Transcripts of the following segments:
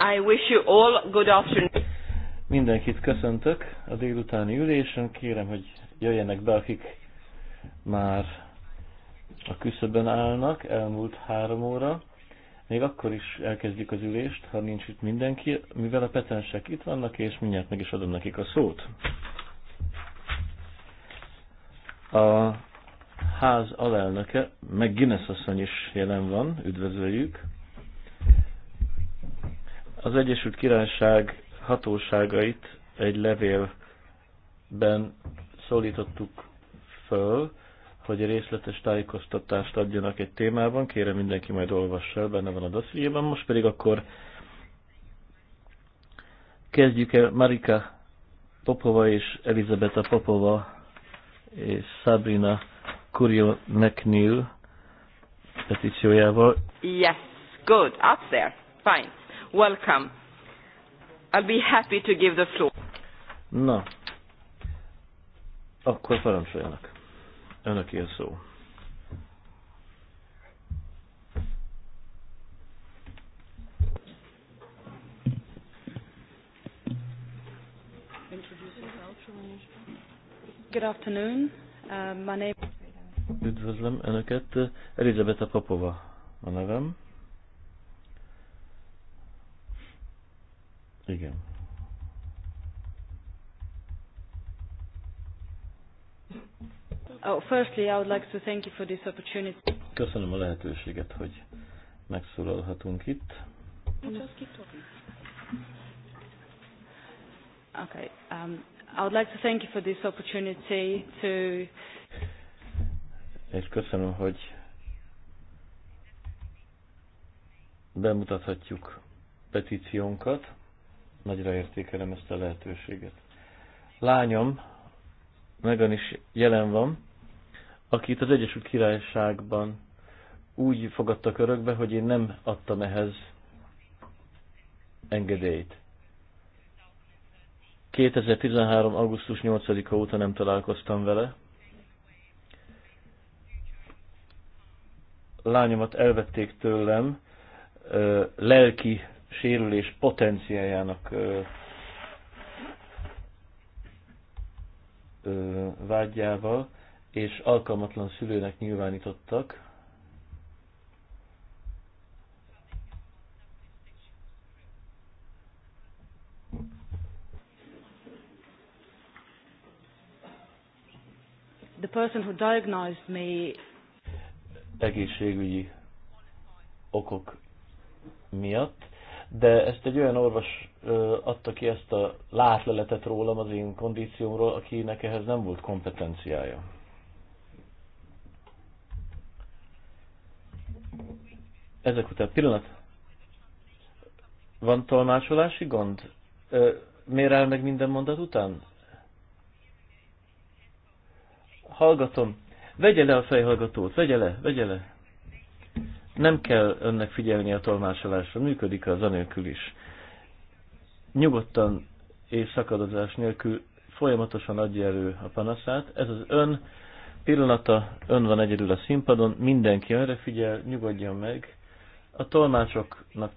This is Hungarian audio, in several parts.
I wish you all good afternoon. Mindenkit köszöntök a délutáni ülésen. Kérem, hogy jöjjenek be, akik már a küszöbön állnak, elmúlt három óra. Még akkor is elkezdjük az ülést, ha nincs itt mindenki, mivel a petensek itt vannak, és mindjárt meg is adom nekik a szót. A ház alelnöke, meg Guinness asszony is jelen van, üdvözöljük az Egyesült Királyság hatóságait egy levélben szólítottuk föl, hogy részletes tájékoztatást adjanak egy témában. Kérem mindenki majd olvassa el, benne van a dossziében. Most pedig akkor kezdjük el Marika Popova és Elizabeta Popova és Sabrina Curio McNeil petíciójával. Yes, good, up there, fine welcome. I'll be happy to give the floor. Na, akkor parancsoljanak. Önöki a szó. Good afternoon. Uh, my name... Üdvözlöm Önöket. Elizabeta Popova a nevem. Igen. Oh, firstly, I would like to thank you for this opportunity. Köszönöm a lehetőséget, hogy megszólalhatunk itt. Okay. Um, I would like to thank you for this opportunity to és köszönöm, hogy bemutathatjuk petíciónkat. Nagyra értékelem ezt a lehetőséget. Lányom, Megan is jelen van, akit az Egyesült Királyságban úgy fogadtak örökbe, hogy én nem adtam ehhez engedélyt. 2013. augusztus 8-a óta nem találkoztam vele. Lányomat elvették tőlem, lelki sérülés potenciájának vágyával, és alkalmatlan szülőnek nyilvánítottak. The person who diagnosed me egészségügyi okok miatt de ezt egy olyan orvos adta ki ezt a látleletet rólam, az én kondíciómról, akinek ehhez nem volt kompetenciája. Ezek után pillanat. Van tolmácsolási gond? Miért áll meg minden mondat után? Hallgatom. Vegye le a fejhallgatót, vegye le, vegye le. Nem kell önnek figyelni a tolmácsolásra, működik az anélkül is. Nyugodtan és szakadozás nélkül folyamatosan adja elő a panaszát. Ez az ön pillanata, ön van egyedül a színpadon, mindenki önre figyel, nyugodjon meg. A tolmácsoknak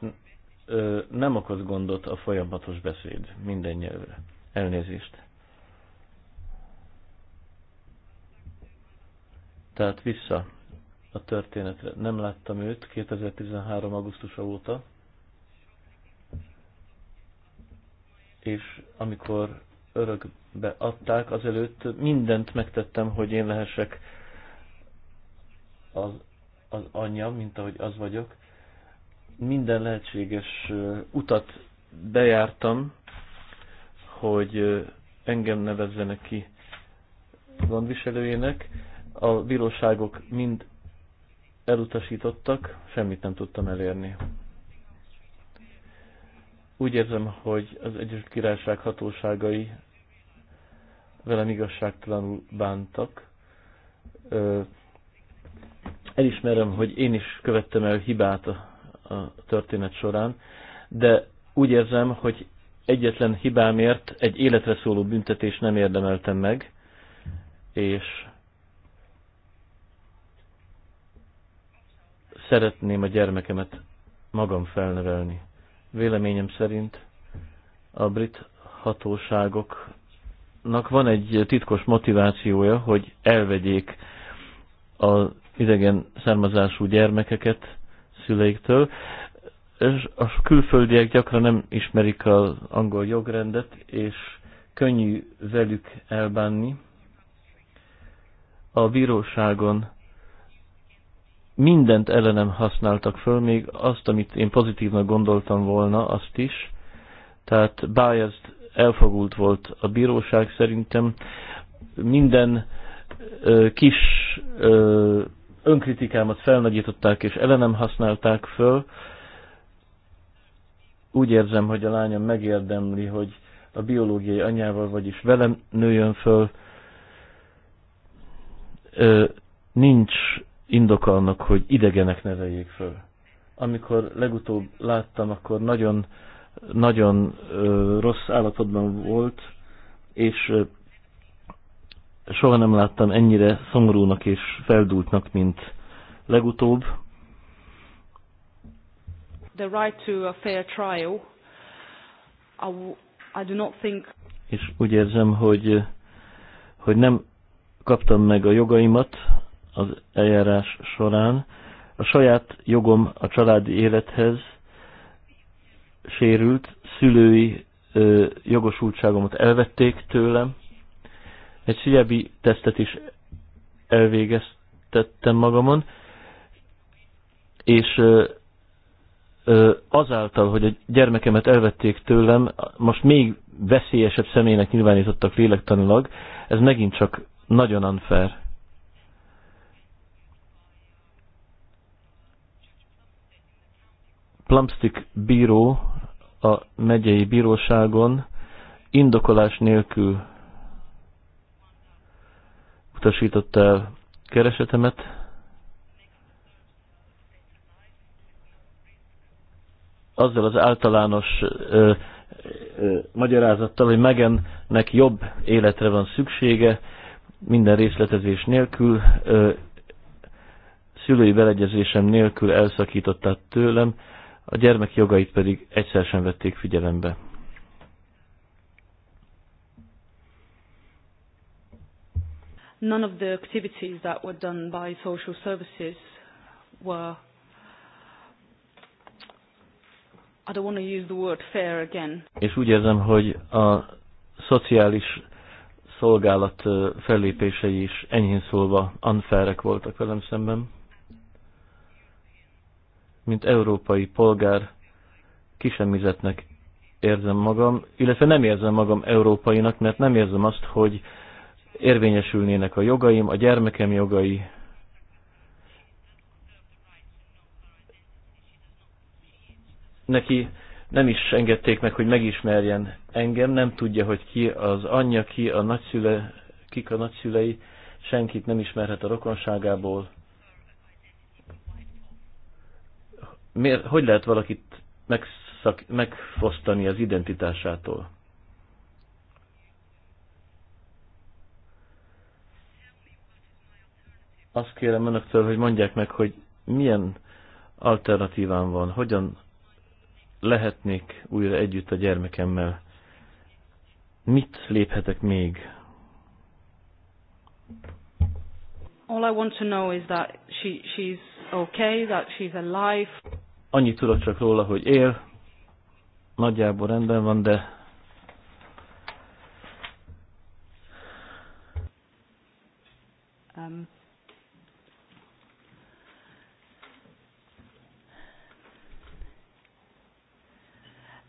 ö, nem okoz gondot a folyamatos beszéd minden nyelvre. Elnézést. Tehát vissza a történetre. Nem láttam őt 2013. augusztusa óta, és amikor örökbe adták, azelőtt mindent megtettem, hogy én lehessek az, az anyja, mint ahogy az vagyok. Minden lehetséges utat bejártam, hogy engem nevezzenek ki gondviselőjének. A bíróságok mind elutasítottak, semmit nem tudtam elérni. Úgy érzem, hogy az Egyesült Királyság hatóságai velem igazságtalanul bántak. Elismerem, hogy én is követtem el hibát a, a történet során, de úgy érzem, hogy egyetlen hibámért egy életre szóló büntetés nem érdemeltem meg, és szeretném a gyermekemet magam felnevelni. Véleményem szerint a brit hatóságoknak van egy titkos motivációja, hogy elvegyék az idegen származású gyermekeket szüleiktől, és a külföldiek gyakran nem ismerik az angol jogrendet, és könnyű velük elbánni. A bíróságon mindent ellenem használtak föl, még azt, amit én pozitívnak gondoltam volna, azt is. Tehát biased, elfogult volt a bíróság szerintem. Minden ö, kis ö, önkritikámat felnagyították és ellenem használták föl. Úgy érzem, hogy a lányom megérdemli, hogy a biológiai anyával, vagyis velem nőjön föl. Ö, nincs indok annak, hogy idegenek neveljék föl. Amikor legutóbb láttam, akkor nagyon, nagyon ö, rossz állapotban volt, és ö, soha nem láttam ennyire szomorúnak és feldúltnak, mint legutóbb. The right to a fair trial. I, I do not think... És úgy érzem, hogy, hogy nem kaptam meg a jogaimat, az eljárás során. A saját jogom a családi élethez sérült, szülői ö, jogosultságomat elvették tőlem. Egy szügyebi tesztet is elvégeztettem magamon, és ö, ö, azáltal, hogy a gyermekemet elvették tőlem, most még veszélyesebb személynek nyilvánítottak lélektanilag, ez megint csak nagyon unfair. Plumstick bíró a megyei bíróságon indokolás nélkül utasította el keresetemet. Azzal az általános ö, ö, magyarázattal, hogy Megennek jobb életre van szüksége, minden részletezés nélkül, ö, szülői beleegyezésem nélkül elszakítottát tőlem, a gyermek jogait pedig egyszer sem vették figyelembe. None of the activities that were done by social services were I don't want to use the word fair again. És úgy érzem, hogy a szociális szolgálat fellépései is enyhén szólva unfairek voltak velem szemben mint európai polgár kisemizetnek érzem magam, illetve nem érzem magam európainak, mert nem érzem azt, hogy érvényesülnének a jogaim, a gyermekem jogai. Neki nem is engedték meg, hogy megismerjen engem, nem tudja, hogy ki az anyja, ki a nagyszüle, kik a nagyszülei, senkit nem ismerhet a rokonságából. miért, hogy lehet valakit megszak, megfosztani az identitásától? Azt kérem önöktől, hogy mondják meg, hogy milyen alternatívám van, hogyan lehetnék újra együtt a gyermekemmel, mit léphetek még? All I want to know is that she, she's okay, that she's alive. Annyit tudok csak róla, hogy él, nagyjából rendben van, de Um,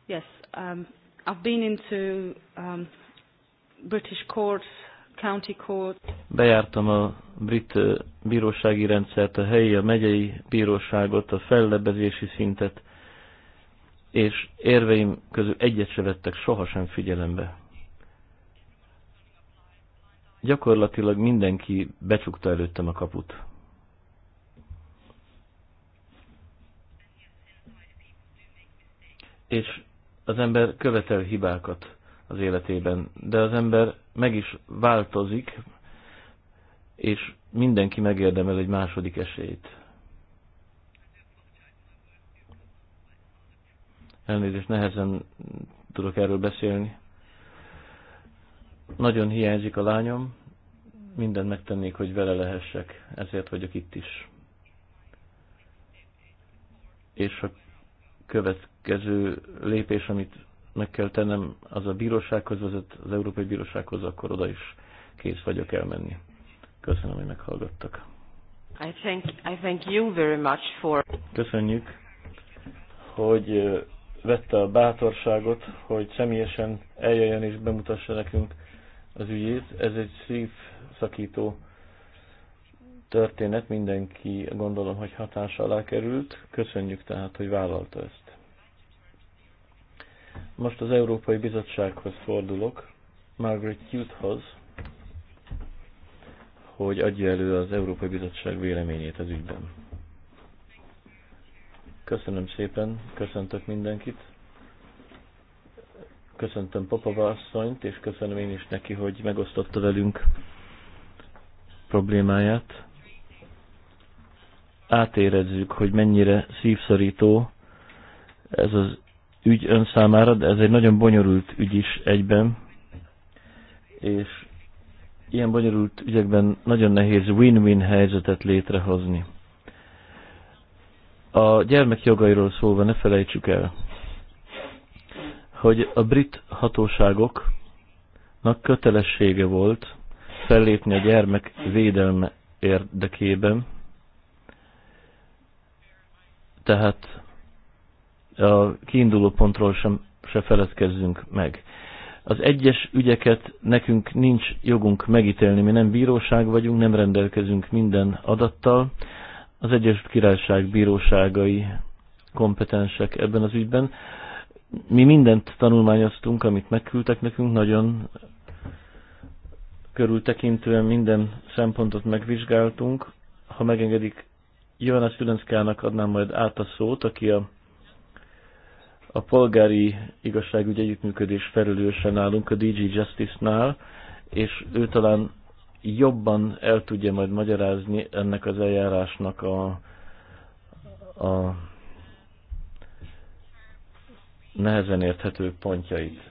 yes, um, I've been into um, British courts County Court. Bejártam a brit bírósági rendszert, a helyi, a megyei bíróságot, a fellebezési szintet, és érveim közül egyet se vettek sohasem figyelembe. Gyakorlatilag mindenki becsukta előttem a kaput. És az ember követel hibákat az életében, de az ember meg is változik, és mindenki megérdemel egy második esélyt. Elnézést, nehezen tudok erről beszélni. Nagyon hiányzik a lányom, mindent megtennék, hogy vele lehessek, ezért vagyok itt is. És a következő lépés, amit meg kell tennem, az a bírósághoz vezet, az Európai Bírósághoz, akkor oda is kész vagyok elmenni. Köszönöm, hogy meghallgattak. I thank, I thank you very much for... Köszönjük, hogy vette a bátorságot, hogy személyesen eljöjjön és bemutassa nekünk az ügyét. Ez egy szívszakító történet, mindenki gondolom, hogy hatása alá került. Köszönjük tehát, hogy vállalta ezt. Most az Európai Bizottsághoz fordulok, Margaret Hughes-hoz, hogy adja elő az Európai Bizottság véleményét az ügyben. Köszönöm szépen, köszöntök mindenkit. Köszöntöm Popova asszonyt, és köszönöm én is neki, hogy megosztotta velünk problémáját. Átérezzük, hogy mennyire szívszorító ez az ügy ön számára, de ez egy nagyon bonyolult ügy is egyben, és ilyen bonyolult ügyekben nagyon nehéz win-win helyzetet létrehozni. A gyermek jogairól szólva ne felejtsük el, hogy a brit hatóságoknak kötelessége volt fellépni a gyermek védelme érdekében, tehát a kiinduló pontról sem, se feledkezzünk meg. Az egyes ügyeket nekünk nincs jogunk megítélni, mi nem bíróság vagyunk, nem rendelkezünk minden adattal. Az egyes Királyság bíróságai kompetensek ebben az ügyben. Mi mindent tanulmányoztunk, amit megküldtek nekünk, nagyon körültekintően minden szempontot megvizsgáltunk. Ha megengedik, Johannes Ülenszkának adnám majd át a szót, aki a a polgári igazságügy együttműködés felelősen állunk a DG Justice-nál, és ő talán jobban el tudja majd magyarázni ennek az eljárásnak a, a nehezen érthető pontjait.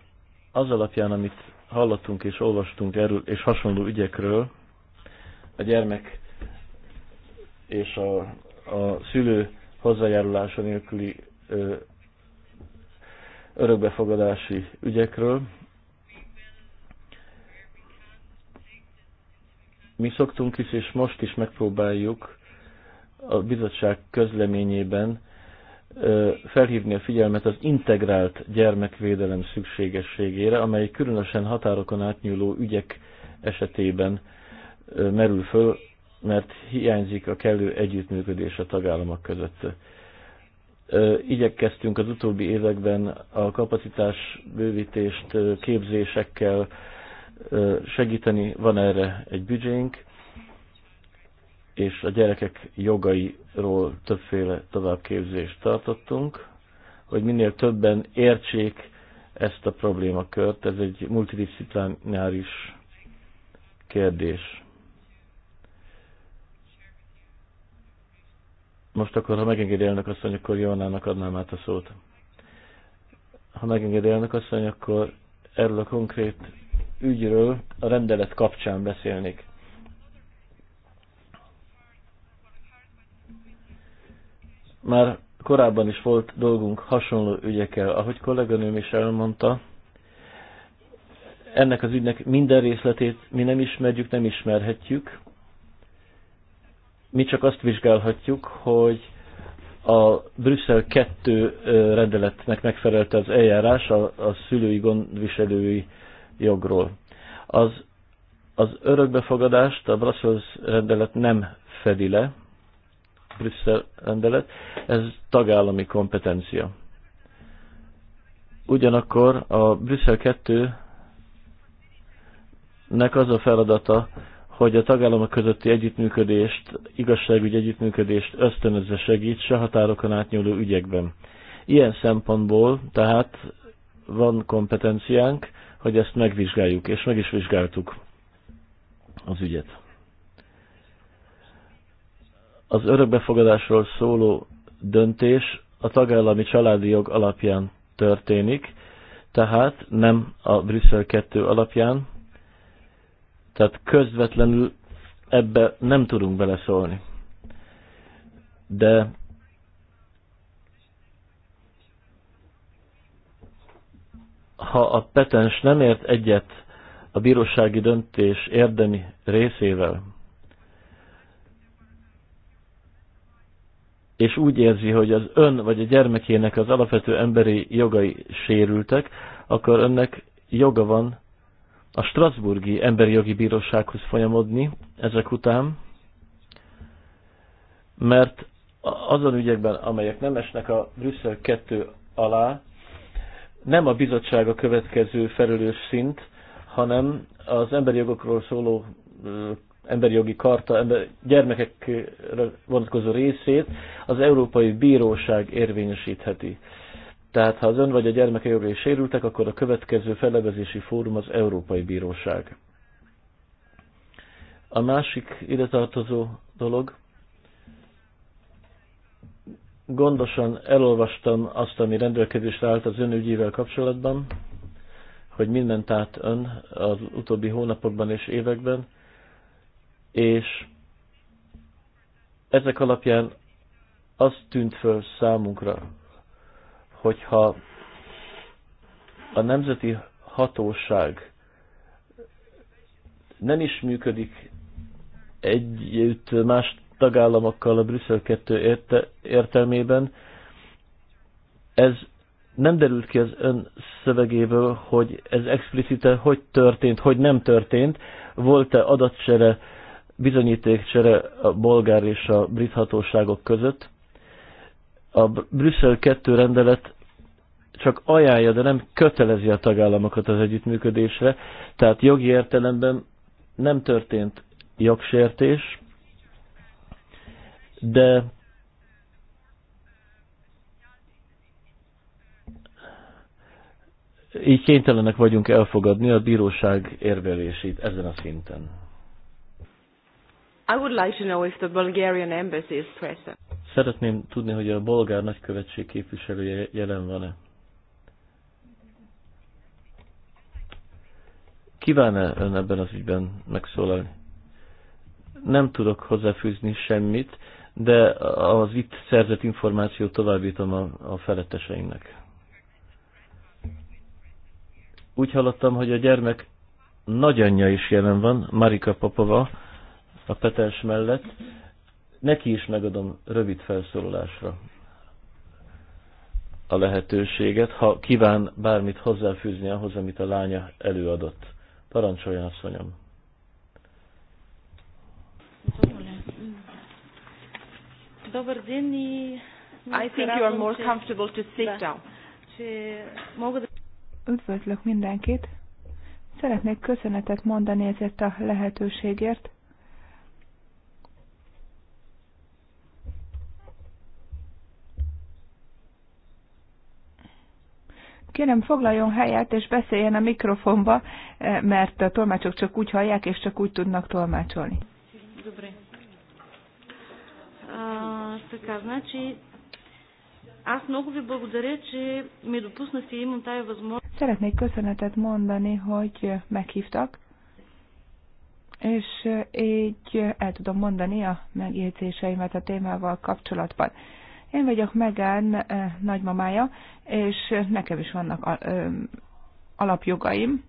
Az alapján, amit hallottunk és olvastunk erről és hasonló ügyekről, a gyermek és a, a szülő hozzájárulása nélküli ö, örökbefogadási ügyekről. Mi szoktunk is, és most is megpróbáljuk a bizottság közleményében felhívni a figyelmet az integrált gyermekvédelem szükségességére, amely különösen határokon átnyúló ügyek esetében merül föl, mert hiányzik a kellő együttműködés a tagállamok között. Igyekeztünk az utóbbi években a kapacitás bővítést képzésekkel segíteni, van erre egy büdzsénk, és a gyerekek jogairól többféle továbbképzést tartottunk, hogy minél többen értsék ezt a problémakört. Ez egy multidisciplináris kérdés. Most akkor, ha megengedi elnök asszony, akkor Jónának adnám át a szót. Ha megengedi elnök asszony, akkor erről a konkrét ügyről a rendelet kapcsán beszélnék. Már korábban is volt dolgunk hasonló ügyekkel, ahogy kolléganőm is elmondta. Ennek az ügynek minden részletét mi nem ismerjük, nem ismerhetjük, mi csak azt vizsgálhatjuk, hogy a Brüsszel 2 rendeletnek megfelelte az eljárás a, a szülői gondviselői jogról. Az, az örökbefogadást a Brussels rendelet nem fedi le, Brüsszel rendelet, ez tagállami kompetencia. Ugyanakkor a Brüsszel 2 nek az a feladata, hogy a tagállamok közötti együttműködést, igazságügy együttműködést ösztönözze segítse határokon átnyúló ügyekben. Ilyen szempontból tehát van kompetenciánk, hogy ezt megvizsgáljuk, és meg is vizsgáltuk az ügyet. Az örökbefogadásról szóló döntés a tagállami családi jog alapján történik, tehát nem a Brüsszel 2 alapján, tehát közvetlenül ebbe nem tudunk beleszólni. De ha a petens nem ért egyet a bírósági döntés érdemi részével, és úgy érzi, hogy az ön vagy a gyermekének az alapvető emberi jogai sérültek, akkor önnek joga van a Strasburgi Emberi Jogi Bírósághoz folyamodni ezek után, mert azon ügyekben, amelyek nem esnek a Brüsszel 2 alá, nem a bizottság a következő felelős szint, hanem az emberi jogokról szóló emberi jogi karta, ember, gyermekekre vonatkozó részét az Európai Bíróság érvényesítheti. Tehát ha az ön vagy a gyermeke jogai sérültek, akkor a következő felevezési fórum az Európai Bíróság. A másik ide tartozó dolog, gondosan elolvastam azt, ami rendelkezésre állt az ön ügyével kapcsolatban, hogy mindent át ön az utóbbi hónapokban és években, és ezek alapján az tűnt föl számunkra, hogyha a nemzeti hatóság nem is működik együtt más tagállamokkal a Brüsszel 2 érte, értelmében, ez nem derült ki az ön szövegéből, hogy ez explicite hogy történt, hogy nem történt. Volt-e adatcsere, bizonyítékcsere a bolgár és a brit hatóságok között? A Brüsszel 2 rendelet csak ajánlja, de nem kötelezi a tagállamokat az együttműködésre, tehát jogi értelemben nem történt jogsértés, de így kénytelenek vagyunk elfogadni a bíróság érvelését ezen a szinten. I would like to know if the Bulgarian embassy is present. Szeretném tudni, hogy a bolgár nagykövetség képviselője jelen van-e. Kíván-e ön ebben az ügyben megszólalni? Nem tudok hozzáfűzni semmit, de az itt szerzett információt továbbítom a, a feletteseimnek. Úgy hallottam, hogy a gyermek nagyanyja is jelen van, Marika Papova, a Petens mellett. Neki is megadom rövid felszólalásra a lehetőséget, ha kíván bármit hozzáfűzni ahhoz, amit a lánya előadott. Parancsoljon, asszonyom. Добър ден и... I think you are more comfortable to sit down. Üdvözlök mindenkit! Szeretnék köszönetet mondani ezért a lehetőségért. Kérem, foglaljon helyet, és beszéljen a mikrofonba, eh, mert a tolmácsok csak úgy hallják, és csak úgy tudnak tolmácsolni. Szeretnék köszönetet mondani, hogy meghívtak, és eh, így eh, el tudom mondani a megjegyzéseimet a témával kapcsolatban. Én vagyok Megán eh, nagymamája, és nekem is vannak alapjogaim,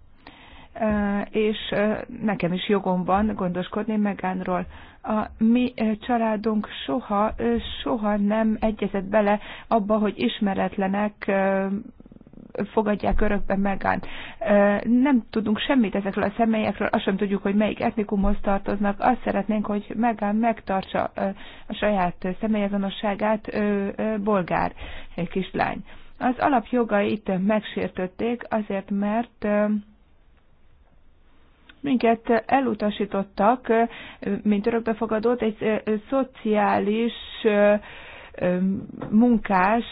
eh, és eh, nekem is jogom van gondoskodni Megánról. A mi családunk soha, soha nem egyezett bele abba, hogy ismeretlenek fogadják örökbe Megán. Nem tudunk semmit ezekről a személyekről, azt sem tudjuk, hogy melyik etnikumhoz tartoznak. Azt szeretnénk, hogy Megán megtartsa a saját személyazonosságát, bolgár kislány. Az alapjogait megsértötték azért, mert minket elutasítottak, mint örökbefogadót, egy szociális munkás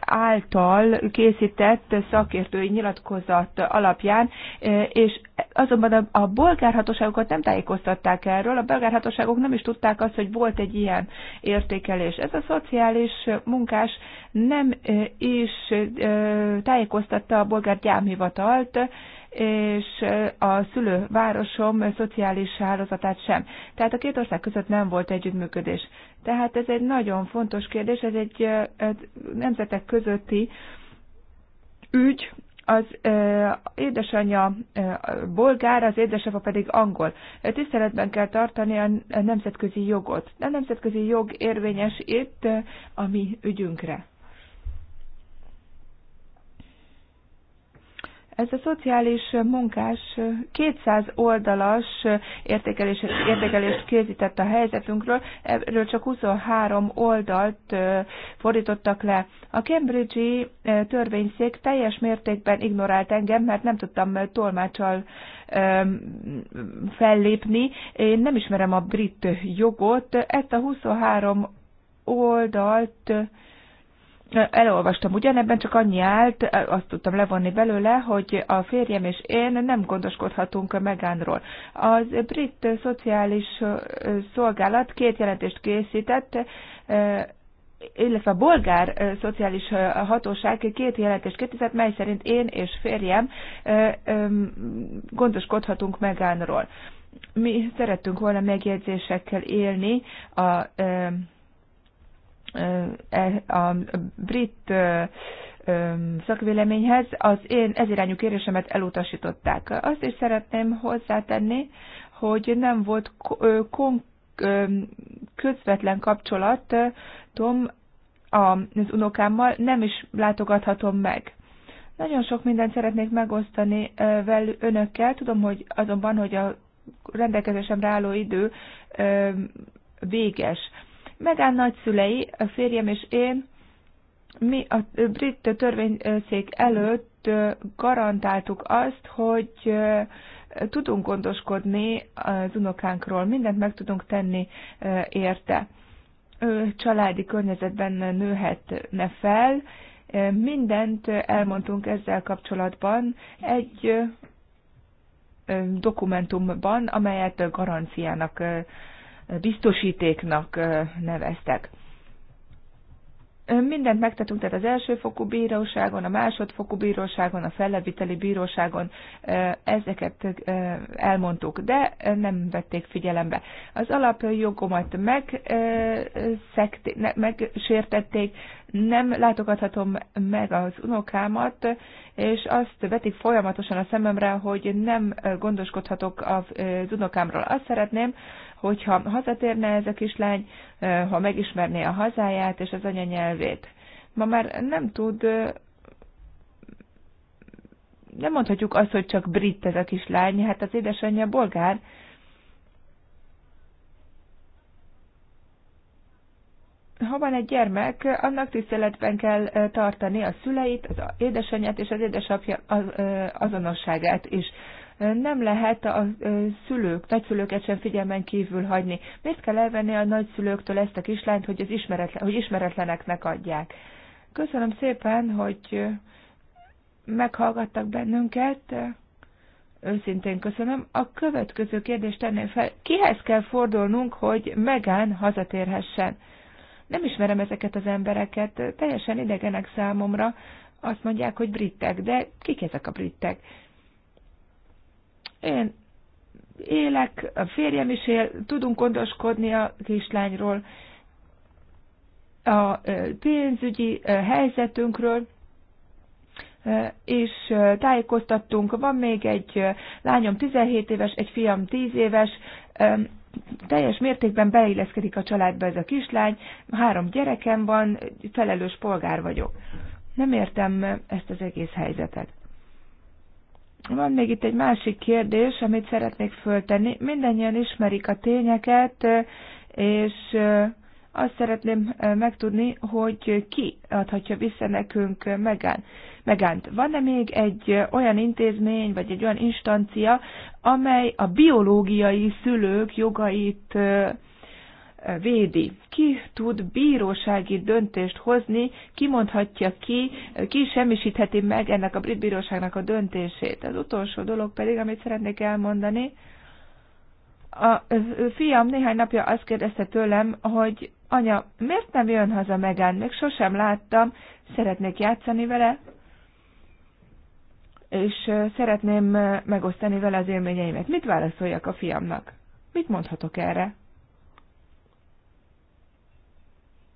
által készített szakértői nyilatkozat alapján, és azonban a, bolgárhatóságokat nem tájékoztatták erről, a bolgárhatóságok nem is tudták azt, hogy volt egy ilyen értékelés. Ez a szociális munkás nem is tájékoztatta a bolgár gyámhivatalt, és a szülővárosom szociális hálózatát sem. Tehát a két ország között nem volt együttműködés. Tehát ez egy nagyon fontos kérdés, ez egy nemzetek közötti ügy, az ö, édesanyja ö, bolgár, az édesapa pedig angol. Tiszteletben kell tartani a nemzetközi jogot. A nemzetközi jog érvényes itt a mi ügyünkre. Ez a szociális munkás 200 oldalas értékelést, értékelést készített a helyzetünkről, erről csak 23 oldalt fordítottak le. A Cambridge-i törvényszék teljes mértékben ignorált engem, mert nem tudtam tolmácsal fellépni. Én nem ismerem a brit jogot. Ezt a 23 oldalt elolvastam ugyanebben, csak annyi állt, azt tudtam levonni belőle, hogy a férjem és én nem gondoskodhatunk a megánról. Az brit szociális szolgálat két jelentést készített, illetve a bolgár szociális hatóság két jelentést készített, mely szerint én és férjem gondoskodhatunk megánról. Mi szerettünk volna megjegyzésekkel élni a E, a brit szakvéleményhez, az én ezirányú kérésemet elutasították. Azt is szeretném hozzátenni, hogy nem volt közvetlen kapcsolatom az unokámmal, nem is látogathatom meg. Nagyon sok mindent szeretnék megosztani vel önökkel, tudom, hogy azonban, hogy a rendelkezésemre álló idő véges. Megán nagyszülei, a férjem és én, mi a brit törvényszék előtt garantáltuk azt, hogy tudunk gondoskodni az unokánkról, mindent meg tudunk tenni érte. Ő családi környezetben nőhetne fel, mindent elmondtunk ezzel kapcsolatban egy dokumentumban, amelyet garanciának biztosítéknak neveztek. Mindent megtettünk, tehát az elsőfokú bíróságon, a másodfokú bíróságon, a felleviteli bíróságon ezeket elmondtuk, de nem vették figyelembe. Az alapjogomat megsértették, nem látogathatom meg az unokámat, és azt vetik folyamatosan a szememre, hogy nem gondoskodhatok az unokámról. Azt szeretném, hogyha hazatérne ez a kislány, ha megismerné a hazáját és az anyanyelvét. Ma már nem tud, nem mondhatjuk azt, hogy csak brit ez a kislány, hát az édesanyja bolgár, ha van egy gyermek, annak tiszteletben kell tartani a szüleit, az édesanyját és az édesapja azonosságát is nem lehet a szülők, nagyszülőket sem figyelmen kívül hagyni. Miért kell elvenni a nagyszülőktől ezt a kislányt, hogy, az ismeretlen, hogy ismeretleneknek adják? Köszönöm szépen, hogy meghallgattak bennünket. Őszintén köszönöm. A következő kérdést tenném fel. Kihez kell fordulnunk, hogy Megán hazatérhessen? Nem ismerem ezeket az embereket, teljesen idegenek számomra. Azt mondják, hogy britek, de kik ezek a britek? Én élek, a férjem is él, tudunk gondoskodni a kislányról, a pénzügyi helyzetünkről, és tájékoztattunk. Van még egy lányom 17 éves, egy fiam 10 éves, teljes mértékben beilleszkedik a családba ez a kislány, három gyerekem van, felelős polgár vagyok. Nem értem ezt az egész helyzetet. Van még itt egy másik kérdés, amit szeretnék föltenni. Mindennyian ismerik a tényeket, és azt szeretném megtudni, hogy ki adhatja vissza nekünk megán. Megánt. Van-e még egy olyan intézmény, vagy egy olyan instancia, amely a biológiai szülők jogait védi. Ki tud bírósági döntést hozni, ki mondhatja ki, ki semmisítheti meg ennek a brit bíróságnak a döntését. Az utolsó dolog pedig, amit szeretnék elmondani, a fiam néhány napja azt kérdezte tőlem, hogy anya, miért nem jön haza Megán? Még sosem láttam, szeretnék játszani vele, és szeretném megosztani vele az élményeimet. Mit válaszoljak a fiamnak? Mit mondhatok erre?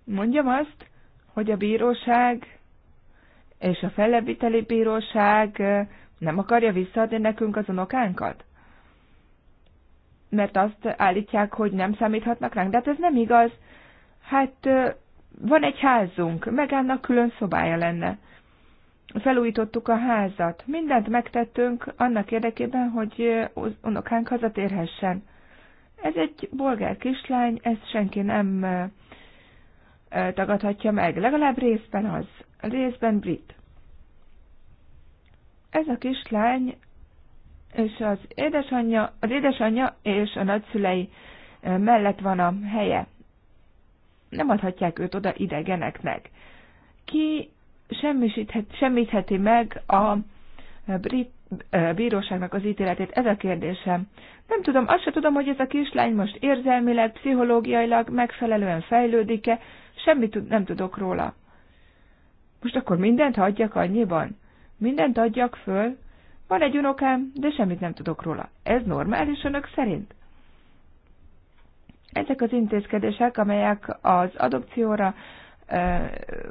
Mondjam azt, hogy a bíróság és a fellebbviteli bíróság nem akarja visszaadni nekünk az unokánkat? Mert azt állítják, hogy nem számíthatnak ránk, de hát ez nem igaz. Hát van egy házunk, meg annak külön szobája lenne. Felújítottuk a házat, mindent megtettünk annak érdekében, hogy unokánk hazatérhessen. Ez egy bolgár kislány, ezt senki nem tagadhatja meg, legalább részben az, részben brit. Ez a kislány és az édesanyja, az édesanyja és a nagyszülei mellett van a helye. Nem adhatják őt oda idegeneknek. Ki semmisíthet, semmítheti meg a brit bíróságnak az ítéletét? Ez a kérdésem. Nem tudom, azt se tudom, hogy ez a kislány most érzelmileg, pszichológiailag megfelelően fejlődik-e, semmit nem tudok róla. Most akkor mindent hagyjak annyiban? Mindent adjak föl? Van egy unokám, de semmit nem tudok róla. Ez normális önök szerint? Ezek az intézkedések, amelyek az adopcióra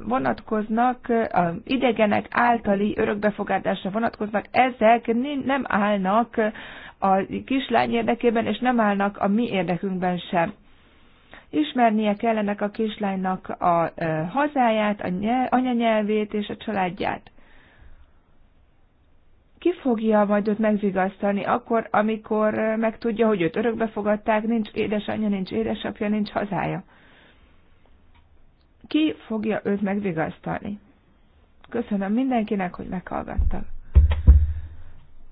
vonatkoznak, a idegenek általi örökbefogadásra vonatkoznak, ezek nem állnak a kislány érdekében, és nem állnak a mi érdekünkben sem. Ismernie kell ennek a kislánynak a hazáját, a nyelv, anyanyelvét és a családját. Ki fogja majd őt megvigasztalni akkor, amikor megtudja, hogy őt örökbe fogadták, nincs édesanyja, nincs édesapja, nincs hazája? Ki fogja őt megvigasztalni? Köszönöm mindenkinek, hogy meghallgattak.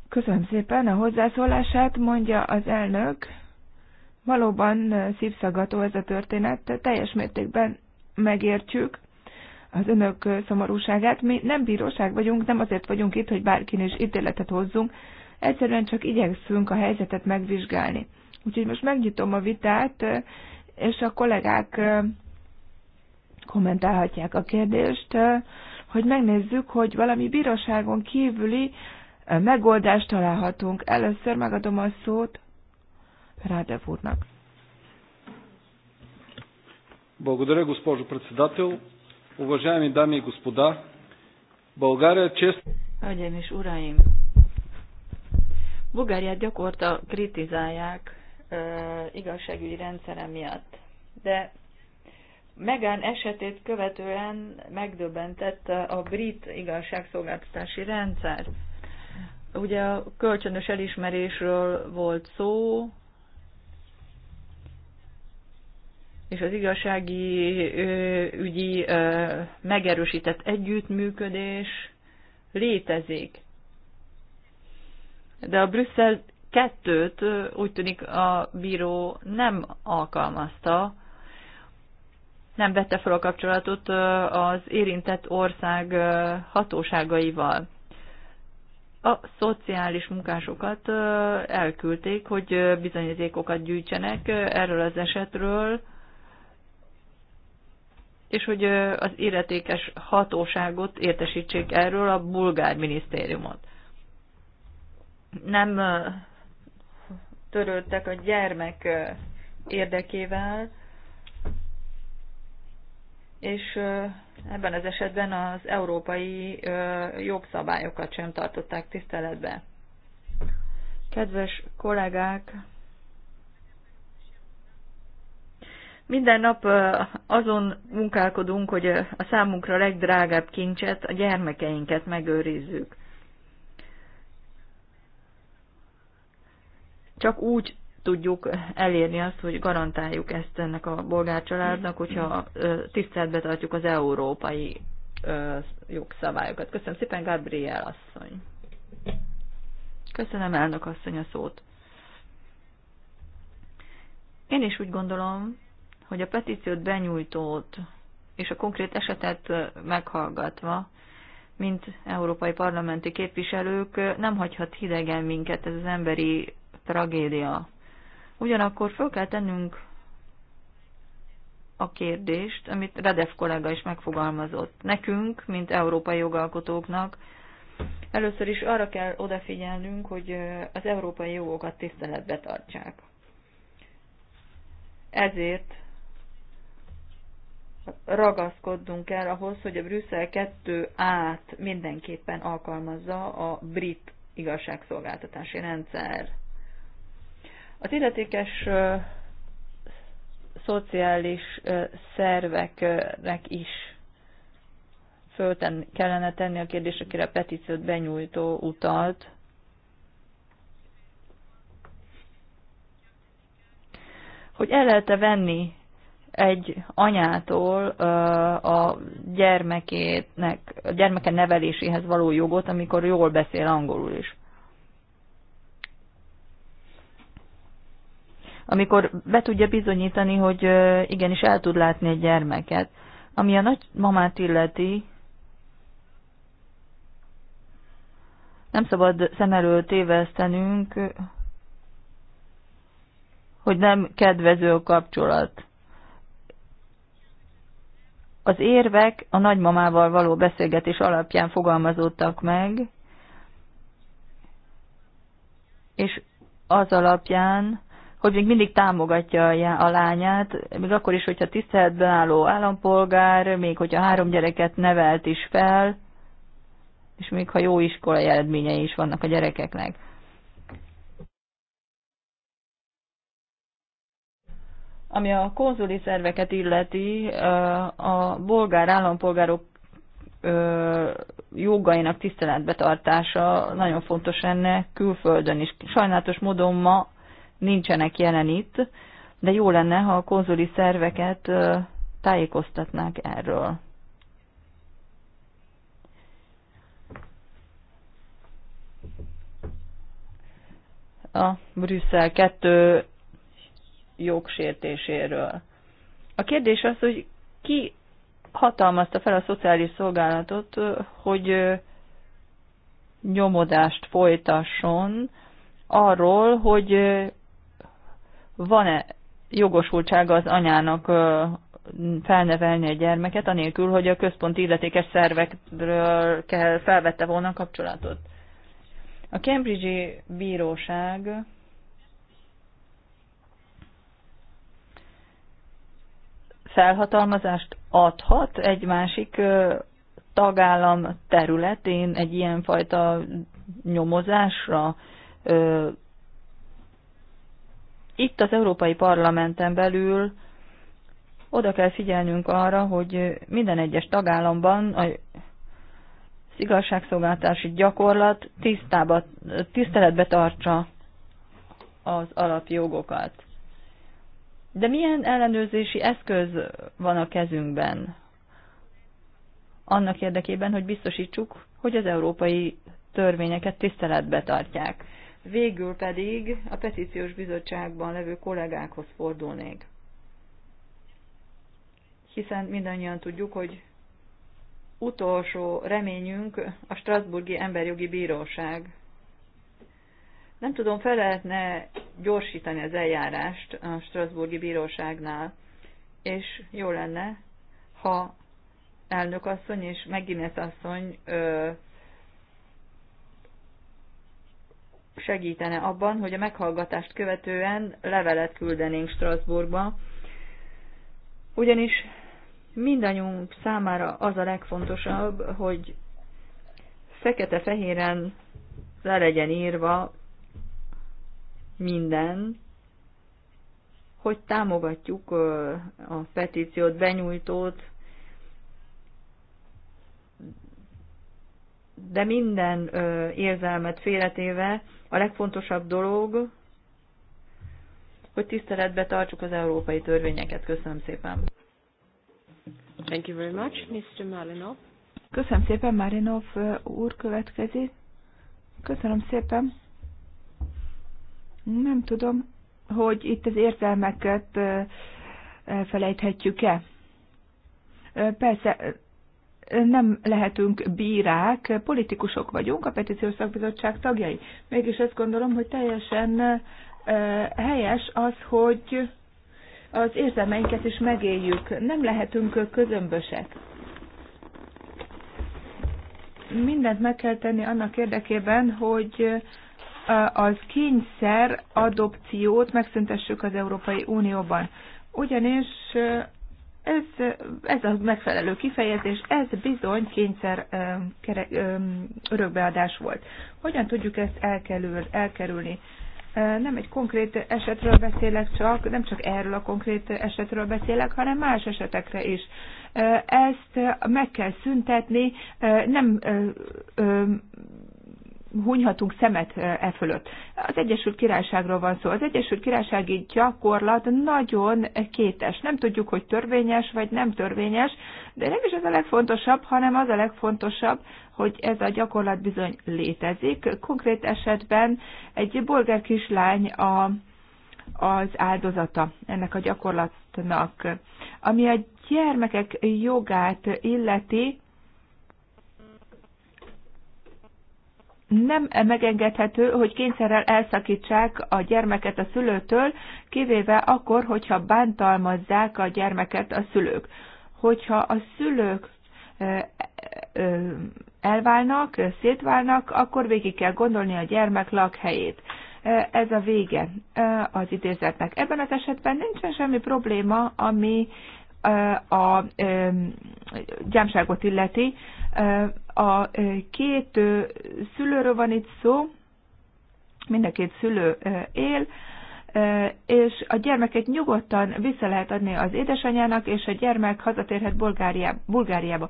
Köszönöm szépen a hozzászólását, mondja az elnök. Valóban szívszaggató ez a történet, teljes mértékben megértjük az önök szomorúságát. Mi nem bíróság vagyunk, nem azért vagyunk itt, hogy bárkin is ítéletet hozzunk, egyszerűen csak igyekszünk a helyzetet megvizsgálni. Úgyhogy most megnyitom a vitát, és a kollégák kommentálhatják a kérdést, hogy megnézzük, hogy valami bíróságon kívüli megoldást találhatunk. Először megadom a szót Радев Урнак. Благодаря, госпожо председател. Уважаеми дами и господа, България често... Hölgyeim иш ураим. Bulgáriát gyakorta kritizálják e, igazságügyi rendszere miatt, de Megán esetét követően megdöbbentett a brit igazságszolgáltatási rendszer. Ugye a kölcsönös elismerésről volt szó, és az igazsági ügyi megerősített együttműködés létezik. De a Brüsszel kettőt úgy tűnik a bíró nem alkalmazta, nem vette fel a kapcsolatot az érintett ország hatóságaival. A szociális munkásokat elküldték, hogy bizonyítékokat gyűjtsenek erről az esetről, és hogy az illetékes hatóságot értesítsék erről a bulgár minisztériumot. Nem törődtek a gyermek érdekével, és ebben az esetben az európai jogszabályokat sem tartották tiszteletbe. Kedves kollégák, Minden nap azon munkálkodunk, hogy a számunkra legdrágább kincset, a gyermekeinket megőrizzük. Csak úgy tudjuk elérni azt, hogy garantáljuk ezt ennek a bolgárcsaládnak, hogyha tiszteletbe tartjuk az európai jogszabályokat. Köszönöm szépen, Gabriel asszony. Köszönöm, elnök asszony, a szót. Én is úgy gondolom, hogy a petíciót benyújtót és a konkrét esetet meghallgatva, mint európai parlamenti képviselők, nem hagyhat hidegen minket ez az emberi tragédia. Ugyanakkor föl kell tennünk a kérdést, amit Redef kollega is megfogalmazott. Nekünk, mint európai jogalkotóknak, először is arra kell odafigyelnünk, hogy az európai jogokat tiszteletbe tartsák. Ezért ragaszkodnunk kell ahhoz, hogy a Brüsszel 2 át mindenképpen alkalmazza a brit igazságszolgáltatási rendszer. Az illetékes szociális szerveknek is fölten kellene tenni a kérdést, akire a petíciót benyújtó utalt. Hogy el lehet -e venni egy anyától a gyermekének, a gyermeke neveléséhez való jogot, amikor jól beszél angolul is. Amikor be tudja bizonyítani, hogy igenis el tud látni egy gyermeket. Ami a nagymamát illeti, nem szabad szem elől tévesztenünk, hogy nem kedvező a kapcsolat az érvek a nagymamával való beszélgetés alapján fogalmazódtak meg, és az alapján, hogy még mindig támogatja a lányát, még akkor is, hogyha tiszteletben álló állampolgár, még hogyha három gyereket nevelt is fel, és még ha jó iskolai eredményei is vannak a gyerekeknek. Ami a konzuli szerveket illeti, a bolgár állampolgárok jogainak betartása nagyon fontos enne külföldön is. Sajnálatos módon ma nincsenek jelen itt, de jó lenne, ha a konzuli szerveket tájékoztatnák erről. A Brüsszel 2 jogsértéséről. A kérdés az, hogy ki hatalmazta fel a szociális szolgálatot, hogy nyomodást folytasson arról, hogy van-e jogosultsága az anyának felnevelni a gyermeket, anélkül, hogy a központi illetékes szervekről kell felvette volna a kapcsolatot. A Cambridge-i bíróság felhatalmazást adhat egy másik tagállam területén egy ilyenfajta nyomozásra. Itt az Európai Parlamenten belül oda kell figyelnünk arra, hogy minden egyes tagállamban a igazságszolgáltási gyakorlat tisztába, tiszteletbe tartsa az alapjogokat. De milyen ellenőrzési eszköz van a kezünkben? Annak érdekében, hogy biztosítsuk, hogy az európai törvényeket tiszteletbe tartják. Végül pedig a petíciós bizottságban levő kollégákhoz fordulnék. Hiszen mindannyian tudjuk, hogy utolsó reményünk a Strasburgi Emberjogi Bíróság nem tudom, fel lehetne gyorsítani az eljárást a Strasburgi Bíróságnál, és jó lenne, ha elnökasszony és Megginesz asszony ö, segítene abban, hogy a meghallgatást követően levelet küldenénk Strasbourgba, ugyanis mindannyiunk számára az a legfontosabb, hogy fekete-fehéren le legyen írva minden, hogy támogatjuk a petíciót, benyújtót, de minden érzelmet félretéve a legfontosabb dolog, hogy tiszteletbe tartsuk az európai törvényeket. Köszönöm szépen. Thank you very much, Mr. Malinov. Köszönöm szépen, Marinov úr következik. Köszönöm szépen. Nem tudom, hogy itt az érzelmeket felejthetjük-e. Persze, nem lehetünk bírák, politikusok vagyunk, a petíciós szakbizottság tagjai. Mégis azt gondolom, hogy teljesen helyes az, hogy az érzelmeinket is megéljük. Nem lehetünk közömbösek. Mindent meg kell tenni annak érdekében, hogy az kényszer adopciót megszüntessük az Európai Unióban. Ugyanis ez, ez a megfelelő kifejezés, ez bizony kényszer örökbeadás volt. Hogyan tudjuk ezt elkerül, elkerülni? Nem egy konkrét esetről beszélek csak, nem csak erről a konkrét esetről beszélek, hanem más esetekre is. Ezt meg kell szüntetni, nem hunyhatunk szemet e fölött. Az Egyesült Királyságról van szó. Az Egyesült Királysági gyakorlat nagyon kétes. Nem tudjuk, hogy törvényes vagy nem törvényes, de nem is ez a legfontosabb, hanem az a legfontosabb, hogy ez a gyakorlat bizony létezik. Konkrét esetben egy bolgár kislány a az áldozata ennek a gyakorlatnak. Ami a gyermekek jogát illeti, nem megengedhető, hogy kényszerrel elszakítsák a gyermeket a szülőtől, kivéve akkor, hogyha bántalmazzák a gyermeket a szülők. Hogyha a szülők elválnak, szétválnak, akkor végig kell gondolni a gyermek lakhelyét. Ez a vége az idézetnek. Ebben az esetben nincsen semmi probléma, ami a gyámságot illeti. A két szülőről van itt szó, mind a két szülő él, és a gyermeket nyugodtan vissza lehet adni az édesanyjának, és a gyermek hazatérhet Bulgáriába.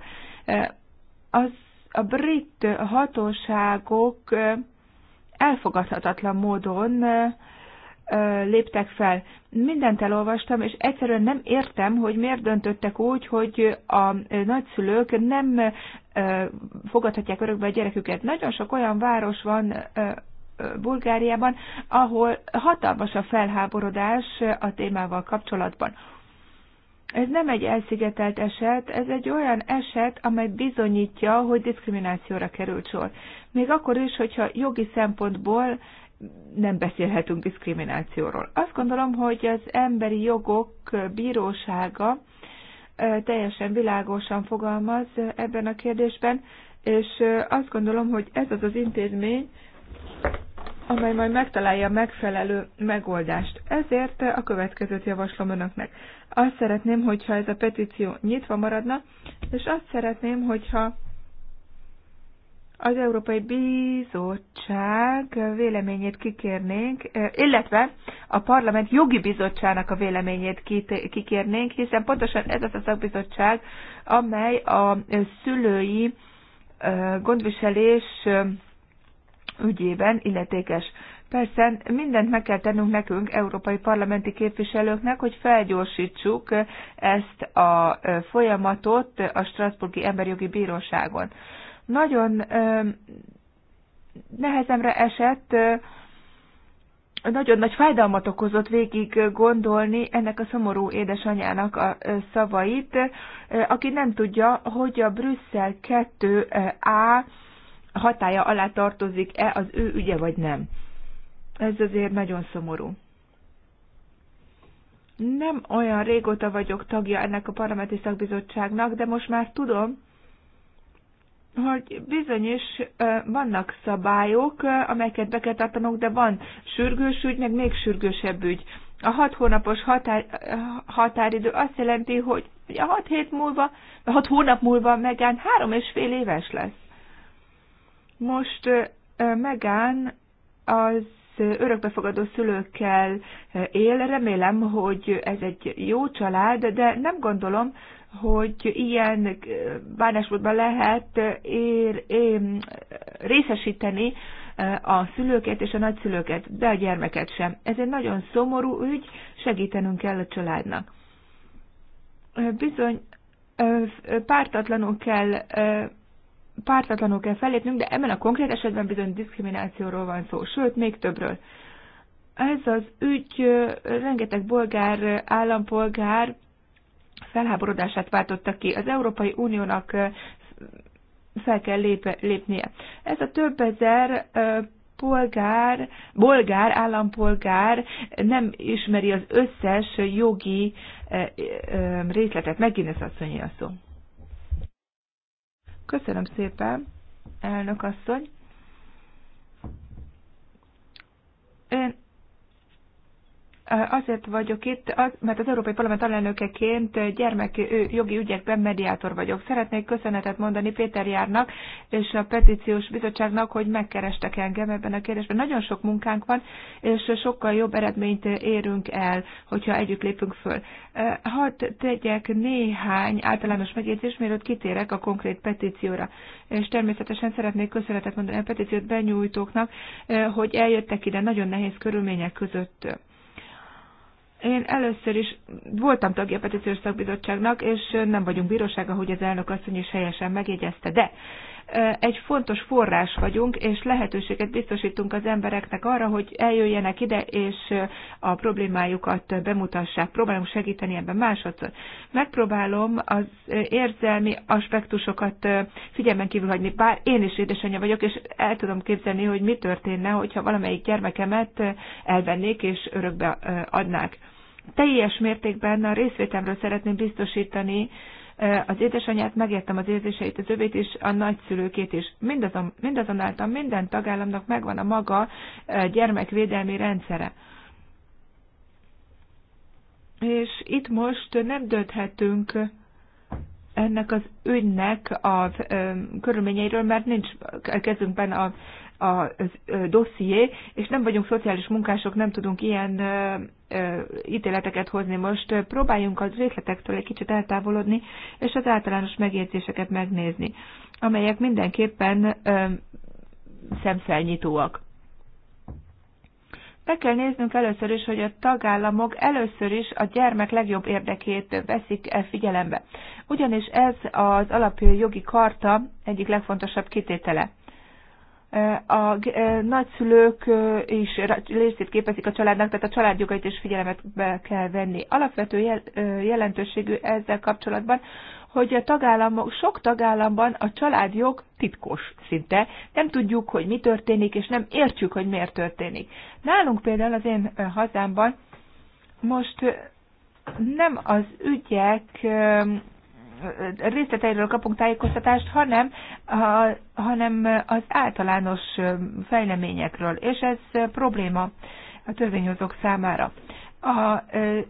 Az a brit hatóságok elfogadhatatlan módon léptek fel. Mindent elolvastam, és egyszerűen nem értem, hogy miért döntöttek úgy, hogy a nagyszülők nem fogadhatják örökbe a gyereküket. Nagyon sok olyan város van Bulgáriában, ahol hatalmas a felháborodás a témával kapcsolatban. Ez nem egy elszigetelt eset, ez egy olyan eset, amely bizonyítja, hogy diszkriminációra került sor. Még akkor is, hogyha jogi szempontból nem beszélhetünk diszkriminációról. Azt gondolom, hogy az emberi jogok bírósága teljesen világosan fogalmaz ebben a kérdésben, és azt gondolom, hogy ez az az intézmény, amely majd megtalálja megfelelő megoldást. Ezért a következőt javaslom önöknek. Azt szeretném, hogyha ez a petíció nyitva maradna, és azt szeretném, hogyha az Európai Bizottság véleményét kikérnénk, illetve a Parlament Jogi Bizottságának a véleményét kikérnénk, hiszen pontosan ez az a szakbizottság, amely a szülői gondviselés ügyében illetékes. Persze mindent meg kell tennünk nekünk, európai parlamenti képviselőknek, hogy felgyorsítsuk ezt a folyamatot a Strasburgi Emberjogi Bíróságon. Nagyon nehezemre esett, nagyon nagy fájdalmat okozott végig gondolni ennek a szomorú édesanyának a szavait, aki nem tudja, hogy a Brüsszel 2A hatája alá tartozik-e az ő ügye vagy nem. Ez azért nagyon szomorú. Nem olyan régóta vagyok tagja ennek a parlamenti szakbizottságnak, de most már tudom, hogy bizonyos vannak szabályok, amelyeket be kell tartanunk, de van sürgős ügy, meg még sürgősebb ügy. A hat hónapos határ, határidő azt jelenti, hogy a hat hét múlva, hat hónap múlva Megán három és fél éves lesz. Most Megán az örökbefogadó szülőkkel él. Remélem, hogy ez egy jó család, de nem gondolom, hogy ilyen bánásmódban lehet ér, ér, részesíteni a szülőket és a nagyszülőket, de a gyermeket sem. Ez egy nagyon szomorú ügy, segítenünk kell a családnak. Bizony, pártatlanul kell pártatlanul kell fellépnünk, de ebben a konkrét esetben bizony diszkriminációról van szó, sőt, még többről. Ez az ügy rengeteg bolgár állampolgár felháborodását váltotta ki. Az Európai Uniónak fel kell lép, lépnie. Ez a több ezer polgár, bolgár, állampolgár nem ismeri az összes jogi részletet. Megint ez asszonyi a szó. Köszönöm szépen, elnök asszony. Én Azért vagyok itt, az, mert az Európai Parlament alelnökeként gyermekjogi ügyekben mediátor vagyok. Szeretnék köszönetet mondani Péter Járnak és a petíciós bizottságnak, hogy megkerestek engem ebben a kérdésben. Nagyon sok munkánk van, és sokkal jobb eredményt érünk el, hogyha együtt lépünk föl. Hadd tegyek néhány általános megjegyzést, mielőtt kitérek a konkrét petícióra. És természetesen szeretnék köszönetet mondani a petíciót benyújtóknak, hogy eljöttek ide nagyon nehéz körülmények között én először is voltam tagja a petíciós szakbizottságnak, és nem vagyunk bíróság, ahogy az elnök asszony is helyesen megjegyezte, de egy fontos forrás vagyunk, és lehetőséget biztosítunk az embereknek arra, hogy eljöjjenek ide, és a problémájukat bemutassák. Próbálunk segíteni ebben másodszor. Megpróbálom az érzelmi aspektusokat figyelmen kívül hagyni, bár én is édesanyja vagyok, és el tudom képzelni, hogy mi történne, hogyha valamelyik gyermekemet elvennék és örökbe adnák teljes mértékben a részvétemről szeretném biztosítani az édesanyját, megértem az érzéseit, az övét is, a nagyszülőkét is. Mindazon, mindazonáltal minden tagállamnak megvan a maga gyermekvédelmi rendszere. És itt most nem dönthetünk ennek az ügynek a körülményeiről, mert nincs kezünkben a a dosszié, és nem vagyunk szociális munkások, nem tudunk ilyen ítéleteket hozni. Most próbáljunk az részletektől egy kicsit eltávolodni, és az általános megjegyzéseket megnézni, amelyek mindenképpen szemfelnyitóak. Meg kell néznünk először is, hogy a tagállamok először is a gyermek legjobb érdekét veszik e figyelembe. Ugyanis ez az alapjogi karta egyik legfontosabb kitétele a eh, nagyszülők eh, is részét képezik a családnak, tehát a családjogait is be kell venni. Alapvető eh, jelentőségű ezzel kapcsolatban, hogy a tagállamok, sok tagállamban a családjog titkos szinte. Nem tudjuk, hogy mi történik, és nem értjük, hogy miért történik. Nálunk például az én hazámban most nem az ügyek részleteiről kapunk tájékoztatást, hanem, a, hanem az általános fejleményekről, és ez probléma a törvényhozók számára. A,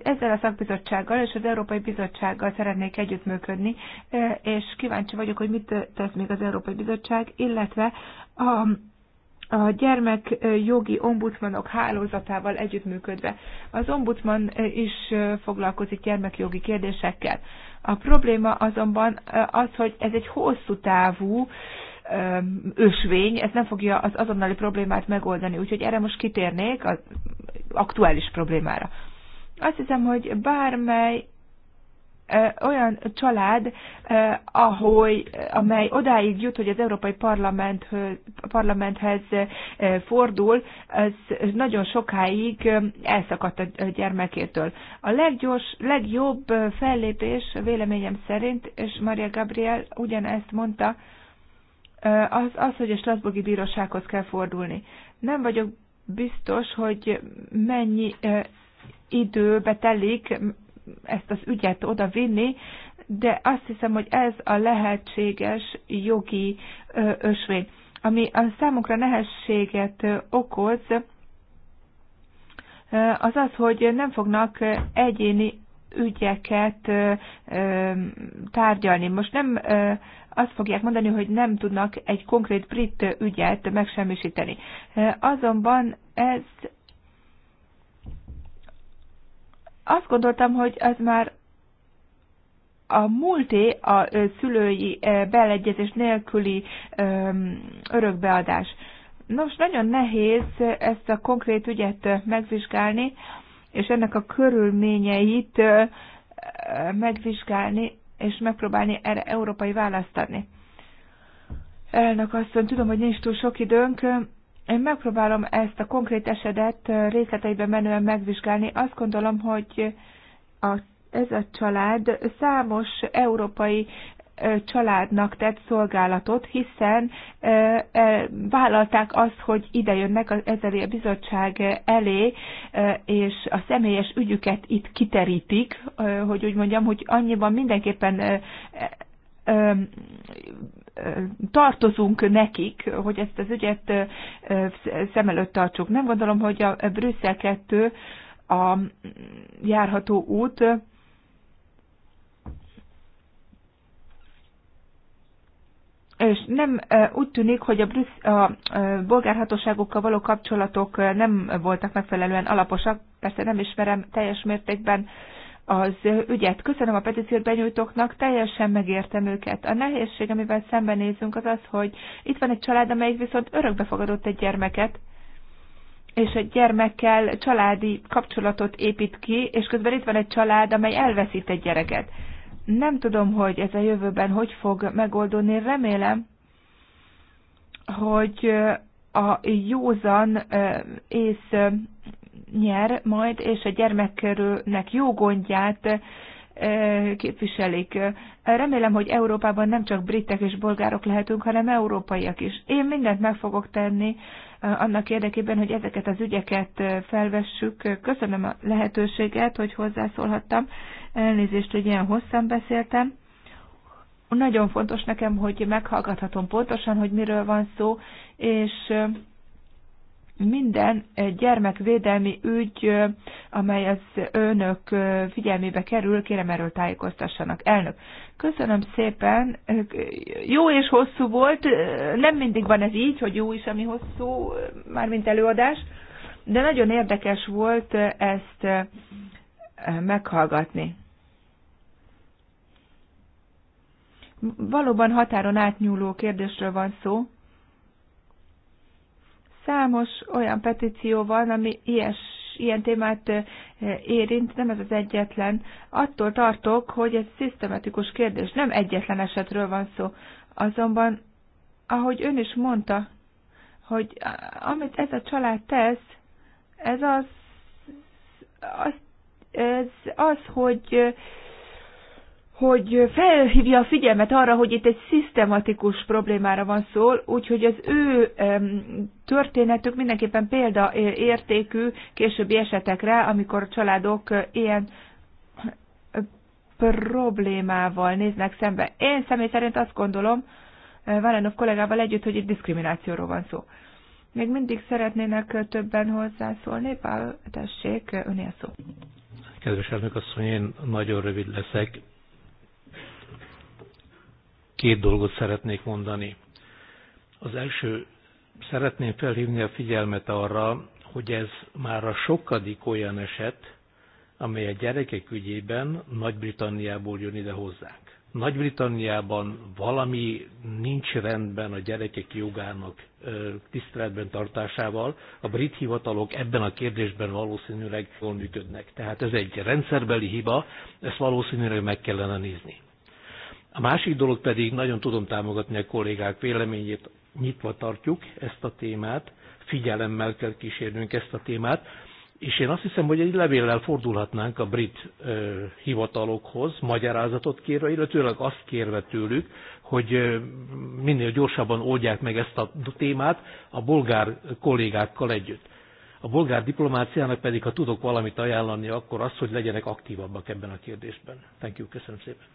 ezzel a szakbizottsággal és az Európai Bizottsággal szeretnék együttműködni, és kíváncsi vagyok, hogy mit tesz még az Európai Bizottság, illetve a, a gyermekjogi ombudsmanok hálózatával együttműködve. Az ombudsman is foglalkozik gyermekjogi kérdésekkel. A probléma azonban az, hogy ez egy hosszú távú ösvény, ez nem fogja az azonnali problémát megoldani, úgyhogy erre most kitérnék az aktuális problémára. Azt hiszem, hogy bármely olyan család, ahogy, amely odáig jut, hogy az Európai Parlamenthöz, Parlamenthez fordul, az nagyon sokáig elszakadt a gyermekétől. A leggyors, legjobb fellépés véleményem szerint, és Maria Gabriel ugyanezt mondta, az, az, hogy a Strasburgi Bírósághoz kell fordulni. Nem vagyok biztos, hogy mennyi időbe telik ezt az ügyet oda vinni, de azt hiszem, hogy ez a lehetséges jogi ösvény. Ami a számunkra nehézséget okoz, az az, hogy nem fognak egyéni ügyeket tárgyalni. Most nem azt fogják mondani, hogy nem tudnak egy konkrét brit ügyet megsemmisíteni. Azonban ez azt gondoltam, hogy ez már a múlté a szülői beleegyezés nélküli örökbeadás. Nos, nagyon nehéz ezt a konkrét ügyet megvizsgálni, és ennek a körülményeit megvizsgálni, és megpróbálni erre európai választ adni. Elnök asszony, tudom, hogy nincs túl sok időnk, én megpróbálom ezt a konkrét esetet részleteiben menően megvizsgálni. Azt gondolom, hogy a, ez a család számos európai családnak tett szolgálatot, hiszen e, vállalták azt, hogy ide jönnek ezelé a bizottság elé, és a személyes ügyüket itt kiterítik, hogy úgy mondjam, hogy annyiban mindenképpen tartozunk nekik, hogy ezt az ügyet szem előtt tartsuk. Nem gondolom, hogy a Brüsszel 2 a járható út, és nem úgy tűnik, hogy a, brüssz, a bolgárhatóságokkal való kapcsolatok nem voltak megfelelően alaposak, persze nem ismerem teljes mértékben az ügyet. Köszönöm a petíciót benyújtóknak, teljesen megértem őket. A nehézség, amivel szembenézünk, az az, hogy itt van egy család, amelyik viszont örökbefogadott egy gyermeket, és egy gyermekkel családi kapcsolatot épít ki, és közben itt van egy család, amely elveszít egy gyereket. Nem tudom, hogy ez a jövőben hogy fog megoldódni. Remélem, hogy a józan ész nyer majd, és a gyermekkörülnek jó gondját eh, képviselik. Remélem, hogy Európában nem csak britek és bolgárok lehetünk, hanem európaiak is. Én mindent meg fogok tenni eh, annak érdekében, hogy ezeket az ügyeket eh, felvessük. Köszönöm a lehetőséget, hogy hozzászólhattam. Elnézést, hogy ilyen hosszan beszéltem. Nagyon fontos nekem, hogy meghallgathatom pontosan, hogy miről van szó, és minden eh, gyermekvédelmi ügy, eh, amely az önök eh, figyelmébe kerül, kérem erről tájékoztassanak. Elnök, köszönöm szépen, jó és hosszú volt, nem mindig van ez így, hogy jó is, ami hosszú, mármint előadás, de nagyon érdekes volt ezt meghallgatni. Valóban határon átnyúló kérdésről van szó, Számos olyan petíció van, ami ilyes, ilyen témát érint, nem ez az egyetlen. Attól tartok, hogy ez szisztematikus kérdés, nem egyetlen esetről van szó. Azonban, ahogy ön is mondta, hogy amit ez a család tesz, ez az, az, ez az hogy hogy felhívja a figyelmet arra, hogy itt egy szisztematikus problémára van szó, úgyhogy az ő történetük mindenképpen példaértékű későbbi esetekre, amikor a családok ilyen problémával néznek szembe. Én személy szerint azt gondolom, Valenov kollégával együtt, hogy itt diszkriminációról van szó. Még mindig szeretnének többen hozzászólni, Pál, tessék, önél szó. Kedves elnök asszony, én nagyon rövid leszek két dolgot szeretnék mondani. Az első, szeretném felhívni a figyelmet arra, hogy ez már a sokadik olyan eset, amely a gyerekek ügyében Nagy-Britanniából jön ide hozzánk. Nagy-Britanniában valami nincs rendben a gyerekek jogának tiszteletben tartásával, a brit hivatalok ebben a kérdésben valószínűleg jól működnek. Tehát ez egy rendszerbeli hiba, ezt valószínűleg meg kellene nézni. A másik dolog pedig, nagyon tudom támogatni a kollégák véleményét, nyitva tartjuk ezt a témát, figyelemmel kell kísérnünk ezt a témát, és én azt hiszem, hogy egy levéllel fordulhatnánk a brit ö, hivatalokhoz, magyarázatot kérve, illetőleg azt kérve tőlük, hogy ö, minél gyorsabban oldják meg ezt a témát a bolgár kollégákkal együtt. A bolgár diplomáciának pedig, ha tudok valamit ajánlani, akkor az, hogy legyenek aktívabbak ebben a kérdésben. Thank you, köszönöm szépen.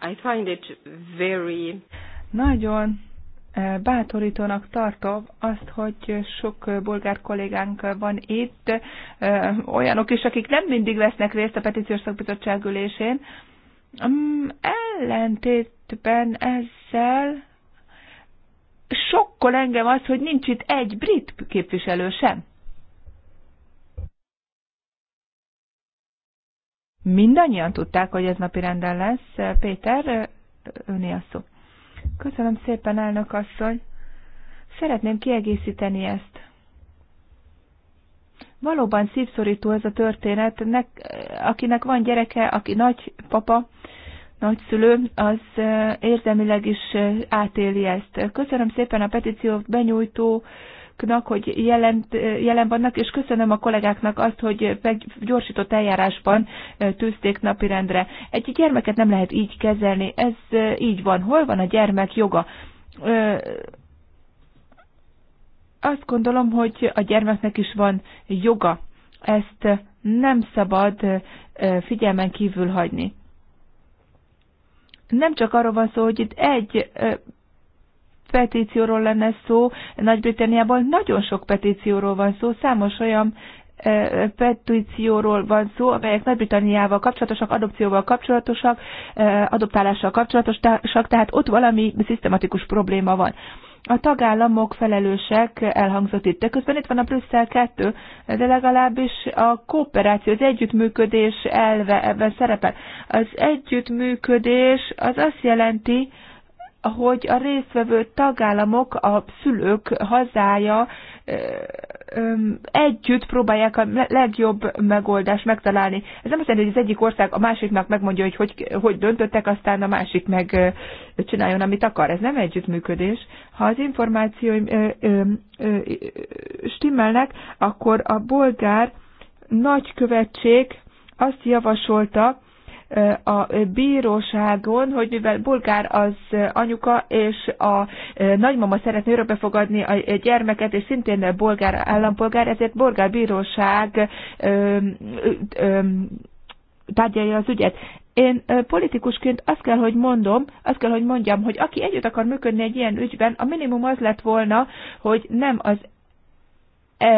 I find it very... Nagyon eh, bátorítónak tartom azt, hogy sok bolgár kollégánk van itt, eh, olyanok is, akik nem mindig vesznek részt a petíciós szakbizottság ülésén. Mm, ellentétben ezzel sokkol engem az, hogy nincs itt egy brit képviselő sem. Mindannyian tudták, hogy ez napi renden lesz. Péter, öné a szó. Köszönöm szépen, elnök asszony. Szeretném kiegészíteni ezt. Valóban szívszorító ez a történet. Nek, akinek van gyereke, aki nagy nagy nagyszülő, az érzelmileg is átéli ezt. Köszönöm szépen a petíciót benyújtó kollégáknak, hogy jelent, jelen vannak, és köszönöm a kollégáknak azt, hogy gyorsított eljárásban tűzték napirendre. Egy gyermeket nem lehet így kezelni, ez így van. Hol van a gyermek joga? Azt gondolom, hogy a gyermeknek is van joga. Ezt nem szabad figyelmen kívül hagyni nem csak arról van szó, hogy itt egy petícióról lenne szó, Nagy-Britanniában nagyon sok petícióról van szó, számos olyan e, petícióról van szó, amelyek Nagy-Britanniával kapcsolatosak, adopcióval kapcsolatosak, e, adoptálással kapcsolatosak, tehát ott valami szisztematikus probléma van. A tagállamok felelősek elhangzott itt, de közben itt van a Brüsszel 2, de legalábbis a kooperáció, az együttműködés elve ebben szerepel. Az együttműködés az azt jelenti, hogy a résztvevő tagállamok, a szülők hazája együtt próbálják a legjobb megoldást megtalálni. Ez nem azt jelenti, hogy az egyik ország a másiknak megmondja, hogy hogy, hogy döntöttek, aztán a másik meg csináljon, amit akar. Ez nem együttműködés. Ha az információim stimmelnek, akkor a bolgár nagykövetség azt javasolta, a bíróságon, hogy mivel bulgár az anyuka, és a e, nagymama szeretné örökbe fogadni a gyermeket, és szintén bulgár állampolgár, ezért bulgár bíróság e, e, tárgyalja az ügyet. Én politikusként azt kell, hogy mondom, azt kell, hogy mondjam, hogy aki együtt akar működni egy ilyen ügyben, a minimum az lett volna, hogy nem az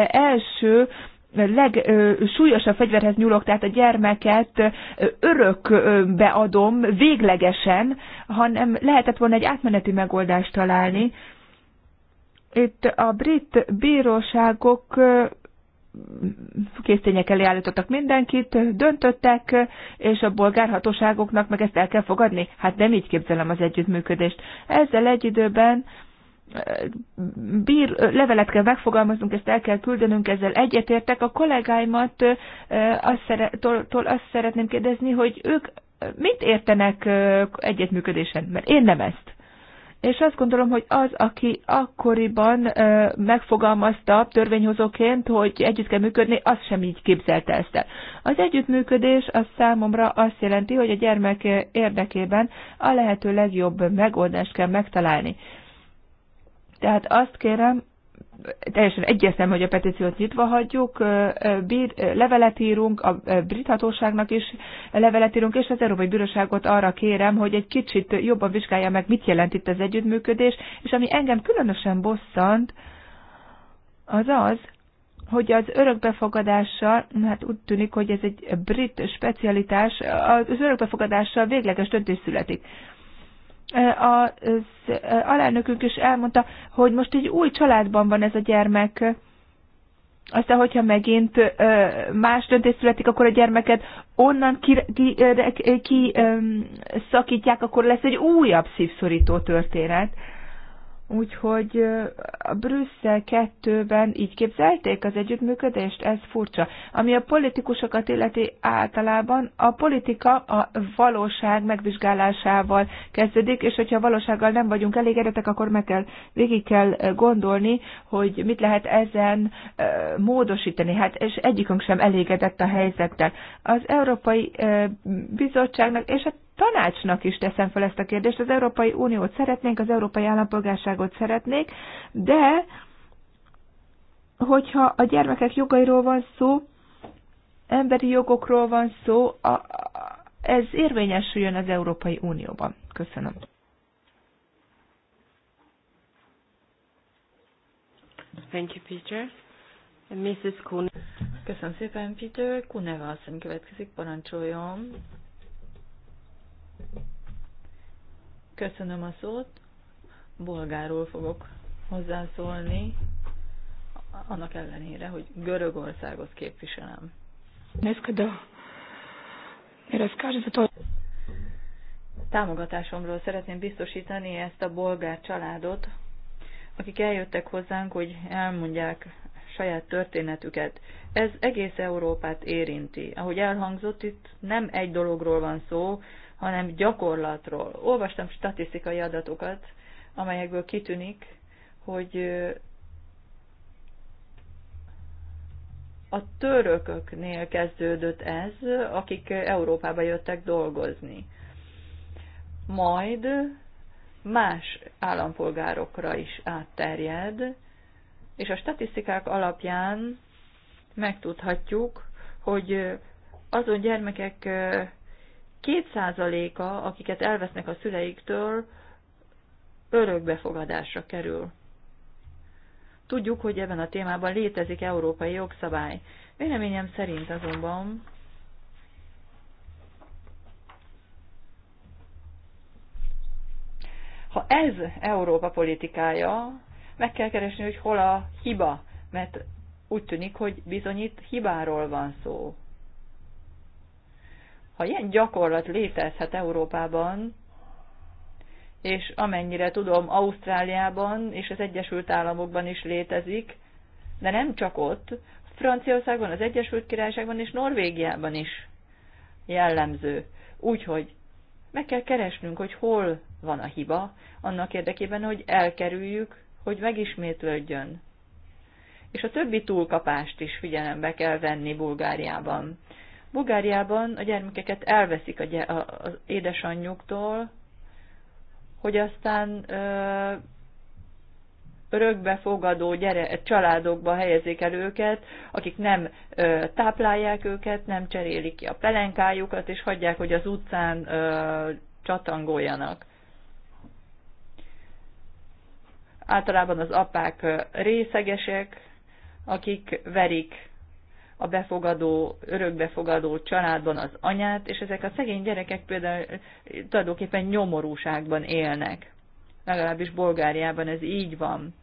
első legsúlyosabb fegyverhez nyúlok, tehát a gyermeket örökbe adom véglegesen, hanem lehetett volna egy átmeneti megoldást találni. Itt a brit bíróságok készények elé állítottak mindenkit, döntöttek, és a bolgár hatóságoknak meg ezt el kell fogadni. Hát nem így képzelem az együttműködést. Ezzel egy időben bír, levelet kell megfogalmaznunk, ezt el kell küldenünk, ezzel egyetértek. A kollégáimat azt, szeret, azt szeretném kérdezni, hogy ők mit értenek egyetműködésen, mert én nem ezt. És azt gondolom, hogy az, aki akkoriban ö, megfogalmazta törvényhozóként, hogy együtt kell működni, az sem így képzelte ezt el. Az együttműködés az számomra azt jelenti, hogy a gyermek érdekében a lehető legjobb megoldást kell megtalálni. Tehát azt kérem, teljesen egyeztem, hogy a petíciót nyitva hagyjuk, bír, levelet írunk, a brit hatóságnak is levelet írunk, és az Európai Bíróságot arra kérem, hogy egy kicsit jobban vizsgálja meg, mit jelent itt az együttműködés, és ami engem különösen bosszant, az az, hogy az örökbefogadással, hát úgy tűnik, hogy ez egy brit specialitás, az örökbefogadással végleges döntés születik az alelnökünk is elmondta, hogy most egy új családban van ez a gyermek, aztán, hogyha megint más döntés születik, akkor a gyermeket onnan kiszakítják, ki, ki, ki szakítják, akkor lesz egy újabb szívszorító történet. Úgyhogy a Brüsszel kettőben így képzelték az együttműködést, ez furcsa. Ami a politikusokat illeti általában, a politika a valóság megvizsgálásával kezdődik, és hogyha a valósággal nem vagyunk elégedettek, akkor meg kell, végig kell gondolni, hogy mit lehet ezen módosítani. Hát, és egyikünk sem elégedett a helyzettel. Az Európai Bizottságnak és hát tanácsnak is teszem fel ezt a kérdést. Az Európai Uniót szeretnénk, az európai állampolgárságot szeretnék, de hogyha a gyermekek jogairól van szó, emberi jogokról van szó, a, a, ez érvényesüljön az Európai Unióban. Köszönöm. Thank you, Peter. Mrs. Köszönöm szépen, Peter. Kuneva asszony következik, parancsoljon. Köszönöm a szót. Bolgáról fogok hozzászólni, annak ellenére, hogy Görögországot képviselem. Támogatásomról szeretném biztosítani ezt a bolgár családot, akik eljöttek hozzánk, hogy elmondják saját történetüket. Ez egész Európát érinti. Ahogy elhangzott, itt nem egy dologról van szó, hanem gyakorlatról. Olvastam statisztikai adatokat, amelyekből kitűnik, hogy a törököknél kezdődött ez, akik Európába jöttek dolgozni. Majd más állampolgárokra is átterjed, és a statisztikák alapján megtudhatjuk, hogy azon gyermekek kétszázaléka, akiket elvesznek a szüleiktől, örökbefogadásra kerül. Tudjuk, hogy ebben a témában létezik európai jogszabály. Véleményem szerint azonban ha ez Európa politikája, meg kell keresni, hogy hol a hiba, mert úgy tűnik, hogy bizonyít hibáról van szó. Ha ilyen gyakorlat létezhet Európában, és amennyire tudom, Ausztráliában és az Egyesült Államokban is létezik, de nem csak ott, Franciaországban, az Egyesült Királyságban és Norvégiában is jellemző. Úgyhogy meg kell keresnünk, hogy hol van a hiba, annak érdekében, hogy elkerüljük, hogy megismétlődjön. És a többi túlkapást is figyelembe kell venni Bulgáriában. Bulgáriában a gyermekeket elveszik a gy- a, az édesanyjuktól, hogy aztán ö, örökbefogadó gyere, családokba helyezik el őket, akik nem ö, táplálják őket, nem cserélik ki a pelenkájukat, és hagyják, hogy az utcán ö, csatangoljanak. Általában az apák részegesek, akik verik a befogadó, örökbefogadó családban az anyát, és ezek a szegény gyerekek például tulajdonképpen nyomorúságban élnek. Legalábbis Bulgáriában ez így van.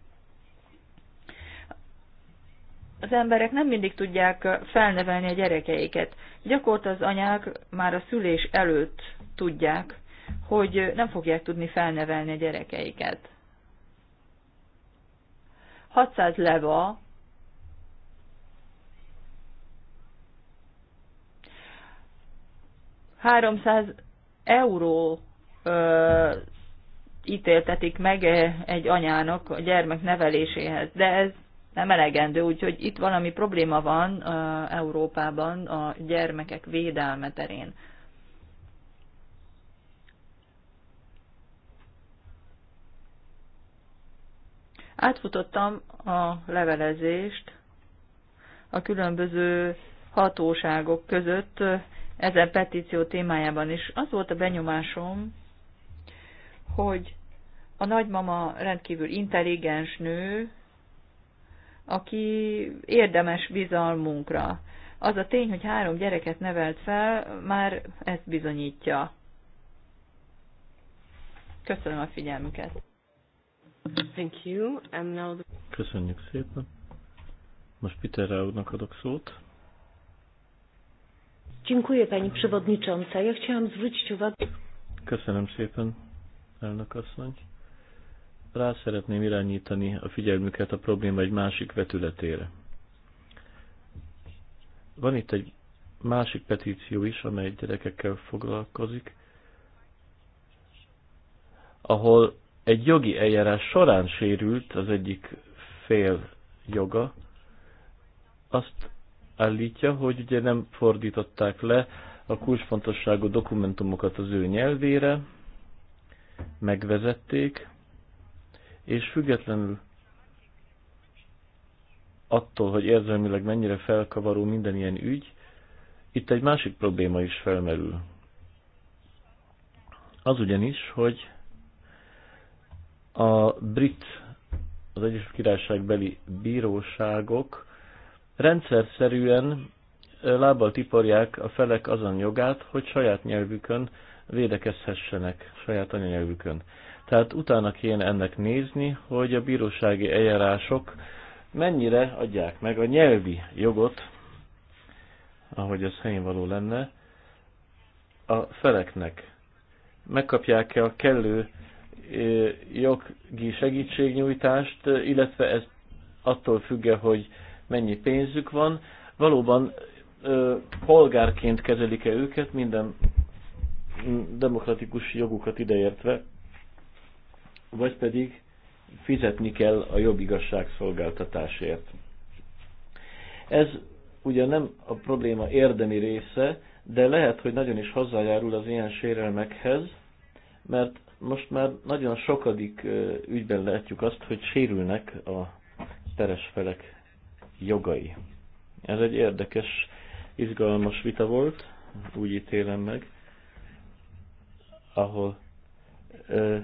Az emberek nem mindig tudják felnevelni a gyerekeiket. Gyakorta az anyák már a szülés előtt tudják, hogy nem fogják tudni felnevelni a gyerekeiket. 600 leva 300 euró ö, ítéltetik meg egy anyának a gyermek neveléséhez, de ez nem elegendő, úgyhogy itt valami probléma van ö, Európában a gyermekek védelme terén. Átfutottam a levelezést a különböző hatóságok között ezen petíció témájában is. Az volt a benyomásom, hogy a nagymama rendkívül intelligens nő, aki érdemes bizalmunkra. Az a tény, hogy három gyereket nevelt fel, már ezt bizonyítja. Köszönöm a figyelmüket. Thank you. And now the... Köszönjük szépen. Most Peter Raudnak adok szót. Dziękuję Pani Przewodnicząca. Ja chciałam zwrócić uwagę... Köszönöm szépen, elnök asszony. Rá szeretném irányítani a figyelmüket a probléma egy másik vetületére. Van itt egy másik petíció is, amely gyerekekkel foglalkozik, ahol egy jogi eljárás során sérült az egyik fél joga, azt állítja, hogy ugye nem fordították le a kulcsfontosságú dokumentumokat az ő nyelvére, megvezették, és függetlenül attól, hogy érzelmileg mennyire felkavaró minden ilyen ügy, itt egy másik probléma is felmerül. Az ugyanis, hogy a brit, az Egyesült Királyság beli bíróságok Rendszer szerűen lábbal tiporják a felek azon jogát, hogy saját nyelvükön védekezhessenek, saját anyanyelvükön. Tehát utána kéne ennek nézni, hogy a bírósági eljárások mennyire adják meg a nyelvi jogot, ahogy ez helyén való lenne, a feleknek. Megkapják-e a kellő jogi segítségnyújtást, illetve ez attól függ, hogy mennyi pénzük van, valóban ö, polgárként kezelik-e őket minden demokratikus jogukat ideértve, vagy pedig fizetni kell a jobb igazságszolgáltatásért. Ez ugye nem a probléma érdemi része, de lehet, hogy nagyon is hozzájárul az ilyen sérelmekhez, mert most már nagyon sokadik ügyben lehetjük azt, hogy sérülnek a teres felek jogai. Ez egy érdekes, izgalmas vita volt, úgy ítélem meg, ahol ö,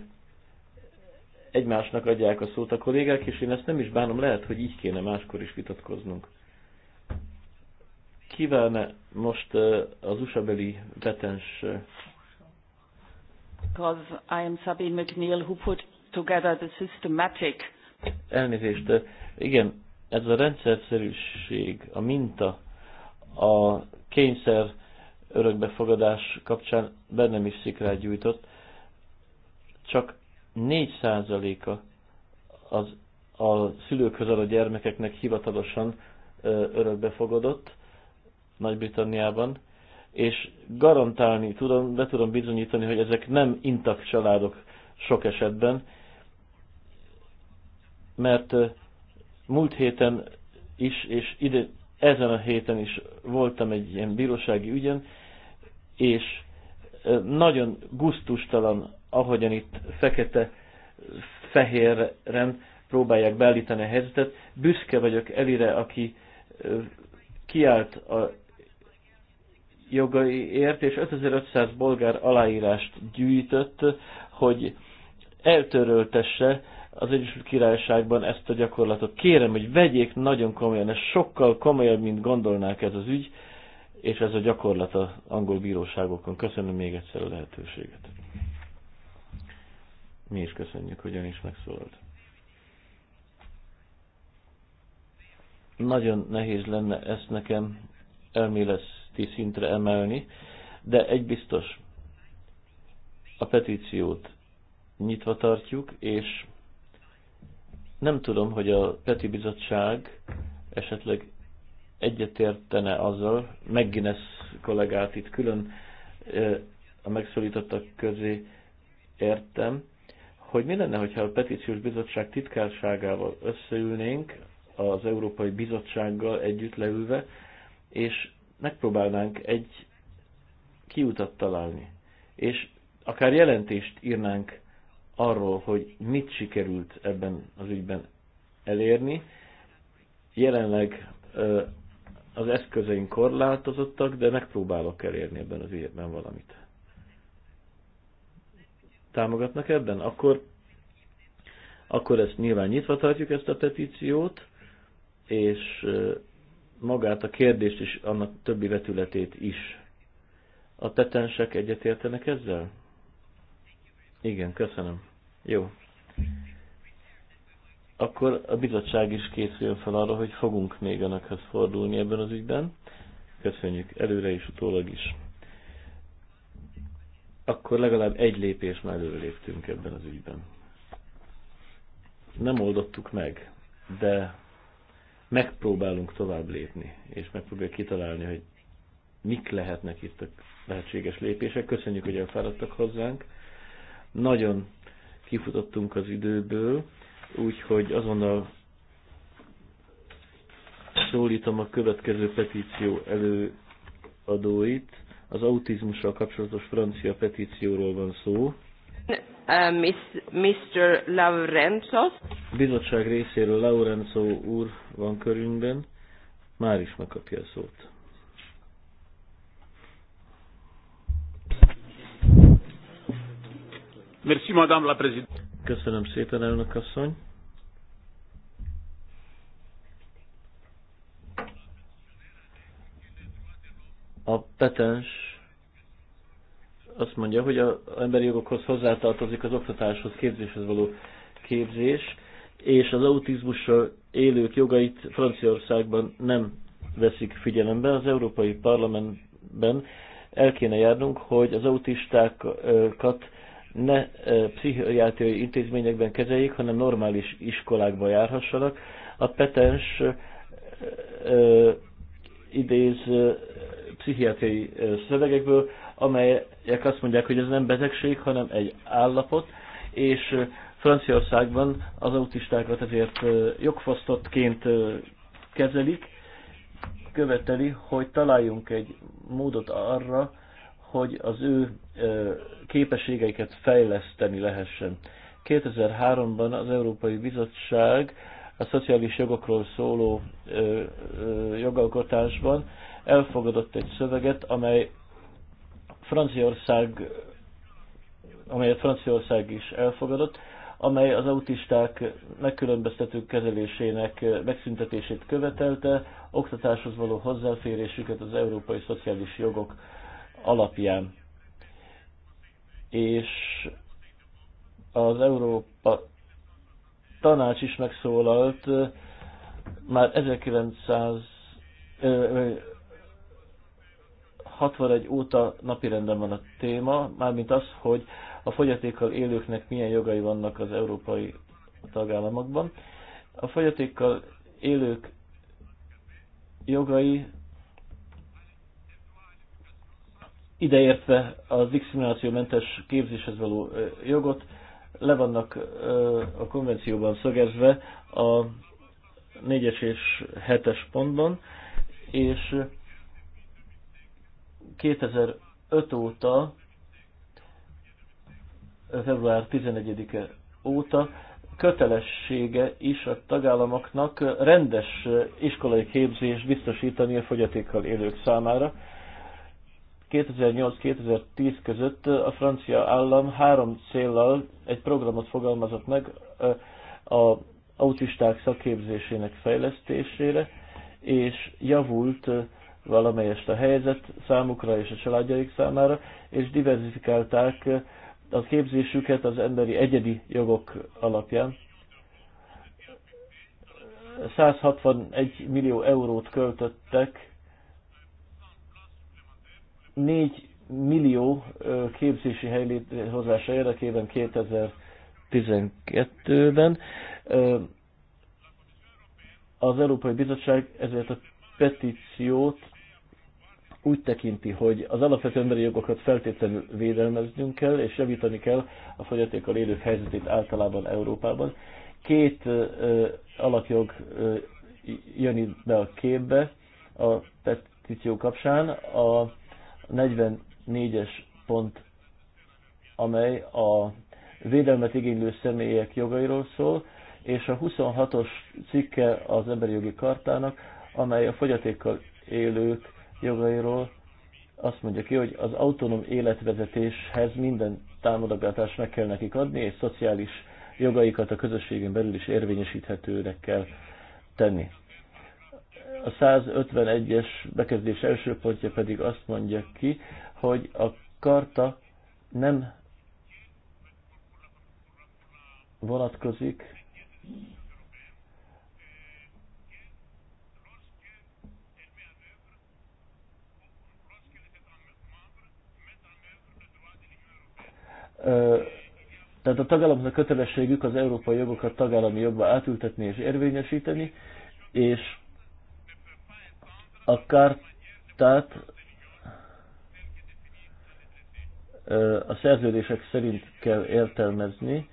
egymásnak adják a szót a kollégák, és én ezt nem is bánom, lehet, hogy így kéne máskor is vitatkoznunk. Kívánne most az USA-beli vetens... Because I am Sabine McNeil, who put together the systematic... Elnézést, igen, ez a rendszerszerűség, a minta, a kényszer örökbefogadás kapcsán bennem is szikrát gyújtott, csak 4%-a az a szülőkhöz a gyermekeknek hivatalosan örökbefogadott Nagy-Britanniában, és garantálni tudom, be tudom bizonyítani, hogy ezek nem intak családok sok esetben, mert Múlt héten is, és ide, ezen a héten is voltam egy ilyen bírósági ügyen, és nagyon guztustalan, ahogyan itt fekete-fehéren próbálják beállítani a helyzetet. Büszke vagyok Elire, aki kiállt a jogaiért, és 5500 bolgár aláírást gyűjtött, hogy eltöröltesse az Egyesült Királyságban ezt a gyakorlatot. Kérem, hogy vegyék nagyon komolyan, ez sokkal komolyabb, mint gondolnák ez az ügy, és ez a gyakorlat az angol bíróságokon. Köszönöm még egyszer a lehetőséget. Mi is köszönjük, hogy ön is megszólalt. Nagyon nehéz lenne ezt nekem elméleti szintre emelni, de egy biztos, a petíciót nyitva tartjuk, és nem tudom, hogy a Peti Bizottság esetleg egyetértene azzal, McGuinness kollégát itt külön a megszólítottak közé értem, hogy mi lenne, hogyha a Petíciós Bizottság titkárságával összeülnénk, az Európai Bizottsággal együtt leülve, és megpróbálnánk egy kiutat találni. És akár jelentést írnánk arról, hogy mit sikerült ebben az ügyben elérni. Jelenleg az eszközeink korlátozottak, de megpróbálok elérni ebben az ügyben valamit. Támogatnak ebben? Akkor, akkor ezt nyilván nyitva tartjuk ezt a petíciót, és magát a kérdést is, annak többi vetületét is. A tetensek egyetértenek ezzel? Igen, köszönöm. Jó. Akkor a bizottság is készüljön fel arra, hogy fogunk még önökhez fordulni ebben az ügyben. Köszönjük előre és utólag is. Akkor legalább egy lépés már előre léptünk ebben az ügyben. Nem oldottuk meg, de megpróbálunk tovább lépni, és megpróbáljuk kitalálni, hogy mik lehetnek itt a lehetséges lépések. Köszönjük, hogy elfáradtak hozzánk nagyon kifutottunk az időből, úgyhogy azonnal szólítom a következő petíció előadóit. Az autizmussal kapcsolatos francia petícióról van szó. Uh, Miss, Mr. Laurenzos. bizottság részéről Laurenzo úr van körünkben. Már is megkapja a szót. Merci, Madame la Présidente. Köszönöm szépen, elnök asszony. A petens azt mondja, hogy az emberi jogokhoz hozzátartozik az oktatáshoz, képzéshez való képzés, és az autizmussal élők jogait Franciaországban nem veszik figyelembe. Az Európai Parlamentben el kéne járnunk, hogy az autistákat ne eh, pszichiátriai intézményekben kezeljék, hanem normális iskolákba járhassanak. A petens eh, eh, idéz pszichiátriai szövegekből, amelyek azt mondják, hogy ez nem betegség, hanem egy állapot, és Franciaországban az autistákat ezért jogfosztottként kezelik, követeli, hogy találjunk egy módot arra, hogy az ő képességeiket fejleszteni lehessen. 2003-ban az Európai Bizottság a szociális jogokról szóló jogalkotásban elfogadott egy szöveget, amely Franciaország, amelyet Franciaország is elfogadott, amely az autisták megkülönböztető kezelésének megszüntetését követelte, oktatáshoz való hozzáférésüket az európai szociális jogok alapján és az Európa tanács is megszólalt már 1961 óta napirenden van a téma, mármint az, hogy a fogyatékkal élőknek milyen jogai vannak az európai tagállamokban. A fogyatékkal élők jogai ideértve a mentes képzéshez való jogot, le vannak a konvencióban szögezve a 4-es és 7-es pontban, és 2005 óta, február 11-e óta kötelessége is a tagállamoknak rendes iskolai képzést biztosítani a fogyatékkal élők számára 2008-2010 között a francia állam három céllal egy programot fogalmazott meg a autisták szakképzésének fejlesztésére, és javult valamelyest a helyzet számukra és a családjaik számára, és diversifikálták a képzésüket az emberi egyedi jogok alapján. 161 millió eurót költöttek 4 millió képzési hely létrehozása érdekében 2012-ben az Európai Bizottság ezért a petíciót úgy tekinti, hogy az alapvető emberi jogokat feltétlenül védelmeznünk kell, és javítani kell a fogyatékkal élők helyzetét általában Európában. Két alapjog jön itt be a képbe a petíció kapcsán. A 44-es pont, amely a védelmet igénylő személyek jogairól szól, és a 26-os cikke az emberi jogi kartának, amely a fogyatékkal élők jogairól azt mondja ki, hogy az autonóm életvezetéshez minden támogatást meg kell nekik adni, és szociális jogaikat a közösségen belül is érvényesíthetőnek kell tenni. A 151-es bekezdés első pontja pedig azt mondja ki, hogy a karta nem vonatkozik tehát a tagállamnak kötelességük az európai jogokat tagállami jogba átültetni és érvényesíteni, és a kártát a szerződések szerint kell értelmezni.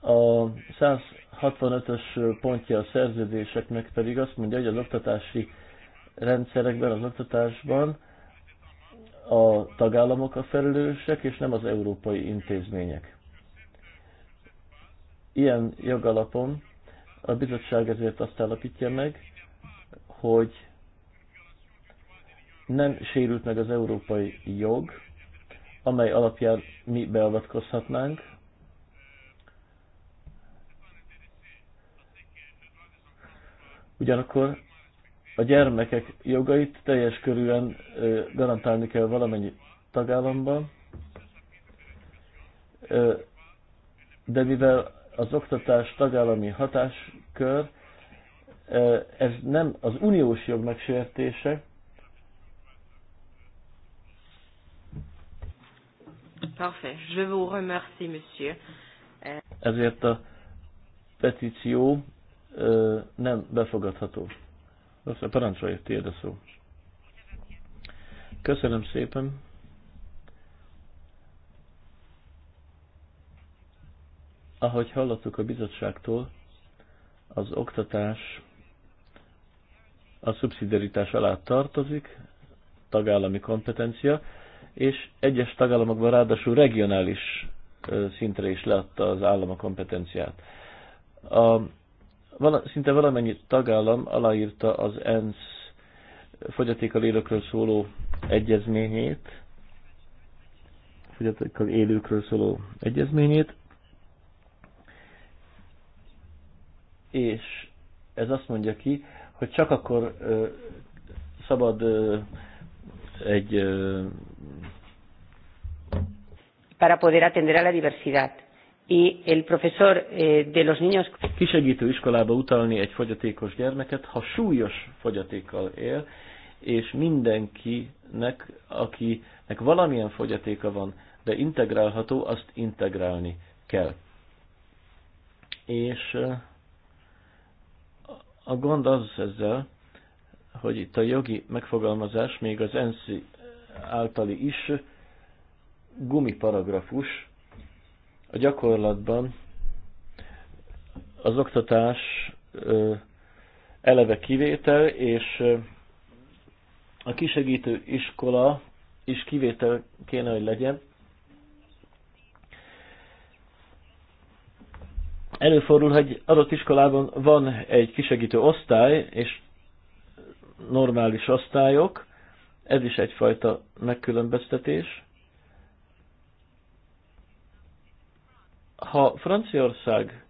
A 165-ös pontja a szerződéseknek pedig azt mondja, hogy az oktatási rendszerekben, az oktatásban a tagállamok a felelősek, és nem az európai intézmények. Ilyen jogalapon a bizottság ezért azt állapítja meg, hogy nem sérült meg az európai jog, amely alapján mi beavatkozhatnánk. Ugyanakkor a gyermekek jogait teljes körűen garantálni kell valamennyi tagállamban, de mivel az oktatás tagállami hatáskör, ez nem az uniós jog megsértése, Parfait. Je vous remercie, monsieur. Euh, Ezért a petíció ö, nem befogadható. Azt parancsolja, tiéd a szó. Köszönöm szépen. Ahogy hallottuk a bizottságtól, az oktatás a szubszidiaritás alá tartozik, tagállami kompetencia, és egyes tagállamokban ráadásul regionális szintre is leadta az állam a kompetenciát. A, vala, szinte valamennyi tagállam aláírta az ENSZ fogyatékkal élőkről szóló egyezményét, fogyatékkal élőkről szóló egyezményét, és ez azt mondja ki, hogy csak akkor ö, szabad ö, egy para poder atender a la diversidad. Y el profesor eh, de los niños... Kisegítő iskolába utalni egy fogyatékos gyermeket, ha súlyos fogyatékkal él, és mindenkinek, akinek valamilyen fogyatéka van, de integrálható, azt integrálni kell. És a gond az ezzel, hogy itt a jogi megfogalmazás még az ENSZ általi is gumiparagrafus. A gyakorlatban az oktatás eleve kivétel, és a kisegítő iskola is kivétel kéne, hogy legyen. Előfordul, hogy adott iskolában van egy kisegítő osztály, és normális osztályok, ez is egyfajta megkülönböztetés. Ha Franciaország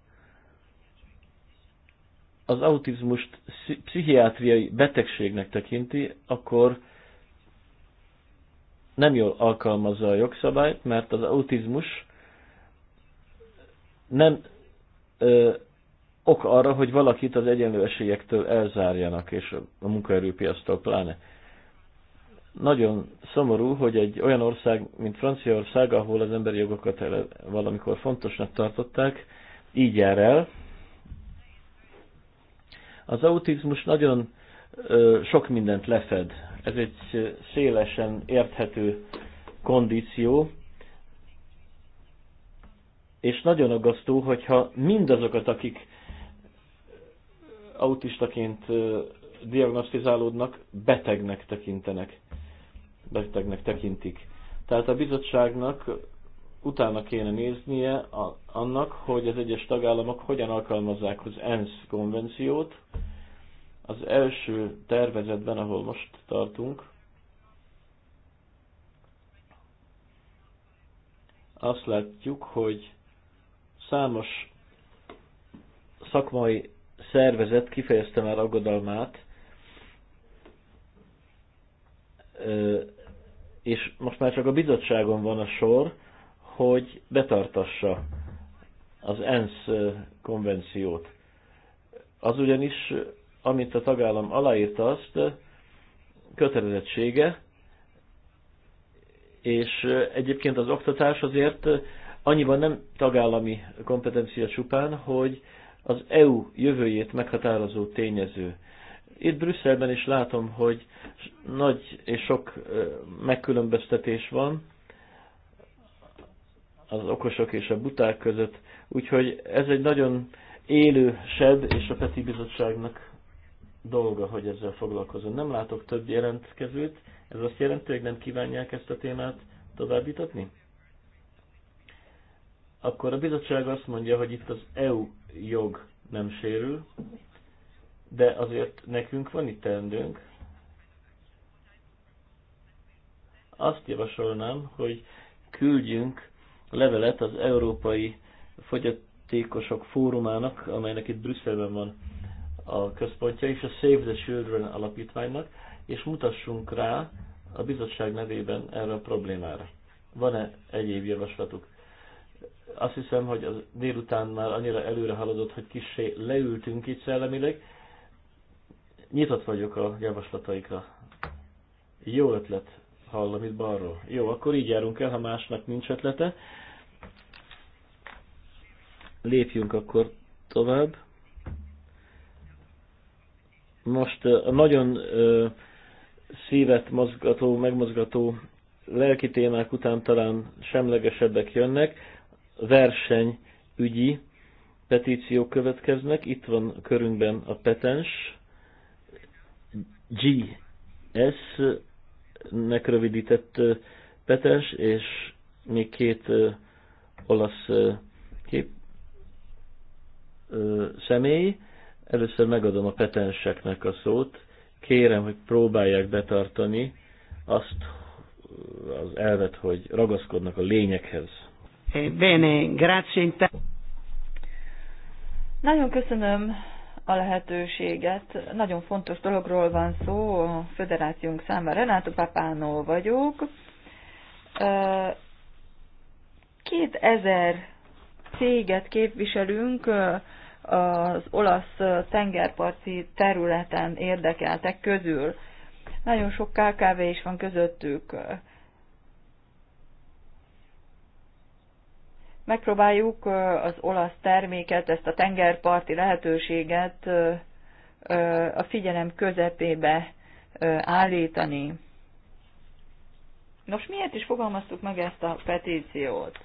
az autizmust pszichiátriai betegségnek tekinti, akkor nem jól alkalmazza a jogszabályt, mert az autizmus nem ö, ok arra, hogy valakit az egyenlő esélyektől elzárjanak, és a munkaerőpiasztól pláne. Nagyon szomorú, hogy egy olyan ország, mint Franciaország, ahol az emberi jogokat valamikor fontosnak tartották, így jár el. Az autizmus nagyon ö, sok mindent lefed. Ez egy szélesen érthető kondíció, és nagyon aggasztó, hogyha mindazokat, akik autistaként diagnosztizálódnak, betegnek tekintenek, betegnek tekintik. Tehát a bizottságnak utána kéne néznie a, annak, hogy az egyes tagállamok hogyan alkalmazzák az ENSZ konvenciót. Az első tervezetben, ahol most tartunk, azt látjuk, hogy számos szakmai szervezet kifejezte már aggodalmát, és most már csak a bizottságon van a sor, hogy betartassa az ENSZ konvenciót. Az ugyanis, amit a tagállam aláírta, azt kötelezettsége, és egyébként az oktatás azért annyiban nem tagállami kompetencia csupán, hogy az EU jövőjét meghatározó tényező. Itt Brüsszelben is látom, hogy nagy és sok megkülönböztetés van az okosok és a buták között, úgyhogy ez egy nagyon élő sed és a Peti Bizottságnak dolga, hogy ezzel foglalkozom. Nem látok több jelentkezőt, ez azt jelenti, hogy nem kívánják ezt a témát továbbítatni? akkor a bizottság azt mondja, hogy itt az EU jog nem sérül, de azért nekünk van itt teendőnk. Azt javasolnám, hogy küldjünk levelet az Európai Fogyatékosok Fórumának, amelynek itt Brüsszelben van a központja, és a Save the Children alapítványnak, és mutassunk rá a bizottság nevében erre a problémára. Van-e egyéb javaslatuk? Azt hiszem, hogy az délután már annyira előre haladott, hogy kissé leültünk itt szellemileg. Nyitott vagyok a javaslataikra. Jó ötlet, hallom itt balról. Jó, akkor így járunk el, ha másnak nincs ötlete. Lépjünk akkor tovább. Most a nagyon ö, szívet mozgató, megmozgató lelki témák után talán semlegesebbek jönnek versenyügyi petíciók következnek. Itt van körünkben a petens GS-nek rövidített petens, és még két olasz kép személy. Először megadom a petenseknek a szót. Kérem, hogy próbálják betartani azt az elvet, hogy ragaszkodnak a lényekhez. Bene, grazie. Nagyon köszönöm a lehetőséget. Nagyon fontos dologról van szó a föderációnk számára. Renato Papánó vagyok. 2000 céget képviselünk az olasz tengerparti területen érdekeltek közül. Nagyon sok KKV is van közöttük. Megpróbáljuk az olasz terméket, ezt a tengerparti lehetőséget a figyelem közepébe állítani. Nos, miért is fogalmaztuk meg ezt a petíciót?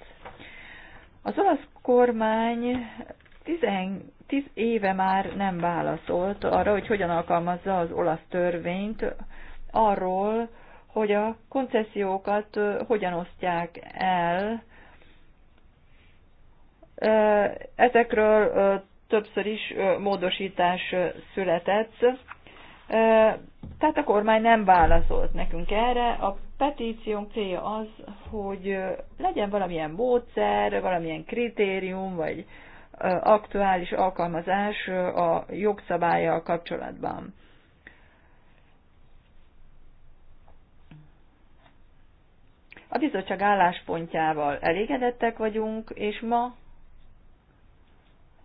Az olasz kormány 10, tiz éve már nem válaszolt arra, hogy hogyan alkalmazza az olasz törvényt arról, hogy a koncesziókat hogyan osztják el Ezekről többször is módosítás született. Tehát a kormány nem válaszolt nekünk erre. A petíciónk célja az, hogy legyen valamilyen módszer, valamilyen kritérium, vagy aktuális alkalmazás a jogszabályjal kapcsolatban. A bizottság álláspontjával elégedettek vagyunk, és ma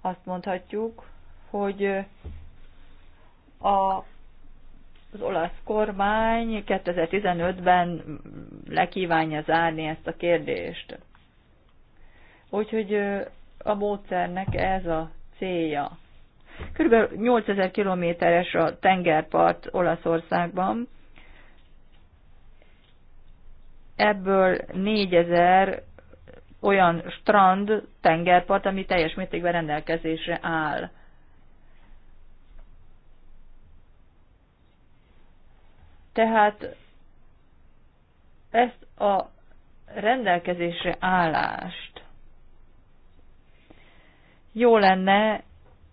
azt mondhatjuk, hogy a, az olasz kormány 2015-ben lekívánja zárni ezt a kérdést. Úgyhogy a módszernek ez a célja. Körülbelül 8000 kilométeres a tengerpart Olaszországban, ebből 4000 olyan strand, tengerpart, ami teljes mértékben rendelkezésre áll. Tehát ezt a rendelkezésre állást jó lenne,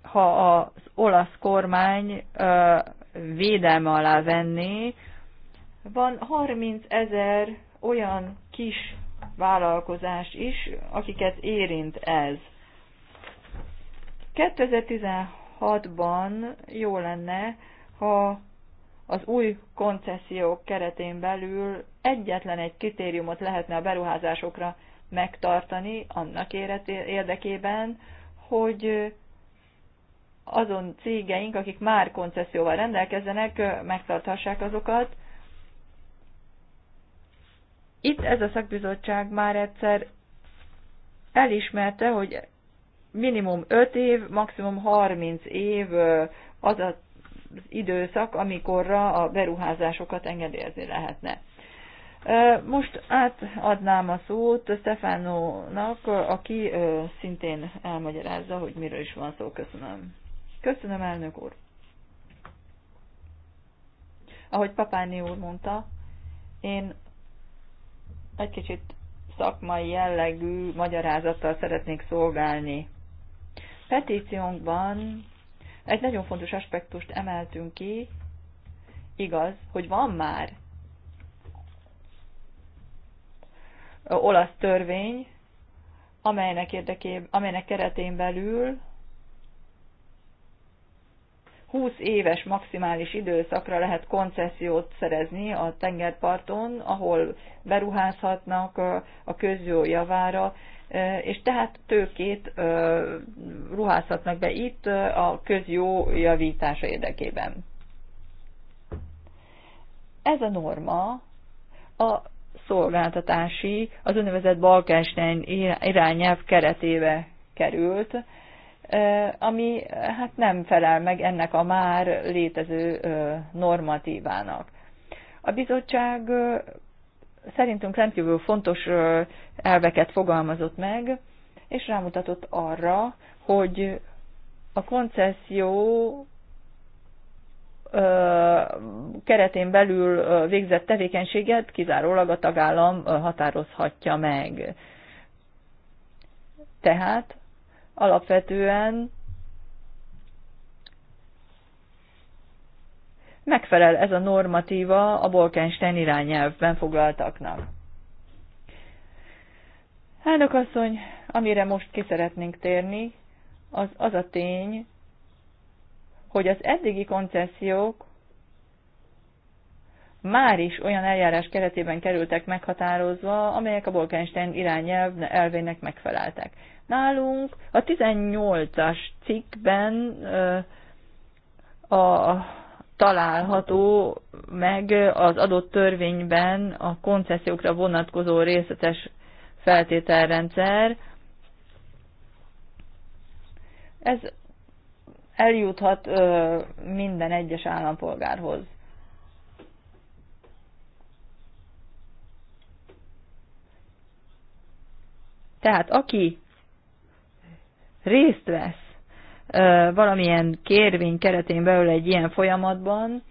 ha az olasz kormány ö, védelme alá venné. Van 30 ezer olyan kis vállalkozás is, akiket érint ez. 2016-ban jó lenne, ha az új koncesziók keretén belül egyetlen egy kritériumot lehetne a beruházásokra megtartani annak érdekében, hogy azon cégeink, akik már koncesszióval rendelkezzenek, megtarthassák azokat, itt ez a szakbizottság már egyszer elismerte, hogy minimum 5 év, maximum 30 év az az időszak, amikorra a beruházásokat engedélyezni lehetne. Most átadnám a szót Stefánónak, aki szintén elmagyarázza, hogy miről is van szó. Köszönöm. Köszönöm, elnök úr. Ahogy Papáni úr mondta, én egy kicsit szakmai jellegű magyarázattal szeretnék szolgálni. Petíciónkban egy nagyon fontos aspektust emeltünk ki, igaz, hogy van már olasz törvény, amelynek, érdekében, amelynek keretén belül 20 éves maximális időszakra lehet koncesziót szerezni a tengerparton, ahol beruházhatnak a közjó javára, és tehát tőkét ruházhatnak be itt a közjó javítása érdekében. Ez a norma a szolgáltatási, az úgynevezett Balkánstein irányelv keretébe került, ami hát nem felel meg ennek a már létező normatívának. A bizottság szerintünk rendkívül fontos elveket fogalmazott meg, és rámutatott arra, hogy a koncesszió keretén belül végzett tevékenységet kizárólag a tagállam határozhatja meg. Tehát alapvetően megfelel ez a normatíva a Bolkenstein irányelvben foglaltaknak. Elnök asszony, amire most ki szeretnénk térni, az az a tény, hogy az eddigi koncesziók már is olyan eljárás keretében kerültek meghatározva, amelyek a Bolkenstein irányelv elvének megfeleltek. Nálunk a 18-as cikkben a, található meg az adott törvényben a koncesziókra vonatkozó részletes feltételrendszer. Ez eljuthat ö, minden egyes állampolgárhoz. Tehát aki részt vesz valamilyen kérvény keretén belül egy ilyen folyamatban,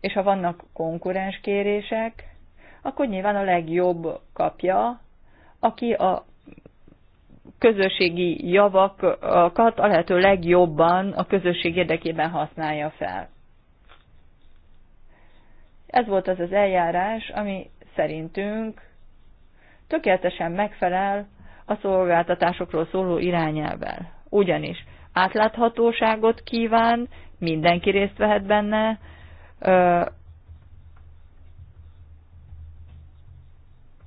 és ha vannak konkurens kérések, akkor nyilván a legjobb kapja, aki a közösségi javakat a lehető legjobban a közösség érdekében használja fel. Ez volt az az eljárás, ami szerintünk tökéletesen megfelel a szolgáltatásokról szóló irányelvel. Ugyanis átláthatóságot kíván, mindenki részt vehet benne,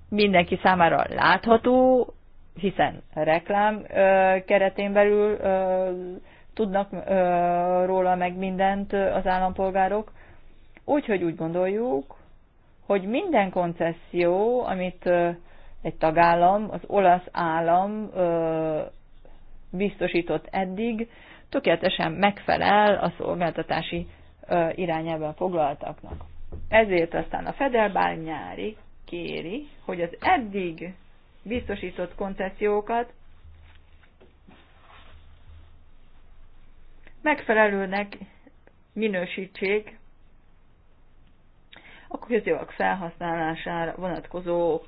mindenki számára látható, hiszen reklám keretén belül tudnak róla meg mindent az állampolgárok. Úgyhogy úgy gondoljuk, hogy minden koncesszió, amit egy tagállam, az olasz állam ö, biztosított eddig, tökéletesen megfelel a szolgáltatási ö, irányában foglaltaknak. Ezért aztán a Federbál nyári kéri, hogy az eddig biztosított koncesziókat megfelelőnek minősítsék a közjogok felhasználására vonatkozó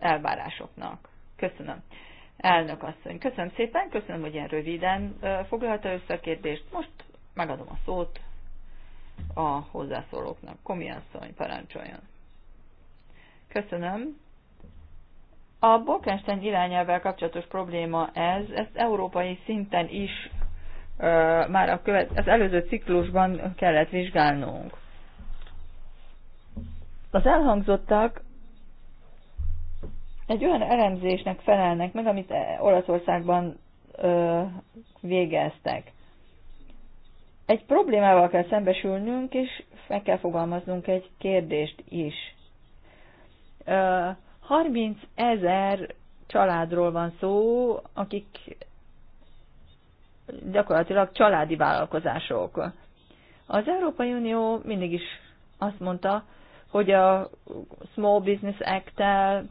elvárásoknak. Köszönöm. Elnök asszony, köszönöm szépen, köszönöm, hogy ilyen röviden foglalta össze a kérdést. Most megadom a szót a hozzászólóknak. Komi asszony, parancsoljon. Köszönöm. A Bolkenstein irányelvvel kapcsolatos probléma ez, ezt európai szinten is már a követ, az előző ciklusban kellett vizsgálnunk. Az elhangzottak egy olyan elemzésnek felelnek meg, amit e, Olaszországban ö, végeztek. Egy problémával kell szembesülnünk, és meg kell fogalmaznunk egy kérdést is. Ö, 30 ezer családról van szó, akik gyakorlatilag családi vállalkozások. Az Európai Unió mindig is azt mondta, hogy a Small Business Act-tel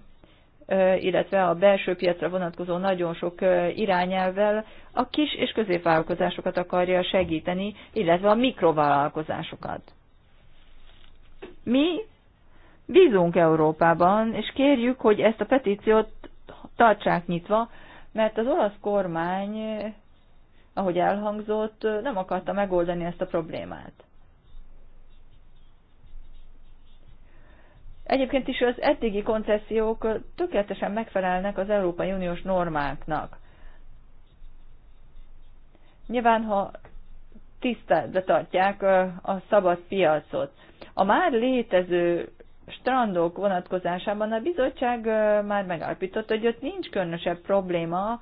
illetve a belső piacra vonatkozó nagyon sok irányelvvel a kis és középvállalkozásokat akarja segíteni, illetve a mikrovállalkozásokat. Mi bízunk Európában, és kérjük, hogy ezt a petíciót tartsák nyitva, mert az olasz kormány, eh, ahogy elhangzott, eh, nem akarta megoldani ezt a problémát. Egyébként is az eddigi koncesziók tökéletesen megfelelnek az Európai Uniós normáknak. Nyilván, ha tiszteletbe tartják a szabad piacot. A már létező strandok vonatkozásában a bizottság már megállapította, hogy ott nincs különösebb probléma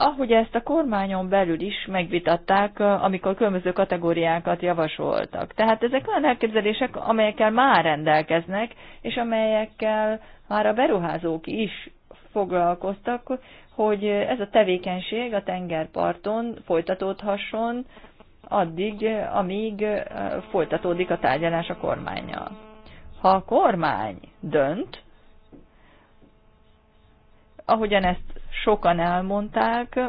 ahogy ezt a kormányon belül is megvitatták, amikor különböző kategóriákat javasoltak. Tehát ezek olyan elképzelések, amelyekkel már rendelkeznek, és amelyekkel már a beruházók is foglalkoztak, hogy ez a tevékenység a tengerparton folytatódhasson addig, amíg folytatódik a tárgyalás a kormányjal. Ha a kormány dönt, ahogyan ezt sokan elmondták,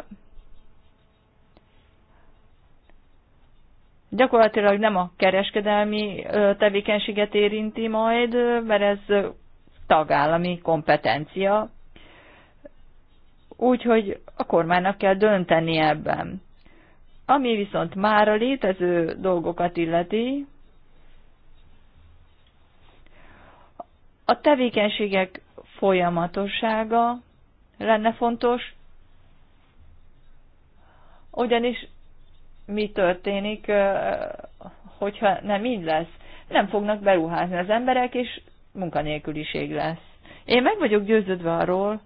gyakorlatilag nem a kereskedelmi tevékenységet érinti majd, mert ez tagállami kompetencia, úgyhogy a kormánynak kell dönteni ebben. Ami viszont már a létező dolgokat illeti, a tevékenységek folyamatossága, lenne fontos, ugyanis mi történik, hogyha nem így lesz? Nem fognak beruházni az emberek, és munkanélküliség lesz. Én meg vagyok győződve arról,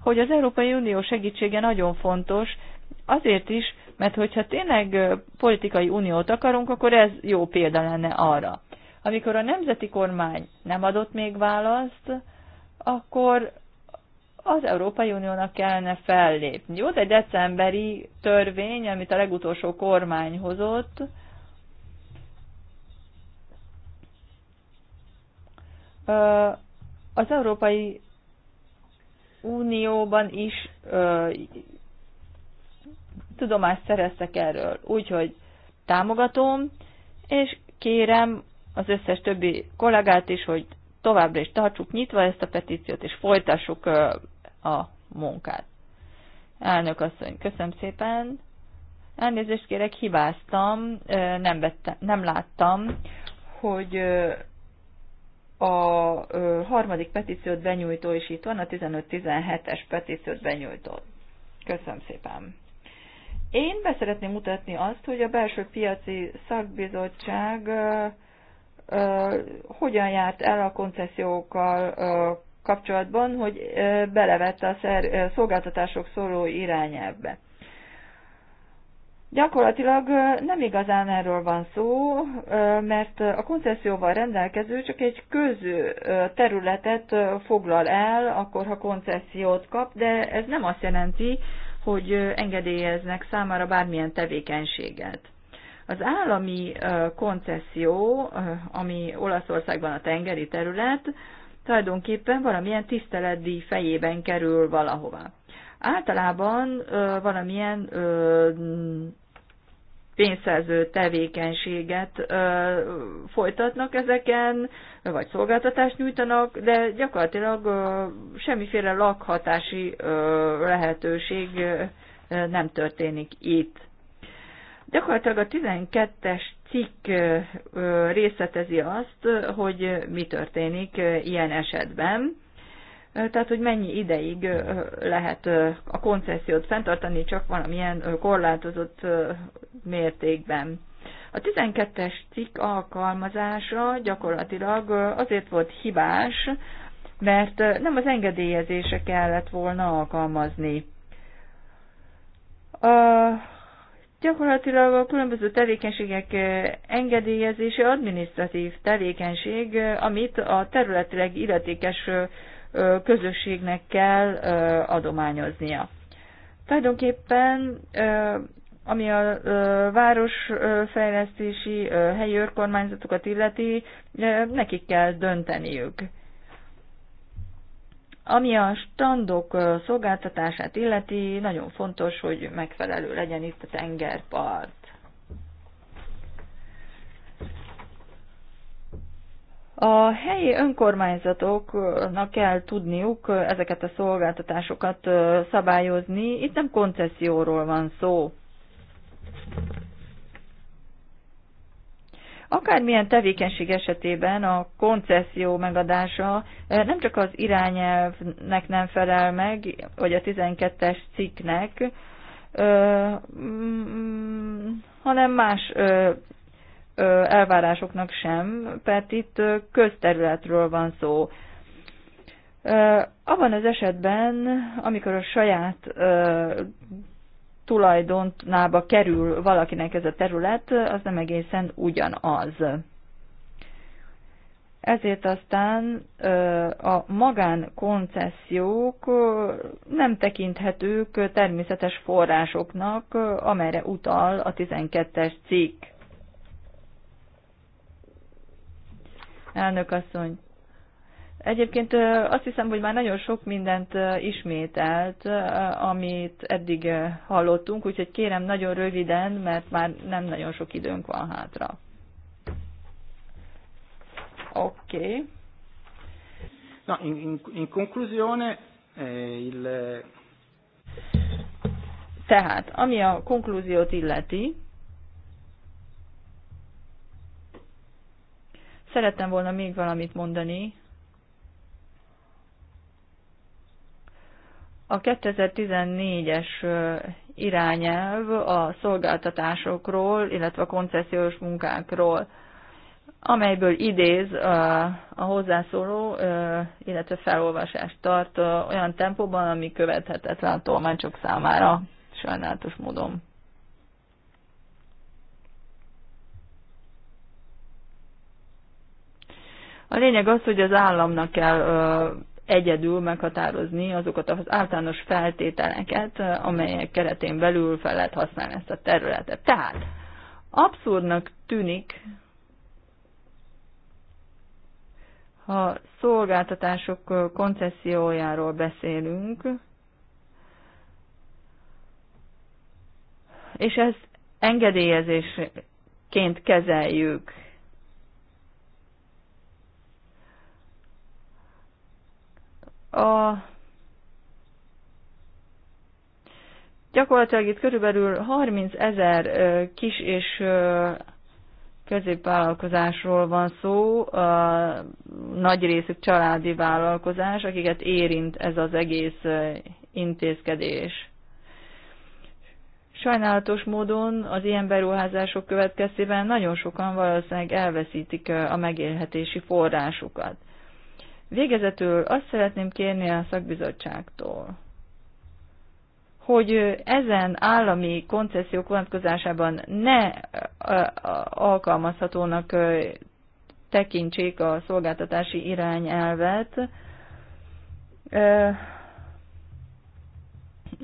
hogy az Európai Unió segítsége nagyon fontos, azért is, mert hogyha tényleg politikai uniót akarunk, akkor ez jó példa lenne arra. Amikor a nemzeti kormány nem adott még választ, akkor az Európai Uniónak kellene fellépni. Volt egy decemberi törvény, amit a legutolsó kormány hozott, az Európai Unióban is ö, tudomást szereztek erről. Úgyhogy támogatom, és kérem az összes többi kollégát is, hogy továbbra is tartsuk nyitva ezt a petíciót, és folytassuk a munkát. Elnök asszony, köszönöm szépen. Elnézést kérek, hibáztam, nem, vette, nem láttam, hogy a harmadik petíciót benyújtó is itt van, a 15-17-es petíciót benyújtó. Köszönöm szépen. Én szeretném mutatni azt, hogy a belső piaci szakbizottság hogyan járt el a koncesziókkal kapcsolatban, hogy belevette a szer, szolgáltatások szóló irányelvbe. Gyakorlatilag nem igazán erről van szó, mert a koncesszióval rendelkező csak egy területet foglal el, akkor ha koncesziót kap, de ez nem azt jelenti, hogy engedélyeznek számára bármilyen tevékenységet. Az állami koncesszió, ami Olaszországban a tengeri terület, tulajdonképpen valamilyen tiszteletdi fejében kerül valahova. Általában ö, valamilyen ö, pénzszerző tevékenységet ö, folytatnak ezeken, vagy szolgáltatást nyújtanak, de gyakorlatilag ö, semmiféle lakhatási ö, lehetőség ö, nem történik itt. Gyakorlatilag a 12-es cikk részletezi azt, hogy mi történik ilyen esetben, tehát hogy mennyi ideig lehet a koncesziót fenntartani csak valamilyen korlátozott mértékben. A 12-es cikk alkalmazása gyakorlatilag azért volt hibás, mert nem az engedélyezése kellett volna alkalmazni. Gyakorlatilag a különböző tevékenységek engedélyezése adminisztratív tevékenység, amit a területileg illetékes közösségnek kell adományoznia. Tulajdonképpen, ami a városfejlesztési helyi önkormányzatokat illeti, nekik kell dönteniük. Ami a standok szolgáltatását illeti, nagyon fontos, hogy megfelelő legyen itt a tengerpart. A helyi önkormányzatoknak kell tudniuk ezeket a szolgáltatásokat szabályozni. Itt nem koncesszióról van szó. Akármilyen tevékenység esetében a koncesszió megadása eh, nem csak az irányelvnek nem felel meg, vagy a 12-es cikknek, mm, hanem más elvárásoknak sem, mert itt közterületről van szó. Abban az esetben, amikor a saját tulajdonába kerül valakinek ez a terület, az nem egészen ugyanaz. Ezért aztán a magánkoncesziók nem tekinthetők természetes forrásoknak, amelyre utal a 12-es cikk. Elnök asszony, Egyébként azt hiszem, hogy már nagyon sok mindent ismételt, amit eddig hallottunk, úgyhogy kérem nagyon röviden, mert már nem nagyon sok időnk van hátra. Oké. Okay. No, in, in, in conclusione, eh, il... Eh, Tehát, ami a konklúziót illeti, szerettem volna még valamit mondani, A 2014-es irányelv a szolgáltatásokról, illetve a koncesziós munkákról, amelyből idéz a hozzászóló, illetve felolvasást tart olyan tempóban, ami követhetetlen a tolmácsok számára, sajnálatos módon. A lényeg az, hogy az államnak kell egyedül meghatározni azokat az általános feltételeket, amelyek keretén belül fel lehet használni ezt a területet. Tehát abszurdnak tűnik, ha szolgáltatások koncesziójáról beszélünk, és ezt engedélyezésként kezeljük, A gyakorlatilag itt körülbelül 30 ezer kis és középvállalkozásról van szó, a nagy részük családi vállalkozás, akiket érint ez az egész intézkedés. Sajnálatos módon az ilyen beruházások következtében nagyon sokan valószínűleg elveszítik a megélhetési forrásukat. Végezetül azt szeretném kérni a szakbizottságtól, hogy ezen állami koncesziók vonatkozásában ne alkalmazhatónak tekintsék a szolgáltatási irányelvet,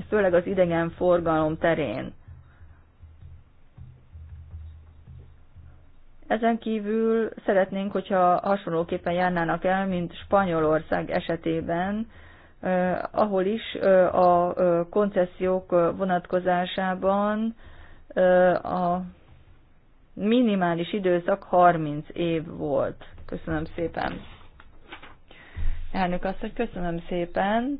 főleg az idegenforgalom terén. Ezen kívül szeretnénk, hogyha hasonlóképpen járnának el, mint Spanyolország esetében, ahol is a koncesziók vonatkozásában a minimális időszak 30 év volt. Köszönöm szépen. Elnök azt, hogy köszönöm szépen.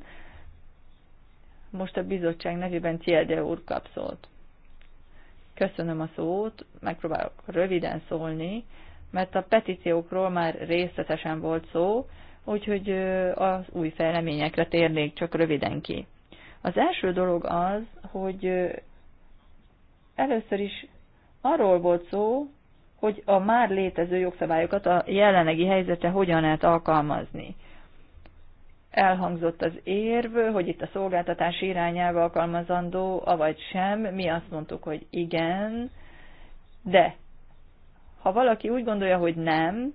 Most a bizottság nevében Tiede úr kap Köszönöm a szót, megpróbálok röviden szólni, mert a petíciókról már részletesen volt szó, úgyhogy az új fejleményekre térnék csak röviden ki. Az első dolog az, hogy először is arról volt szó, hogy a már létező jogszabályokat a jelenlegi helyzetre hogyan lehet alkalmazni elhangzott az érv, hogy itt a szolgáltatás irányába alkalmazandó, avagy sem. Mi azt mondtuk, hogy igen, de ha valaki úgy gondolja, hogy nem,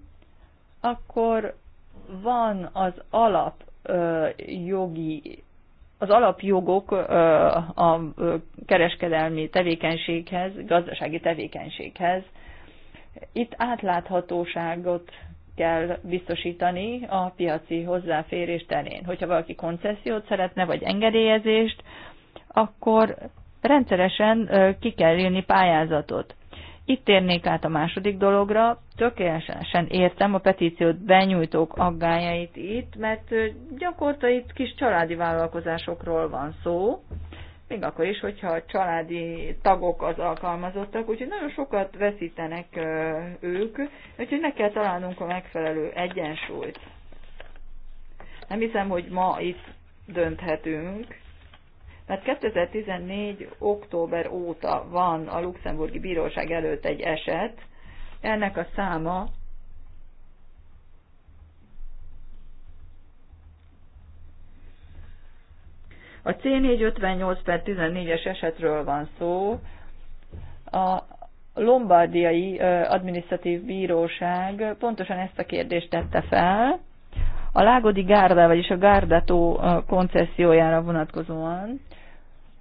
akkor van az alap ö, jogi, az alapjogok ö, a ö, kereskedelmi tevékenységhez, gazdasági tevékenységhez. Itt átláthatóságot kell biztosítani a piaci hozzáférés terén. Hogyha valaki koncesziót szeretne, vagy engedélyezést, akkor rendszeresen ki kell írni pályázatot. Itt térnék át a második dologra. Tökéletesen értem a petíciót benyújtók aggájait itt, mert gyakorta itt kis családi vállalkozásokról van szó, még akkor is, hogyha a családi tagok az alkalmazottak, úgyhogy nagyon sokat veszítenek ők, úgyhogy meg kell találnunk a megfelelő egyensúlyt. Nem hiszem, hogy ma itt dönthetünk, mert 2014. október óta van a luxemburgi bíróság előtt egy eset, ennek a száma A C458 per 14-es esetről van szó. A Lombardiai Adminisztratív Bíróság pontosan ezt a kérdést tette fel. A Lágodi Gárda, vagyis a Gárdátó koncesziójára vonatkozóan,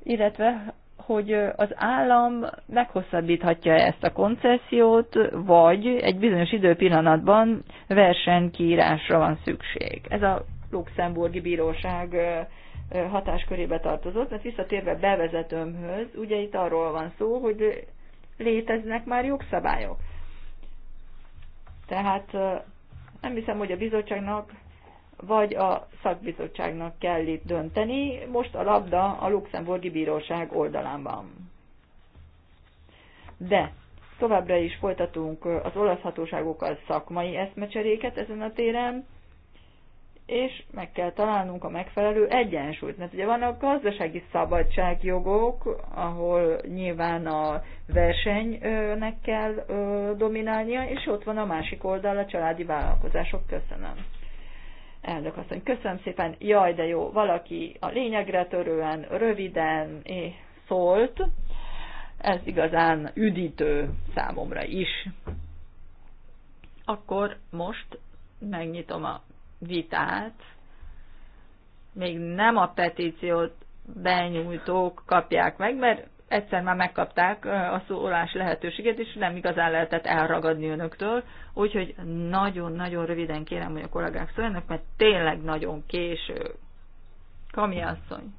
illetve hogy az állam meghosszabbíthatja ezt a koncesziót, vagy egy bizonyos időpillanatban versenykírásra van szükség. Ez a luxemburgi bíróság hatáskörébe tartozott, mert visszatérve bevezetőmhöz, ugye itt arról van szó, hogy léteznek már jogszabályok. Tehát nem hiszem, hogy a bizottságnak vagy a szakbizottságnak kell itt dönteni. Most a labda a luxemburgi bíróság oldalán van. De továbbra is folytatunk az olasz hatóságokkal szakmai eszmecseréket ezen a téren, és meg kell találnunk a megfelelő egyensúlyt. Mert ugye vannak gazdasági szabadságjogok, ahol nyilván a versenynek kell dominálnia, és ott van a másik oldal a családi vállalkozások. Köszönöm. Elnök asszony, köszönöm szépen. Jaj, de jó, valaki a lényegre törően, röviden szólt. Ez igazán üdítő számomra is. Akkor most megnyitom a vitát, még nem a petíciót benyújtók kapják meg, mert egyszer már megkapták a szólás lehetőséget, és nem igazán lehetett elragadni önöktől, úgyhogy nagyon-nagyon röviden kérem, hogy a kollégák szóljanak, mert tényleg nagyon késő. Kami asszony.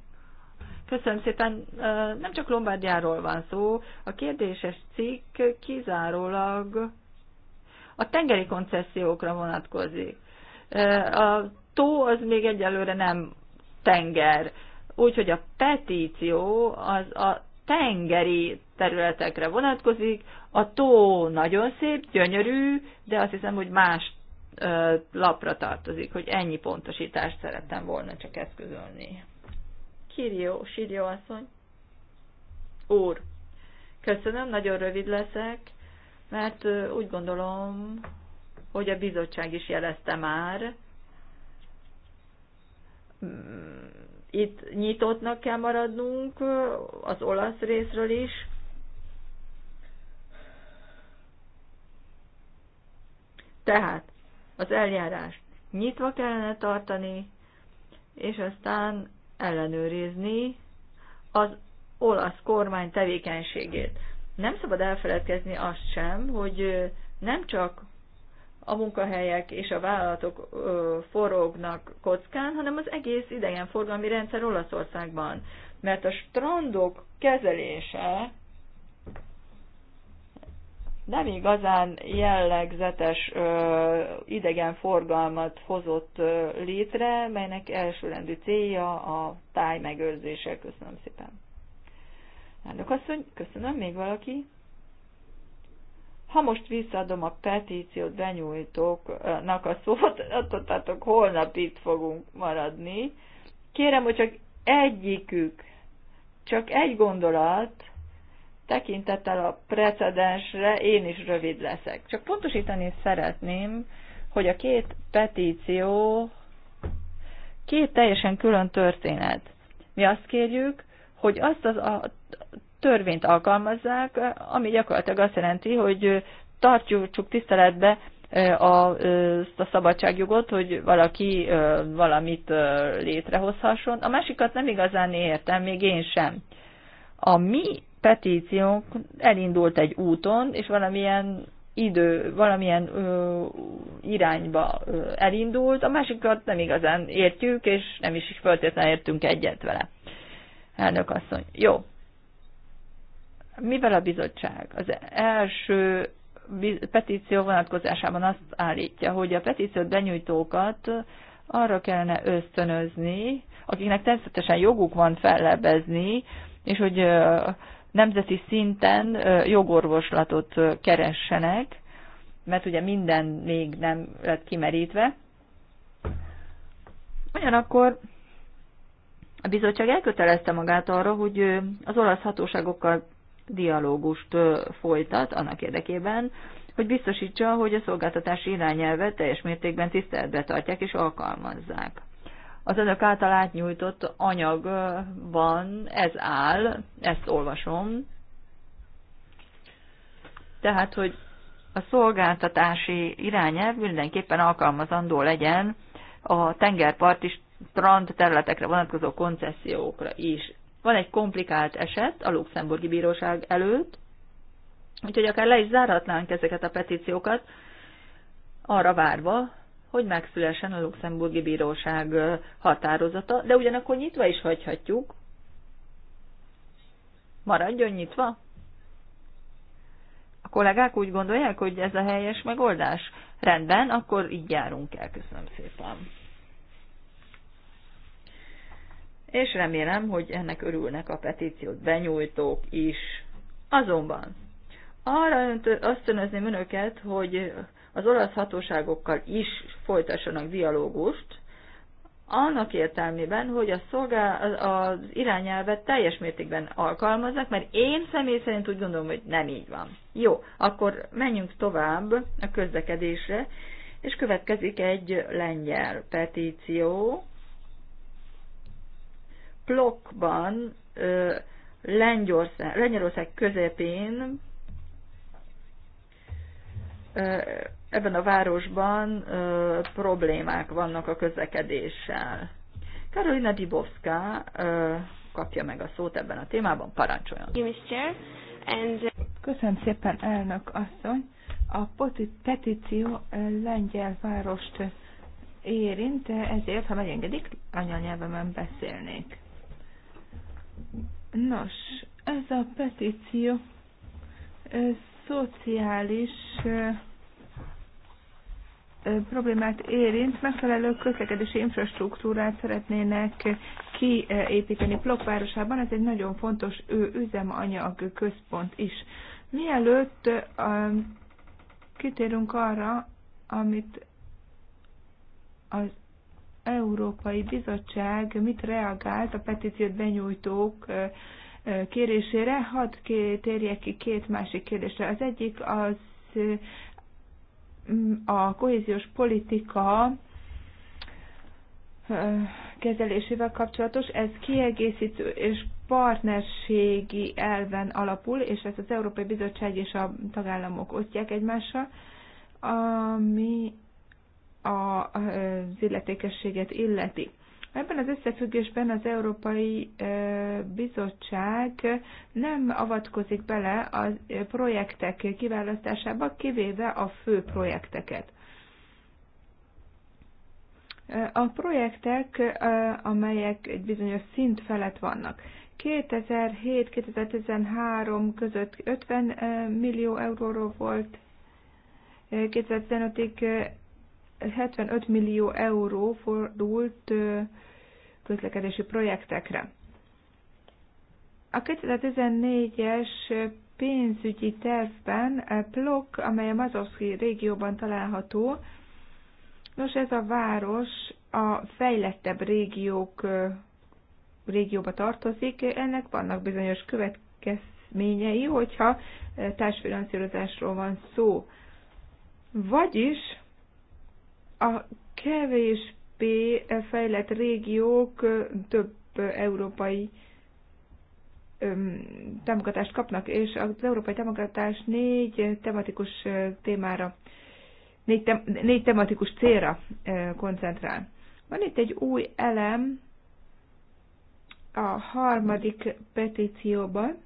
Köszönöm szépen. Nem csak Lombardiáról van szó, a kérdéses cikk kizárólag a tengeri koncesziókra vonatkozik. A tó az még egyelőre nem tenger. Úgyhogy a petíció az a tengeri területekre vonatkozik. A tó nagyon szép, gyönyörű, de azt hiszem, hogy más lapra tartozik, hogy ennyi pontosítást szerettem volna csak eszközölni. Kirió, Sirió asszony. Úr, köszönöm, nagyon rövid leszek, mert úgy gondolom, hogy a bizottság is jelezte már, mm, itt nyitottnak kell maradnunk az olasz részről is. Tehát az eljárás nyitva kellene tartani, és aztán ellenőrizni az olasz kormány tevékenységét. Nem szabad elfeledkezni azt sem, hogy nem csak a munkahelyek és a vállalatok forognak kockán, hanem az egész idegenforgalmi rendszer Olaszországban. Mert a strandok kezelése nem igazán jellegzetes ö, idegenforgalmat hozott ö, létre, melynek elsőrendű célja a táj megőrzése. Köszönöm szépen. Elnök asszony, köszönöm, még valaki? Ha most visszaadom a petíciót benyújtóknak a szót, adottátok, holnap itt fogunk maradni. Kérem, hogy csak egyikük, csak egy gondolat, tekintettel a precedensre én is rövid leszek. Csak pontosítani szeretném, hogy a két petíció két teljesen külön történet. Mi azt kérjük, hogy azt az a törvényt alkalmazzák, ami gyakorlatilag azt jelenti, hogy tartjuk tiszteletbe a, a szabadságjogot, hogy valaki valamit létrehozhasson. A másikat nem igazán értem, még én sem. A mi petíciónk elindult egy úton, és valamilyen idő, valamilyen ö, irányba ö, elindult, a másikat nem igazán értjük, és nem is, is feltétlenül értünk egyet vele. Elnök asszony. Jó, mivel a bizottság az első petíció vonatkozásában azt állítja, hogy a petíciót benyújtókat arra kellene ösztönözni, akiknek természetesen joguk van fellebbezni, és hogy nemzeti szinten jogorvoslatot keressenek, mert ugye minden még nem lett kimerítve. Ugyanakkor a bizottság elkötelezte magát arra, hogy az olasz hatóságokkal dialógust folytat annak érdekében, hogy biztosítsa, hogy a szolgáltatási irányelvet teljes mértékben tiszteletbe tartják és alkalmazzák. Az önök által átnyújtott anyagban ez áll, ezt olvasom. Tehát, hogy a szolgáltatási irányelv mindenképpen alkalmazandó legyen a tengerparti strand területekre vonatkozó koncesziókra is. Van egy komplikált eset a luxemburgi bíróság előtt, úgyhogy akár le is zárhatnánk ezeket a petíciókat, arra várva, hogy megszülessen a luxemburgi bíróság határozata, de ugyanakkor nyitva is hagyhatjuk. Maradjon nyitva? A kollégák úgy gondolják, hogy ez a helyes megoldás? Rendben, akkor így járunk el. Köszönöm szépen. és remélem, hogy ennek örülnek a petíciót benyújtók is. Azonban arra ösztönözném önöket, hogy az olasz hatóságokkal is folytassanak dialógust, annak értelmében, hogy a szolgál, az irányelvet teljes mértékben alkalmaznak, mert én személy szerint úgy gondolom, hogy nem így van. Jó, akkor menjünk tovább a közlekedésre, és következik egy lengyel petíció, blokkban Lengyország, Lengyelország közepén ebben a városban ö, problémák vannak a közlekedéssel. Karolina Dibovska ö, kapja meg a szót ebben a témában, parancsoljon. Uh, Köszönöm szépen, elnök asszony. A petíció lengyel várost érint, ezért, ha megengedik, anyanyelvemen beszélnék. Nos, ez a petíció ö, szociális ö, problémát érint, megfelelő közlekedési infrastruktúrát szeretnének kiépíteni Plokvárosában, ez egy nagyon fontos ő üzemanyag központ is. Mielőtt kitérünk arra, amit az Európai Bizottság mit reagált a petíciót benyújtók kérésére. Hadd térjek ki két másik kérdésre. Az egyik az a kohéziós politika kezelésével kapcsolatos. Ez kiegészítő és partnerségi elven alapul, és ezt az Európai Bizottság és a tagállamok osztják egymással, ami az illetékességet illeti. Ebben az összefüggésben az Európai Bizottság nem avatkozik bele a projektek kiválasztásába, kivéve a fő projekteket. A projektek, amelyek egy bizonyos szint felett vannak. 2007-2013 között 50 millió euróról volt 2015-ig 75 millió euró fordult közlekedési projektekre. A 2014-es pénzügyi tervben Plok, amely a Mazovszki régióban található, nos ez a város a fejlettebb régiók régióba tartozik, ennek vannak bizonyos következményei, hogyha társfinanszírozásról van szó. Vagyis a kevésbé fejlett régiók több európai támogatást kapnak, és az európai támogatás négy tematikus témára, négy, te, négy tematikus célra koncentrál. Van itt egy új elem a harmadik petícióban,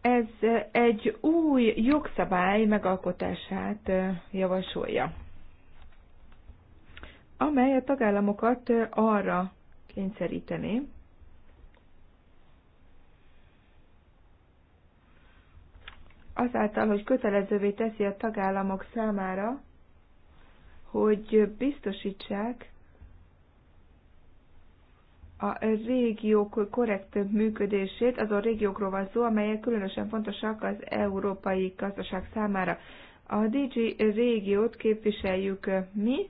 Ez egy új jogszabály megalkotását javasolja, amely a tagállamokat arra kényszerítené, azáltal, hogy kötelezővé teszi a tagállamok számára, hogy biztosítsák, a régiók korrekt működését, azon régiókról van szó, amelyek különösen fontosak az európai gazdaság számára. A DG régiót képviseljük mi,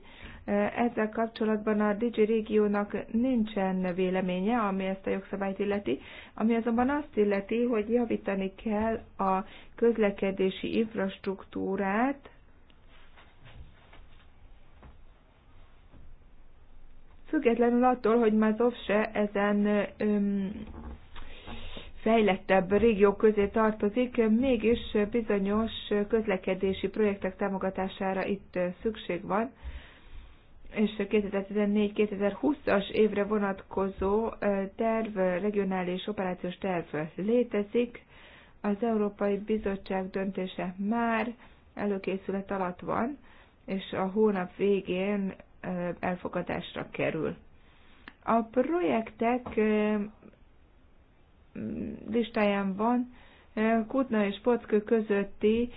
ezzel kapcsolatban a DG régiónak nincsen véleménye, ami ezt a jogszabályt illeti, ami azonban azt illeti, hogy javítani kell a közlekedési infrastruktúrát, Függetlenül attól, hogy Mazov se ezen öm, fejlettebb régiók közé tartozik, mégis bizonyos közlekedési projektek támogatására itt szükség van és 2014-2020-as évre vonatkozó terv, regionális operációs terv létezik. Az Európai Bizottság döntése már előkészület alatt van, és a hónap végén elfogadásra kerül. A projektek listáján van Kutna és Pockő közötti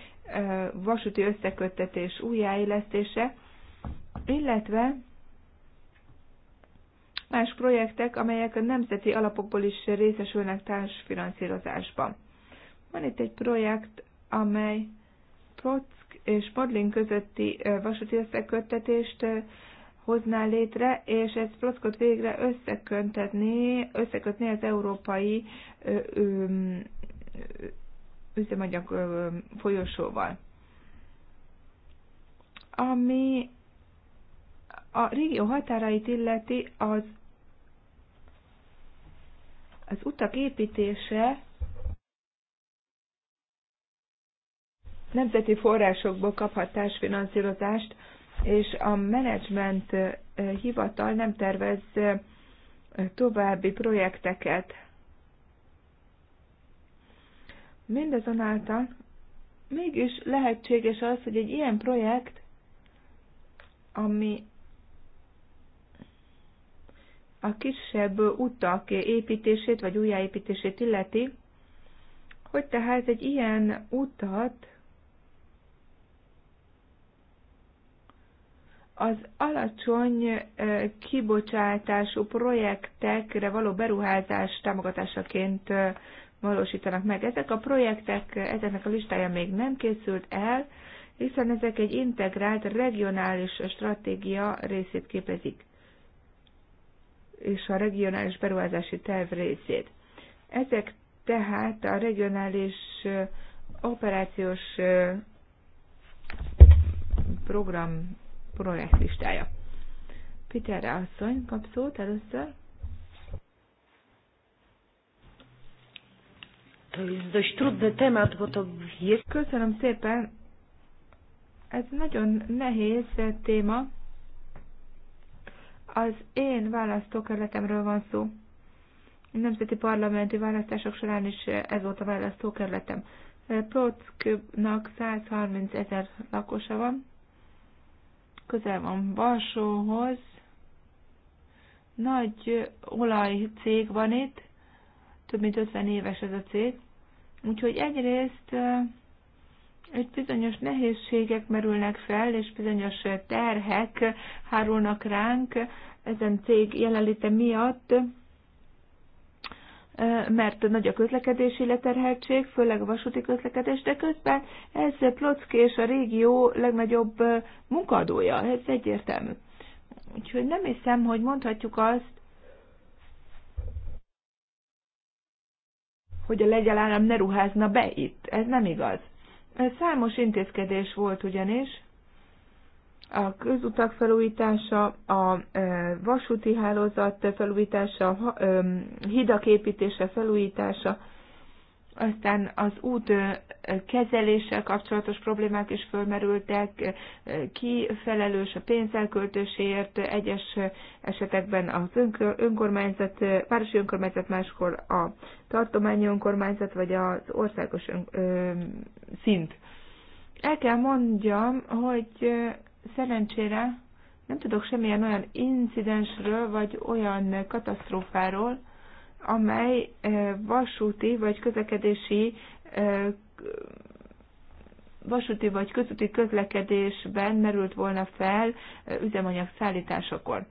vasúti összeköttetés újjáélesztése, illetve más projektek, amelyek a nemzeti alapokból is részesülnek társfinanszírozásban. Van itt egy projekt, amely Pock és Podlin közötti vasúti összeköttetést hozná létre, és ez Plockot végre összekönthetné, összekötné az európai ö, ö, üzemanyag ö, folyosóval. Ami a régió határait illeti, az, az utak építése nemzeti forrásokból kaphat társfinanszírozást, és a menedzsment hivatal nem tervez további projekteket. Mindazonáltal mégis lehetséges az, hogy egy ilyen projekt, ami a kisebb utak építését vagy újjáépítését illeti, hogy tehát egy ilyen utat az alacsony kibocsátású projektekre való beruházás támogatásaként valósítanak meg. Ezek a projektek, ezeknek a listája még nem készült el, hiszen ezek egy integrált regionális stratégia részét képezik, és a regionális beruházási terv részét. Ezek tehát a regionális operációs program projekt listája. Peter asszony kap szót először. To jest dość trudny temat, bo to jest... Köszönöm szépen. Ez nagyon nehéz téma. Az én választókerületemről van szó. Nemzeti parlamenti választások során is ez volt a választókerületem. Plocknak 130 ezer lakosa van közel van Varsóhoz, nagy olajcég van itt, több mint 50 éves ez a cég, úgyhogy egyrészt egy bizonyos nehézségek merülnek fel, és bizonyos terhek hárulnak ránk ezen cég jelenléte miatt, mert nagy a közlekedési leterheltség, főleg a vasúti közlekedés, de közben ez Plocki és a régió legnagyobb munkadója, ez egyértelmű. Úgyhogy nem hiszem, hogy mondhatjuk azt, hogy a legyel állam ne ruházna be itt. Ez nem igaz. Számos intézkedés volt ugyanis, a közutak felújítása, a vasúti hálózat felújítása, hidak építése felújítása, aztán az út kezeléssel kapcsolatos problémák is fölmerültek, ki felelős a pénzelköltéséért, egyes esetekben az önkormányzat, városi önkormányzat, máskor a tartományi önkormányzat, vagy az országos ön, ö, szint. El kell mondjam, hogy Szerencsére nem tudok semmilyen olyan incidensről, vagy olyan katasztrófáról, amely vasúti vagy közlekedési vasúti vagy közúti közlekedésben merült volna fel üzemanyag szállításakor.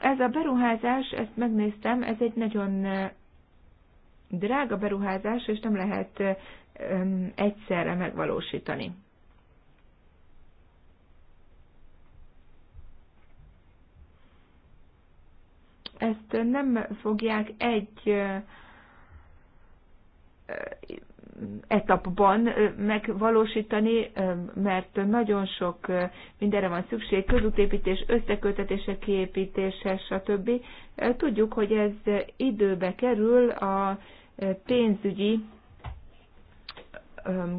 Ez a beruházás, ezt megnéztem, ez egy nagyon drága beruházás, és nem lehet egyszerre megvalósítani. ezt nem fogják egy etapban megvalósítani, mert nagyon sok mindenre van szükség, közútépítés, összekötetése, kiépítése, stb. Tudjuk, hogy ez időbe kerül a pénzügyi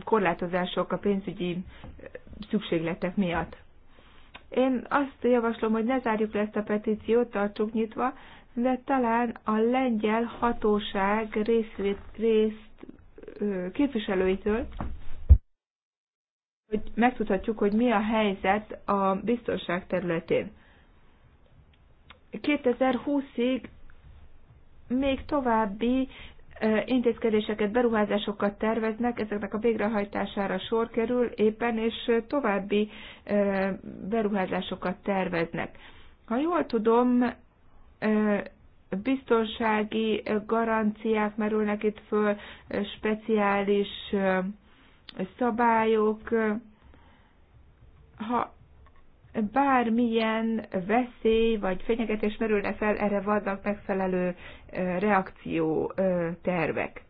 korlátozások, a pénzügyi szükségletek miatt. Én azt javaslom, hogy ne zárjuk le ezt a petíciót, tartsuk nyitva, de talán a lengyel hatóság részvét, részt képviselőitől, hogy megtudhatjuk, hogy mi a helyzet a biztonság területén. 2020-ig még további intézkedéseket, beruházásokat terveznek, ezeknek a végrehajtására sor kerül éppen, és további beruházásokat terveznek. Ha jól tudom, biztonsági garanciák merülnek itt föl, speciális szabályok. Ha bármilyen veszély vagy fenyegetés merülne fel, erre vannak megfelelő reakció tervek.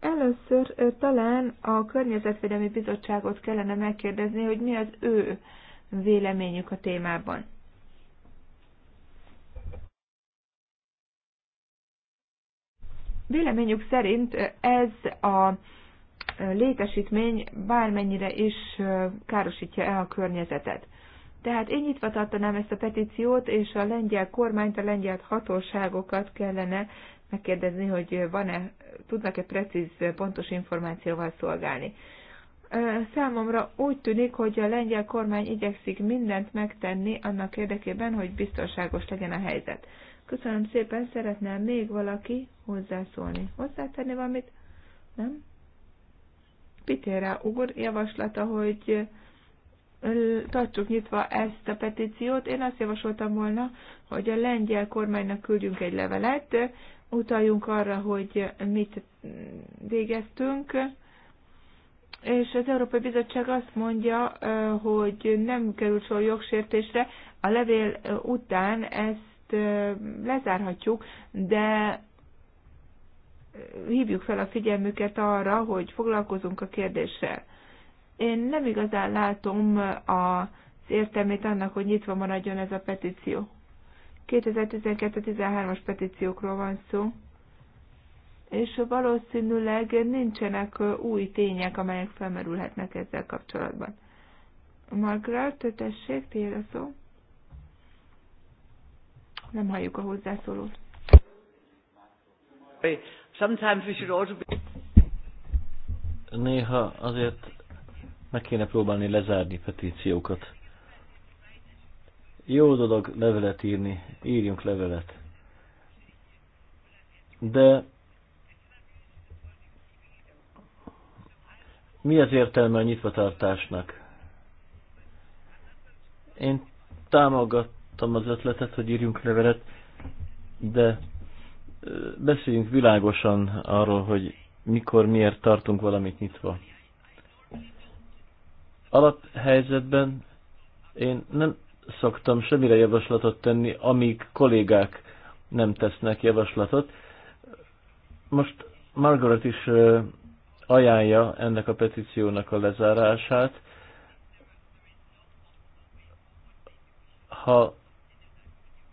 Először talán a Környezetvédelmi Bizottságot kellene megkérdezni, hogy mi az ő véleményük a témában. Véleményük szerint ez a létesítmény bármennyire is károsítja el a környezetet. Tehát én nyitva tartanám ezt a petíciót, és a lengyel kormányt, a lengyel hatóságokat kellene megkérdezni, hogy van-e, tudnak-e precíz, pontos információval szolgálni. Számomra úgy tűnik, hogy a lengyel kormány igyekszik mindent megtenni annak érdekében, hogy biztonságos legyen a helyzet. Köszönöm szépen, szeretném még valaki hozzászólni. Hozzátenni valamit? Nem? Pitére úr javaslata, hogy tartsuk nyitva ezt a petíciót. Én azt javasoltam volna, hogy a lengyel kormánynak küldjünk egy levelet, utaljunk arra, hogy mit végeztünk, és az Európai Bizottság azt mondja, hogy nem került sor jogsértésre. A levél után ezt lezárhatjuk, de hívjuk fel a figyelmüket arra, hogy foglalkozunk a kérdéssel. Én nem igazán látom az értelmét annak, hogy nyitva maradjon ez a petíció. 2012-13-as petíciókról van szó, és valószínűleg nincsenek új tények, amelyek felmerülhetnek ezzel kapcsolatban. Margaret, tessék, tiéd a szó. Nem halljuk a hozzászólót. Sometimes we should also be... Néha azért meg kéne próbálni lezárni petíciókat. Jó dolog levelet írni, írjunk levelet. De mi az értelme a nyitvatartásnak? Én támogattam az ötletet, hogy írjunk levelet, de beszéljünk világosan arról, hogy mikor, miért tartunk valamit nyitva. Alaphelyzetben én nem szoktam semmire javaslatot tenni, amíg kollégák nem tesznek javaslatot. Most Margaret is ajánlja ennek a petíciónak a lezárását. Ha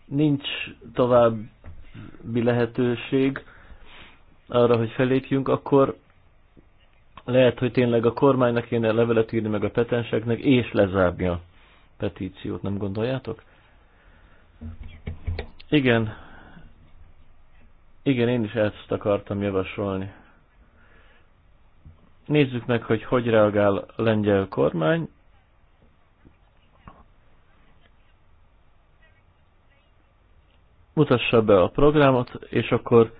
nincs tovább lehetőség arra, hogy felépjünk, akkor lehet, hogy tényleg a kormánynak kéne levelet írni meg a petenseknek, és lezárni a petíciót, nem gondoljátok? Igen. Igen, én is ezt akartam javasolni. Nézzük meg, hogy hogy reagál a lengyel kormány, mutassa be a programot, és akkor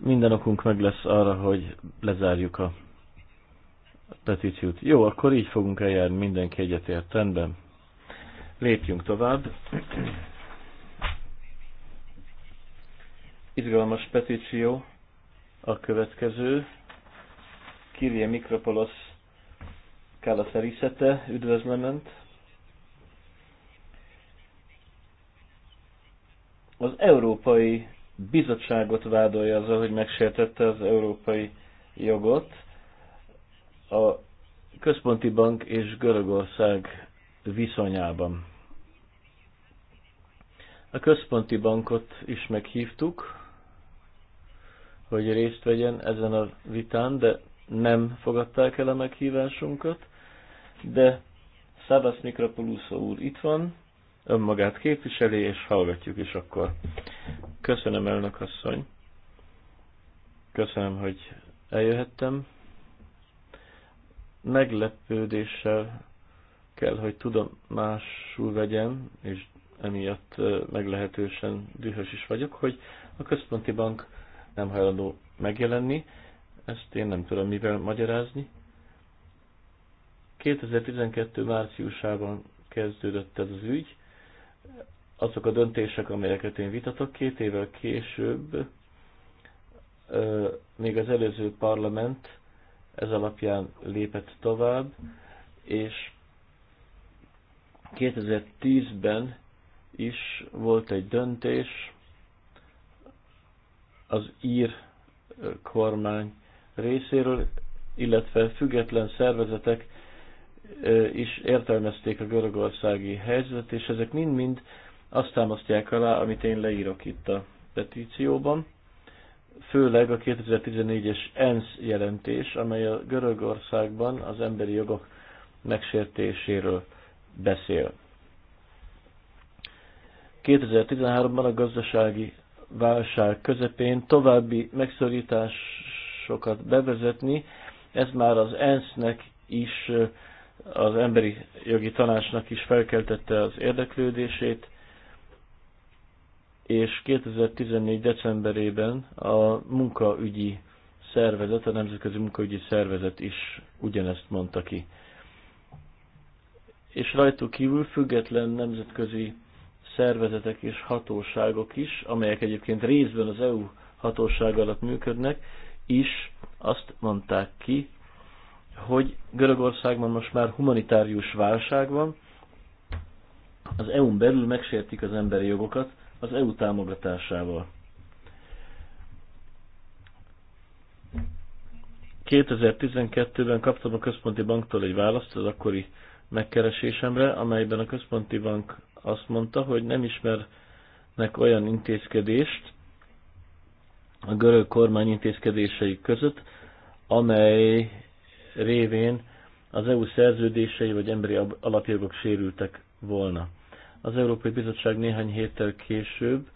minden okunk meg lesz arra, hogy lezárjuk a petíciót. Jó, akkor így fogunk eljárni, mindenki egyetért rendben. Lépjünk tovább. Izgalmas petíció a következő. Kirje Mikropolosz Kálaszerisete, üdvözlement. Az Európai Bizottságot vádolja azzal, hogy megsértette az európai jogot. A Központi Bank és Görögország viszonyában. A Központi Bankot is meghívtuk, hogy részt vegyen ezen a vitán, de nem fogadták el a meghívásunkat. De Szabasz Mikropoluszó úr itt van, önmagát képviseli, és hallgatjuk is akkor. Köszönöm, elnök asszony. Köszönöm, hogy eljöhettem. Meglepődéssel kell, hogy tudomásul vegyem, és emiatt meglehetősen dühös is vagyok, hogy a központi bank nem hajlandó megjelenni. Ezt én nem tudom mivel magyarázni. 2012. márciusában kezdődött ez az ügy, azok a döntések, amelyeket én vitatok két évvel később, még az előző parlament ez alapján lépett tovább, és 2010-ben is volt egy döntés az ír kormány részéről, illetve független szervezetek is értelmezték a görögországi helyzetet, és ezek mind-mind azt támasztják alá, amit én leírok itt a petícióban, főleg a 2014-es ENSZ jelentés, amely a Görögországban az emberi jogok megsértéséről beszél. 2013-ban a gazdasági válság közepén további megszorításokat bevezetni, ez már az ENSZ-nek is az emberi jogi tanácsnak is felkeltette az érdeklődését, és 2014. decemberében a munkaügyi szervezet, a Nemzetközi Munkaügyi Szervezet is ugyanezt mondta ki. És rajtuk kívül független nemzetközi szervezetek és hatóságok is, amelyek egyébként részben az EU hatóság alatt működnek, is azt mondták ki, hogy Görögországban most már humanitárius válság van, az EU-n belül megsértik az emberi jogokat az EU támogatásával. 2012-ben kaptam a központi banktól egy választ az akkori megkeresésemre, amelyben a központi bank azt mondta, hogy nem ismernek olyan intézkedést a görög kormány intézkedései között, amely révén az EU szerződései vagy emberi alapjogok sérültek volna. Az Európai Bizottság néhány héttel később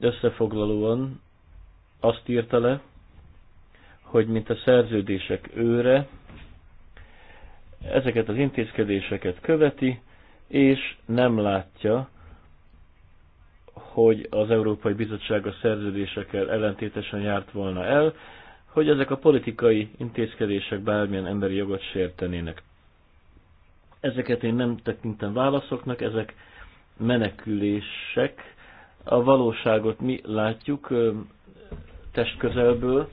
összefoglalóan azt írta le, hogy mint a szerződések őre, ezeket az intézkedéseket követi, és nem látja, hogy az Európai Bizottság a szerződésekkel ellentétesen járt volna el, hogy ezek a politikai intézkedések bármilyen emberi jogot sértenének. Ezeket én nem tekintem válaszoknak, ezek menekülések. A valóságot mi látjuk testközelből,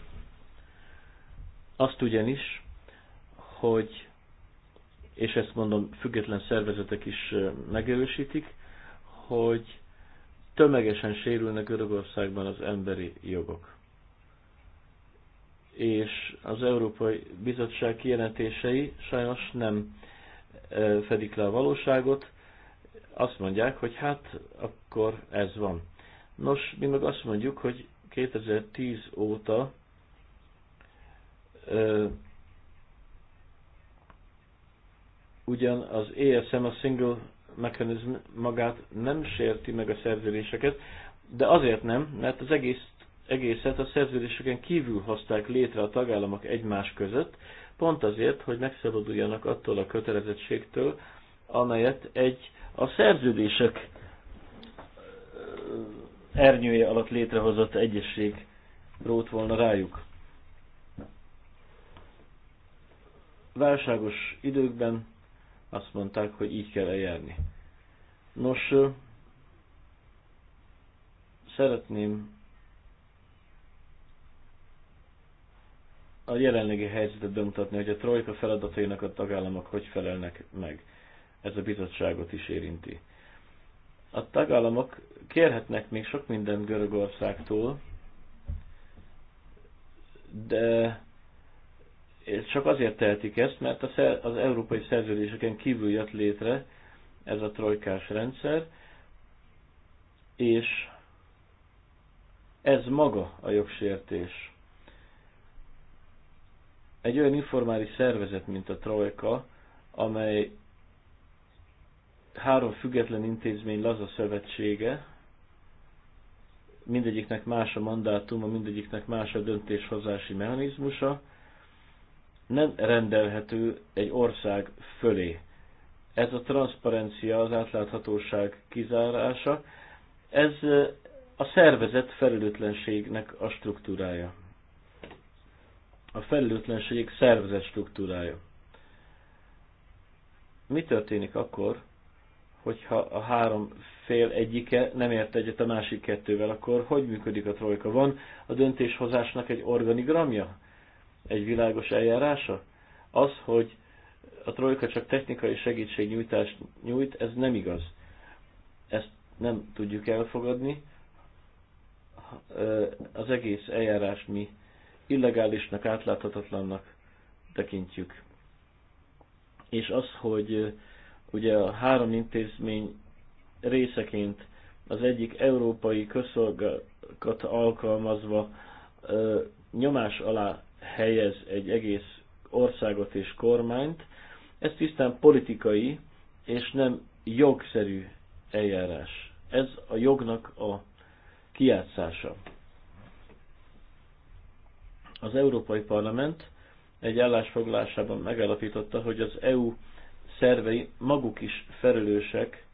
azt ugyanis, hogy, és ezt mondom, független szervezetek is megerősítik, hogy tömegesen sérülnek Görögországban az emberi jogok és az Európai Bizottság kijelentései sajnos nem fedik le a valóságot. Azt mondják, hogy hát akkor ez van. Nos, mi meg azt mondjuk, hogy 2010 óta ö, ugyan az ESM, a Single Mechanism magát nem sérti meg a szerződéseket, de azért nem, mert az egész egészet a szerződéseken kívül hozták létre a tagállamok egymás között, pont azért, hogy megszabaduljanak attól a kötelezettségtől, amelyet egy a szerződések ernyője alatt létrehozott egyesség rót volna rájuk. Válságos időkben azt mondták, hogy így kell eljárni. Nos, szeretném a jelenlegi helyzetet bemutatni, hogy a trojka feladatainak a tagállamok hogy felelnek meg. Ez a bizottságot is érinti. A tagállamok kérhetnek még sok mindent Görögországtól, de csak azért tehetik ezt, mert az európai szerződéseken kívül jött létre ez a trojkás rendszer, és ez maga a jogsértés egy olyan informális szervezet, mint a Trojka, amely három független intézmény laza szövetsége, mindegyiknek más a mandátuma, mindegyiknek más a döntéshozási mechanizmusa, nem rendelhető egy ország fölé. Ez a transzparencia, az átláthatóság kizárása, ez a szervezet felelőtlenségnek a struktúrája a felelőtlenségek szervezet struktúrája. Mi történik akkor, hogyha a három fél egyike nem ért egyet a másik kettővel, akkor hogy működik a trojka? Van a döntéshozásnak egy organigramja? Egy világos eljárása? Az, hogy a trojka csak technikai segítségnyújtást nyújt, ez nem igaz. Ezt nem tudjuk elfogadni. Az egész eljárás mi illegálisnak, átláthatatlannak tekintjük. És az, hogy ugye a három intézmény részeként az egyik európai közszolgálat alkalmazva nyomás alá helyez egy egész országot és kormányt, ez tisztán politikai és nem jogszerű eljárás. Ez a jognak a kiátszása. Az Európai Parlament egy állásfoglalásában megállapította, hogy az EU szervei maguk is felelősek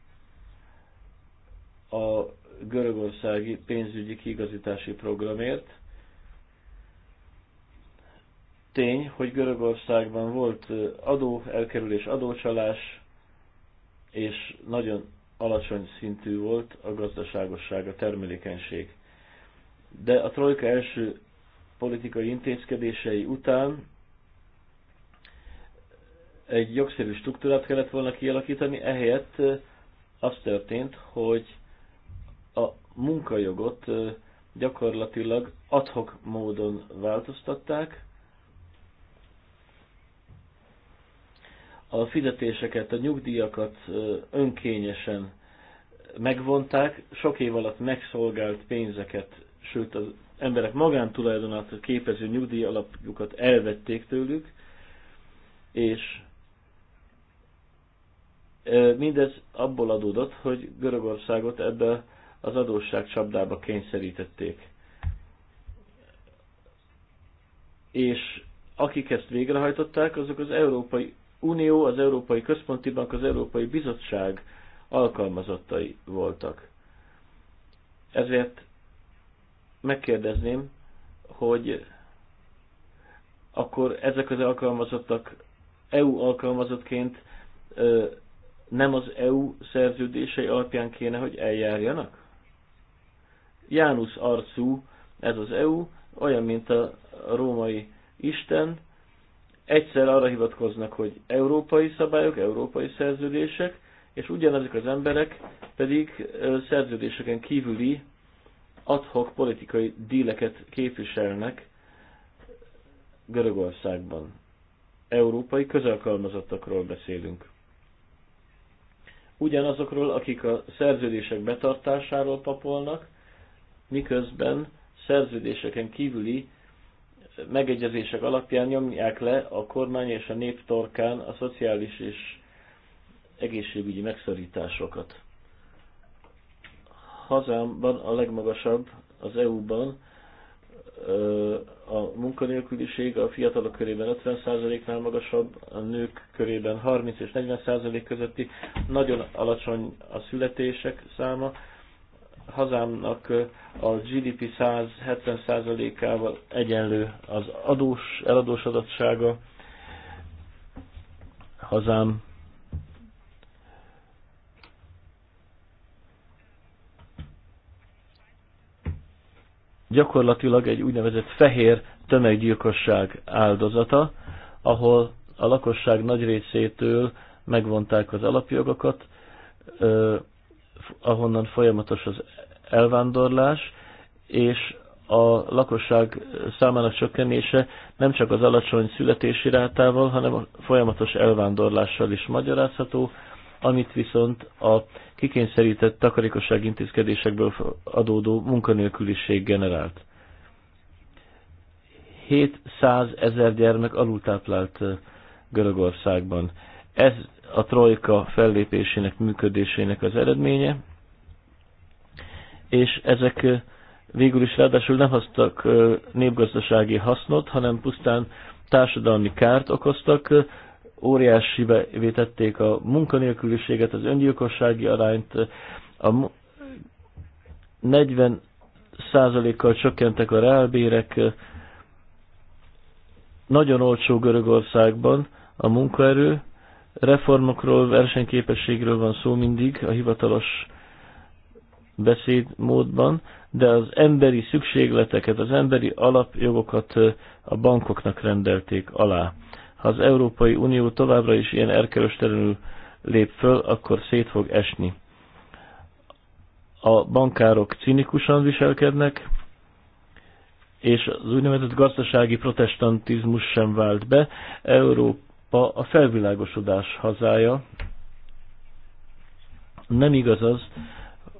a görögországi pénzügyi kiigazítási programért. Tény, hogy Görögországban volt adó, elkerülés, adócsalás, és nagyon alacsony szintű volt a gazdaságosság, a termelékenység. De a trojka első politikai intézkedései után egy jogszerű struktúrát kellett volna kialakítani, ehelyett az történt, hogy a munkajogot gyakorlatilag adhok módon változtatták, a fizetéseket, a nyugdíjakat önkényesen megvonták, sok év alatt megszolgált pénzeket, sőt a emberek magántulajdonát képező nyugdíj alapjukat elvették tőlük, és e, mindez abból adódott, hogy Görögországot ebbe az adósság csapdába kényszerítették. És akik ezt végrehajtották, azok az Európai Unió, az Európai Központi Bank, az Európai Bizottság alkalmazottai voltak. Ezért megkérdezném, hogy akkor ezek az alkalmazottak EU alkalmazottként nem az EU szerződései alapján kéne, hogy eljárjanak? Jánusz arcú, ez az EU, olyan, mint a római Isten, egyszer arra hivatkoznak, hogy európai szabályok, európai szerződések, és ugyanezek az emberek pedig szerződéseken kívüli adhok politikai díleket képviselnek Görögországban. Európai közalkalmazottakról beszélünk. Ugyanazokról, akik a szerződések betartásáról papolnak, miközben szerződéseken kívüli megegyezések alapján nyomják le a kormány és a nép torkán a szociális és egészségügyi megszorításokat hazámban a legmagasabb az EU-ban a munkanélküliség a fiatalok körében 50%-nál magasabb, a nők körében 30 és 40% közötti, nagyon alacsony a születések száma. Hazámnak a GDP 170%-ával egyenlő az adós, eladósodottsága. Hazám gyakorlatilag egy úgynevezett fehér tömeggyilkosság áldozata, ahol a lakosság nagy részétől megvonták az alapjogokat, ahonnan folyamatos az elvándorlás, és a lakosság számának csökkenése nem csak az alacsony születési rátával, hanem a folyamatos elvándorlással is magyarázható, amit viszont a kikényszerített takarékosság intézkedésekből adódó munkanélküliség generált. 700 ezer gyermek alultáplált Görögországban. Ez a trojka fellépésének, működésének az eredménye, és ezek végül is ráadásul nem hoztak népgazdasági hasznot, hanem pusztán társadalmi kárt okoztak, óriási vétették a munkanélküliséget, az öngyilkossági arányt, a 40 százalékkal csökkentek a reálbérek, nagyon olcsó Görögországban a munkaerő, reformokról, versenyképességről van szó mindig a hivatalos beszédmódban, de az emberi szükségleteket, az emberi alapjogokat a bankoknak rendelték alá. Ha az Európai Unió továbbra is ilyen erkerösterül lép föl, akkor szét fog esni. A bankárok cinikusan viselkednek, és az úgynevezett gazdasági protestantizmus sem vált be. Európa a felvilágosodás hazája. Nem igaz az,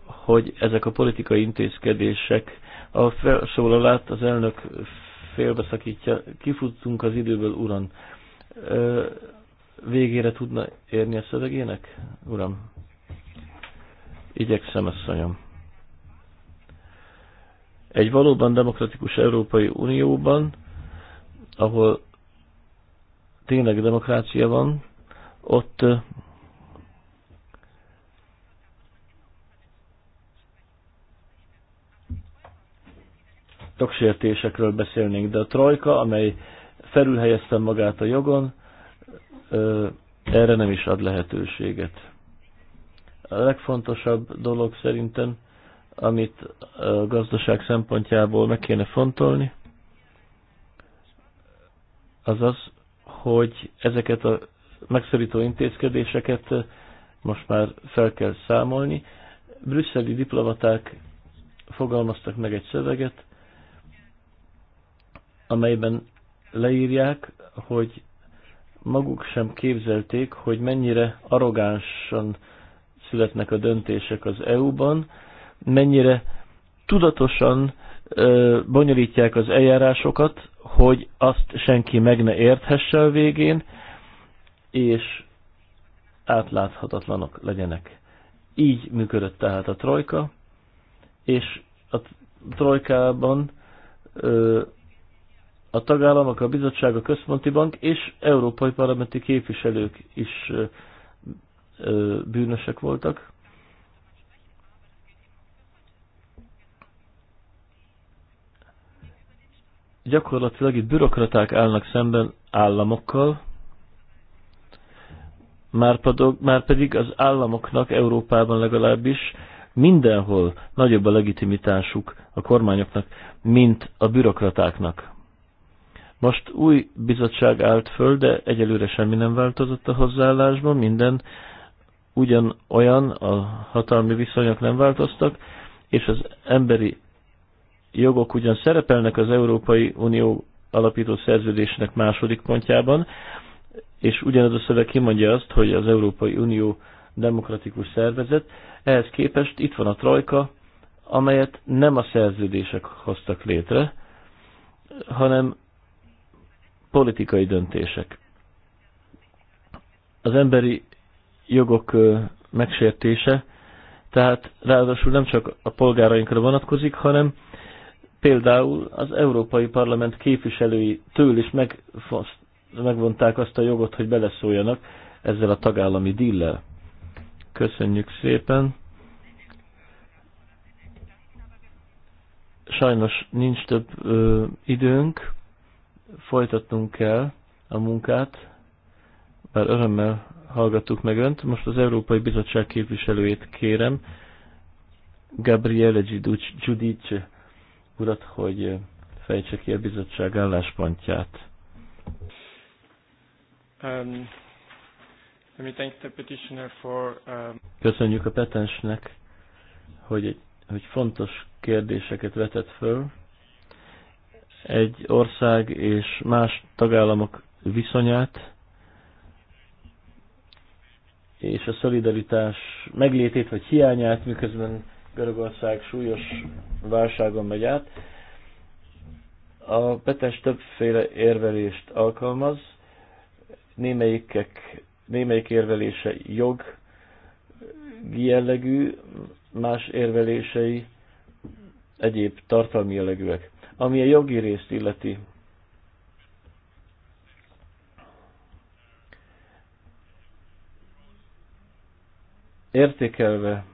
hogy ezek a politikai intézkedések, a felszólalát az elnök félbeszakítja, kifutunk az időből, uram végére tudna érni a szövegének? Uram, igyekszem, asszonyom. Egy valóban demokratikus Európai Unióban, ahol tényleg demokrácia van, ott jogsértésekről beszélnénk, de a trojka, amely felülhelyeztem magát a jogon, erre nem is ad lehetőséget. A legfontosabb dolog szerintem, amit a gazdaság szempontjából meg kéne fontolni, az az, hogy ezeket a megszorító intézkedéseket most már fel kell számolni. Brüsszeli diplomaták fogalmaztak meg egy szöveget, amelyben leírják, hogy maguk sem képzelték, hogy mennyire arrogánsan születnek a döntések az EU-ban, mennyire tudatosan ö, bonyolítják az eljárásokat, hogy azt senki meg ne érthesse a végén, és átláthatatlanok legyenek. Így működött tehát a trojka, és a trojkában ö, a tagállamok, a bizottság, a központi bank és európai parlamenti képviselők is bűnösek voltak. Gyakorlatilag itt bürokraták állnak szemben államokkal, már, pedig az államoknak Európában legalábbis mindenhol nagyobb a legitimitásuk a kormányoknak, mint a bürokratáknak. Most új bizottság állt föl, de egyelőre semmi nem változott a hozzáállásban, minden ugyanolyan, a hatalmi viszonyok nem változtak, és az emberi jogok ugyan szerepelnek az Európai Unió alapító szerződésnek második pontjában, és ugyanaz a szöveg kimondja azt, hogy az Európai Unió demokratikus szervezet, ehhez képest itt van a trojka, amelyet nem a szerződések hoztak létre, hanem politikai döntések. Az emberi jogok megsértése, tehát ráadásul nem csak a polgárainkra vonatkozik, hanem például az Európai Parlament képviselői től is megvonták azt a jogot, hogy beleszóljanak ezzel a tagállami dillel. Köszönjük szépen! Sajnos nincs több ö, időnk folytatnunk kell a munkát, bár örömmel hallgattuk meg Önt. Most az Európai Bizottság képviselőjét kérem, Gabriele Giudice urat, hogy fejtse ki a bizottság álláspontját. Um, thank the petitioner for, um... Köszönjük a petensnek, hogy, hogy fontos kérdéseket vetett föl egy ország és más tagállamok viszonyát, és a szolidaritás meglétét vagy hiányát, miközben Görögország súlyos válságon megy át. A Petes többféle érvelést alkalmaz, némelyikek, némelyik érvelése jog jellegű, más érvelései egyéb tartalmi jellegűek. Ami a jogi részt illeti, értékelve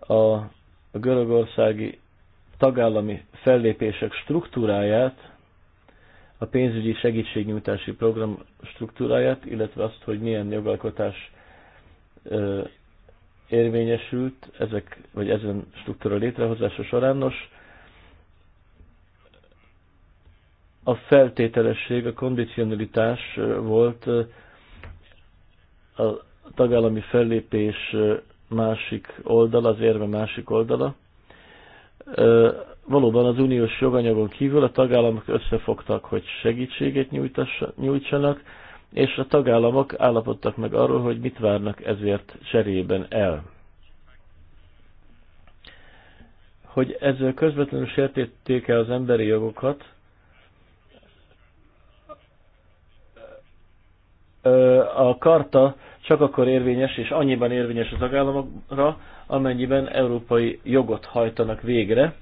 a görögországi tagállami fellépések struktúráját, a pénzügyi segítségnyújtási program struktúráját, illetve azt, hogy milyen jogalkotás ö, érvényesült ezek, vagy ezen struktúra létrehozása során. Nos, a feltételesség, a kondicionalitás volt a tagállami fellépés másik oldala, az érve másik oldala. Valóban az uniós joganyagon kívül a tagállamok összefogtak, hogy segítséget nyújtsanak, és a tagállamok állapodtak meg arról, hogy mit várnak ezért cserében el. Hogy ezzel közvetlenül sértették-e az emberi jogokat, a karta csak akkor érvényes, és annyiban érvényes az tagállamokra, amennyiben európai jogot hajtanak végre.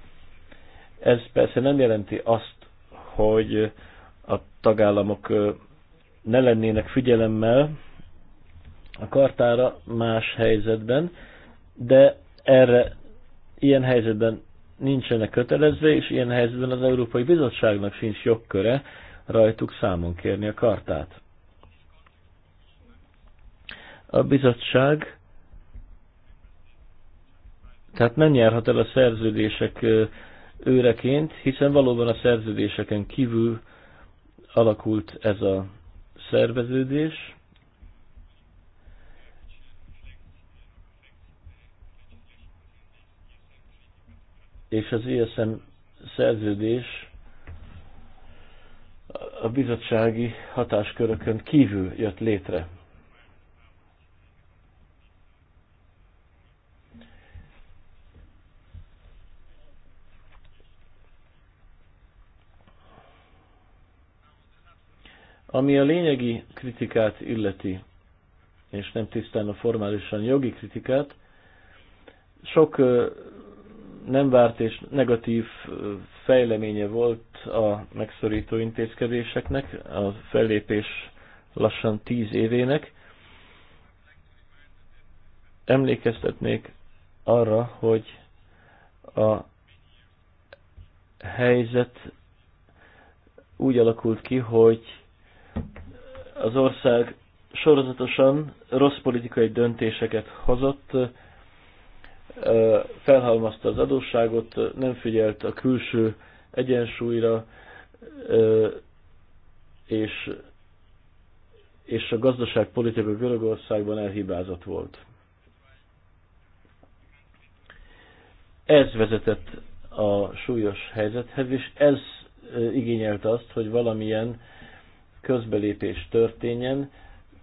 Ez persze nem jelenti azt, hogy a tagállamok ne lennének figyelemmel a kartára más helyzetben, de erre ilyen helyzetben nincsenek kötelezve, és ilyen helyzetben az Európai Bizottságnak sincs jogköre rajtuk számon kérni a kartát. A bizottság tehát nem járhat el a szerződések őreként, hiszen valóban a szerződéseken kívül alakult ez a szerveződés. És az ISM e szerződés a bizottsági hatáskörökön kívül jött létre. Ami a lényegi kritikát illeti, és nem tisztán a formálisan jogi kritikát, sok nem várt és negatív fejleménye volt a megszorító intézkedéseknek, a fellépés lassan tíz évének. Emlékeztetnék arra, hogy a helyzet úgy alakult ki, hogy az ország sorozatosan rossz politikai döntéseket hozott, felhalmazta az adósságot, nem figyelt a külső egyensúlyra, és, és a gazdaságpolitika Görögországban elhibázott volt. Ez vezetett a súlyos helyzethez, és ez igényelt azt, hogy valamilyen közbelépés történjen,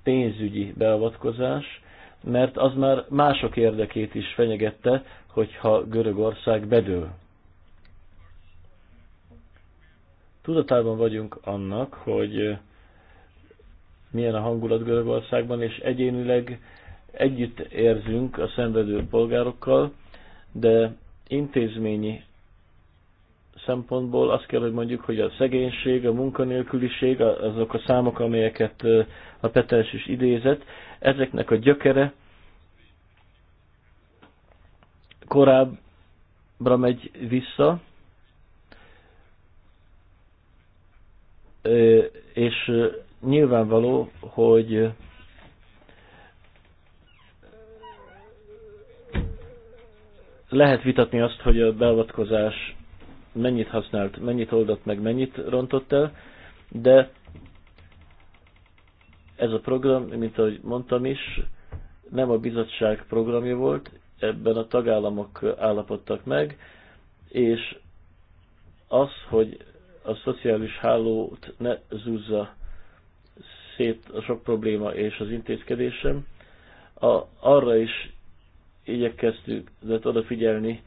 pénzügyi beavatkozás, mert az már mások érdekét is fenyegette, hogyha Görögország bedől. Tudatában vagyunk annak, hogy milyen a hangulat Görögországban, és egyénileg együtt érzünk a szenvedő polgárokkal, de intézményi szempontból azt kell, hogy mondjuk, hogy a szegénység, a munkanélküliség, azok a számok, amelyeket a Peters is idézett, ezeknek a gyökere korábbra megy vissza, és nyilvánvaló, hogy lehet vitatni azt, hogy a beavatkozás mennyit használt, mennyit oldott meg, mennyit rontott el, de ez a program, mint ahogy mondtam is, nem a bizottság programja volt, ebben a tagállamok állapodtak meg, és az, hogy a szociális hálót ne zúzza szét a sok probléma és az intézkedésem, a, arra is igyekeztünk odafigyelni,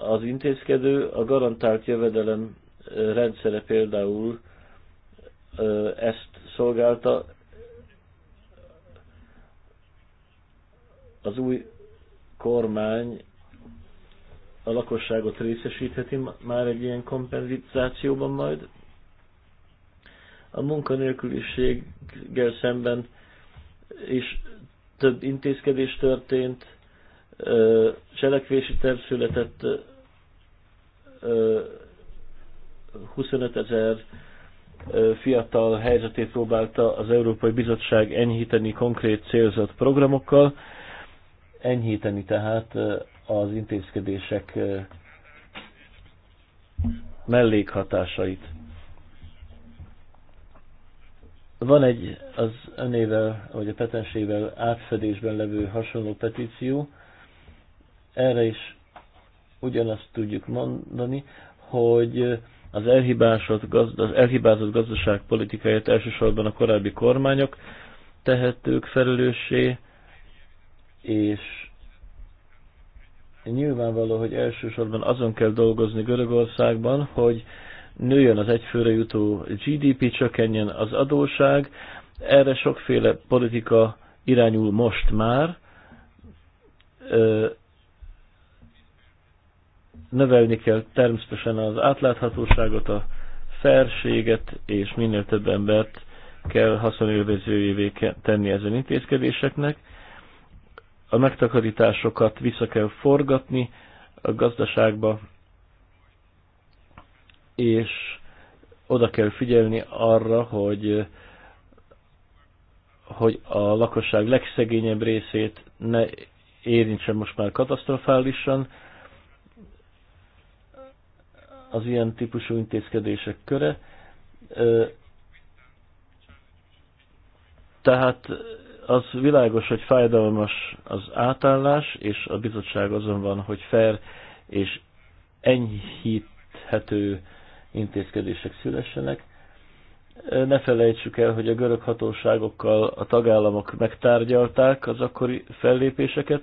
az intézkedő a garantált jövedelem rendszere például ezt szolgálta, az új kormány a lakosságot részesítheti már egy ilyen kompenzációban majd. A munkanélküliséggel szemben is több intézkedés történt, Cselekvési terv született 25 ezer fiatal helyzetét próbálta az Európai Bizottság enyhíteni konkrét célzott programokkal, enyhíteni tehát az intézkedések mellékhatásait. Van egy az önével, vagy a petensével átfedésben levő hasonló petíció, erre is ugyanazt tudjuk mondani, hogy az elhibázott, az elhibázott gazdaságpolitikáját elsősorban a korábbi kormányok tehetők felelőssé, és nyilvánvaló, hogy elsősorban azon kell dolgozni Görögországban, hogy nőjön az egyfőre jutó GDP, csökkenjen az adóság. Erre sokféle politika irányul most már, Növelni kell természetesen az átláthatóságot, a felséget, és minél több embert kell haszonélvezőjévé tenni ezen intézkedéseknek. A megtakarításokat vissza kell forgatni a gazdaságba, és oda kell figyelni arra, hogy hogy a lakosság legszegényebb részét ne érintse most már katasztrofálisan, az ilyen típusú intézkedések köre. Tehát az világos, hogy fájdalmas az átállás, és a bizottság azon van, hogy fair és enyhíthető intézkedések szülessenek. Ne felejtsük el, hogy a görög hatóságokkal a tagállamok megtárgyalták az akkori fellépéseket,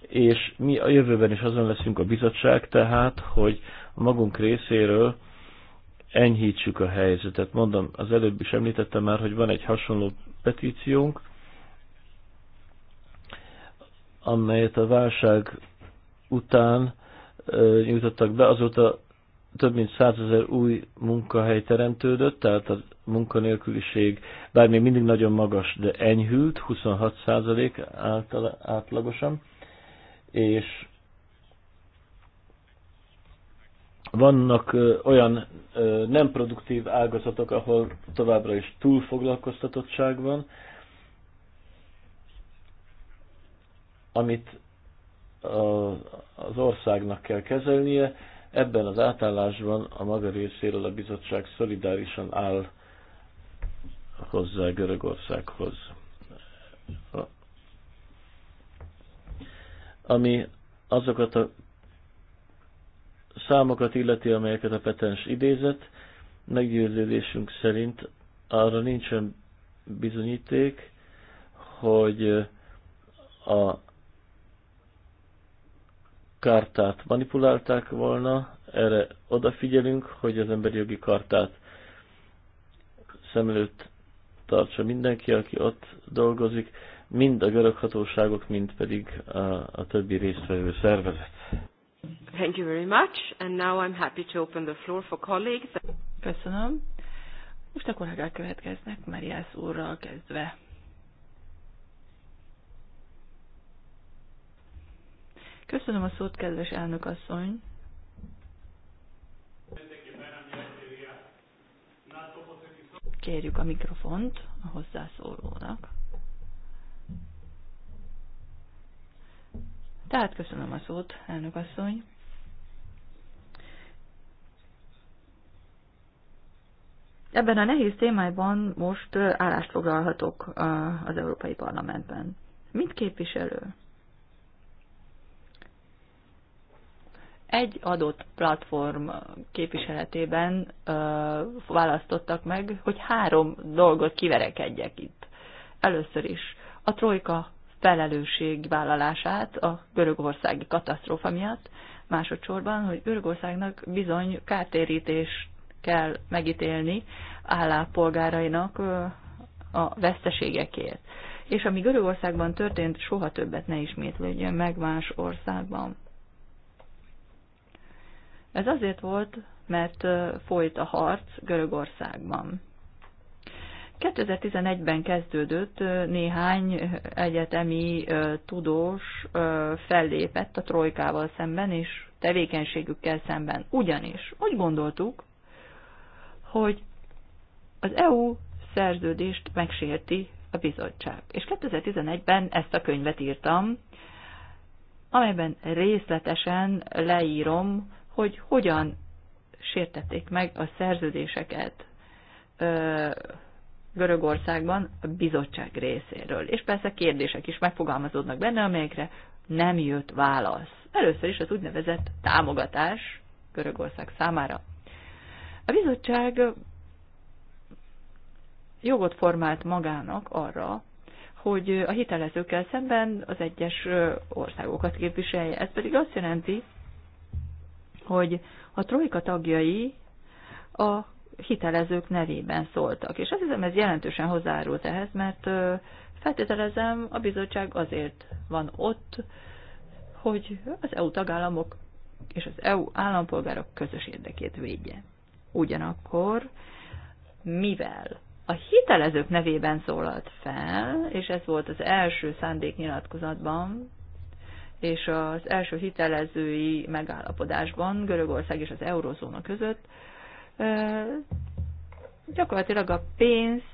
és mi a jövőben is azon leszünk a bizottság, tehát, hogy magunk részéről enyhítsük a helyzetet. Mondom, az előbb is említettem már, hogy van egy hasonló petíciónk, amelyet a válság után ö, nyújtottak be, azóta több mint százezer új munkahely teremtődött, tehát a munkanélküliség bár még mindig nagyon magas, de enyhült, 26% százalék átlagosan, és Vannak olyan nem produktív ágazatok, ahol továbbra is túlfoglalkoztatottság van, amit az országnak kell kezelnie. Ebben az átállásban a maga részéről a bizottság szolidárisan áll hozzá Görögországhoz. Ami azokat a számokat illeti, amelyeket a petens idézett, meggyőződésünk szerint arra nincsen bizonyíték, hogy a kártát manipulálták volna, erre odafigyelünk, hogy az emberi jogi kartát szem előtt tartsa mindenki, aki ott dolgozik, mind a görög hatóságok, mind pedig a, a többi résztvevő szervezet. Thank you very much, and now I'm happy to open the floor for colleagues. Köszönöm. Most a kollégák következnek, Mariász úrral kezdve. Köszönöm a szót, kedves elnök asszony. Kérjük a mikrofont a hozzászólónak. Tehát köszönöm a szót, elnök asszony. Ebben a nehéz témájban most állást foglalhatok az Európai Parlamentben. Mint képviselő? Egy adott platform képviseletében ö, választottak meg, hogy három dolgot kiverekedjek itt. Először is a trojka felelősség vállalását a görögországi katasztrófa miatt, másodszorban, hogy Görögországnak bizony kártérítés kell megítélni állápolgárainak a veszteségekért. És ami Görögországban történt, soha többet ne ismétlődjön meg más országban. Ez azért volt, mert folyt a harc Görögországban. 2011-ben kezdődött néhány egyetemi tudós fellépett a trojkával szemben és tevékenységükkel szemben. Ugyanis úgy gondoltuk, hogy az EU szerződést megsérti a bizottság. És 2011-ben ezt a könyvet írtam, amelyben részletesen leírom, hogy hogyan sértették meg a szerződéseket Görögországban a bizottság részéről. És persze kérdések is megfogalmazódnak benne, amelyekre nem jött válasz. Először is az úgynevezett támogatás Görögország számára. A bizottság jogot formált magának arra, hogy a hitelezőkkel szemben az egyes országokat képviselje. Ez pedig azt jelenti, hogy a trojka tagjai a hitelezők nevében szóltak. És azt hiszem, ez jelentősen hozzájárult ehhez, mert feltételezem, a bizottság azért van ott, hogy az EU tagállamok és az EU állampolgárok közös érdekét védje. Ugyanakkor, mivel a hitelezők nevében szólalt fel, és ez volt az első szándéknyilatkozatban, és az első hitelezői megállapodásban Görögország és az Eurózóna között, gyakorlatilag a pénzt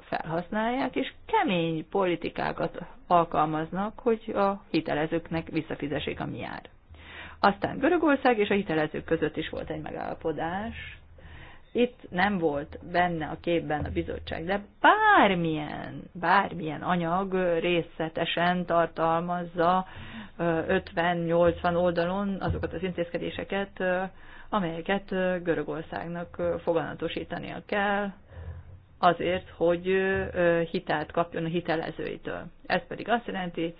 felhasználják, és kemény politikákat alkalmaznak, hogy a hitelezőknek visszafizessék, a jár. Aztán Görögország és a hitelezők között is volt egy megállapodás. Itt nem volt benne a képben a bizottság, de bármilyen, bármilyen anyag részletesen tartalmazza 50-80 oldalon azokat az intézkedéseket, amelyeket Görögországnak foganatosítania kell, azért, hogy hitelt kapjon a hitelezőitől. Ez pedig azt jelenti,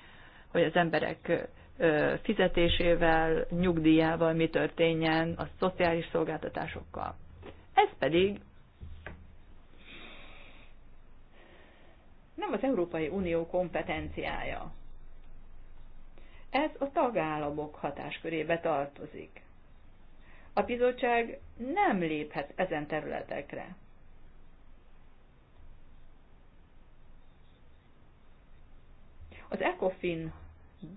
hogy az emberek fizetésével, nyugdíjával mi történjen, a szociális szolgáltatásokkal. Ez pedig nem az Európai Unió kompetenciája. Ez a tagállamok hatáskörébe tartozik a bizottság nem léphet ezen területekre. Az ECOFIN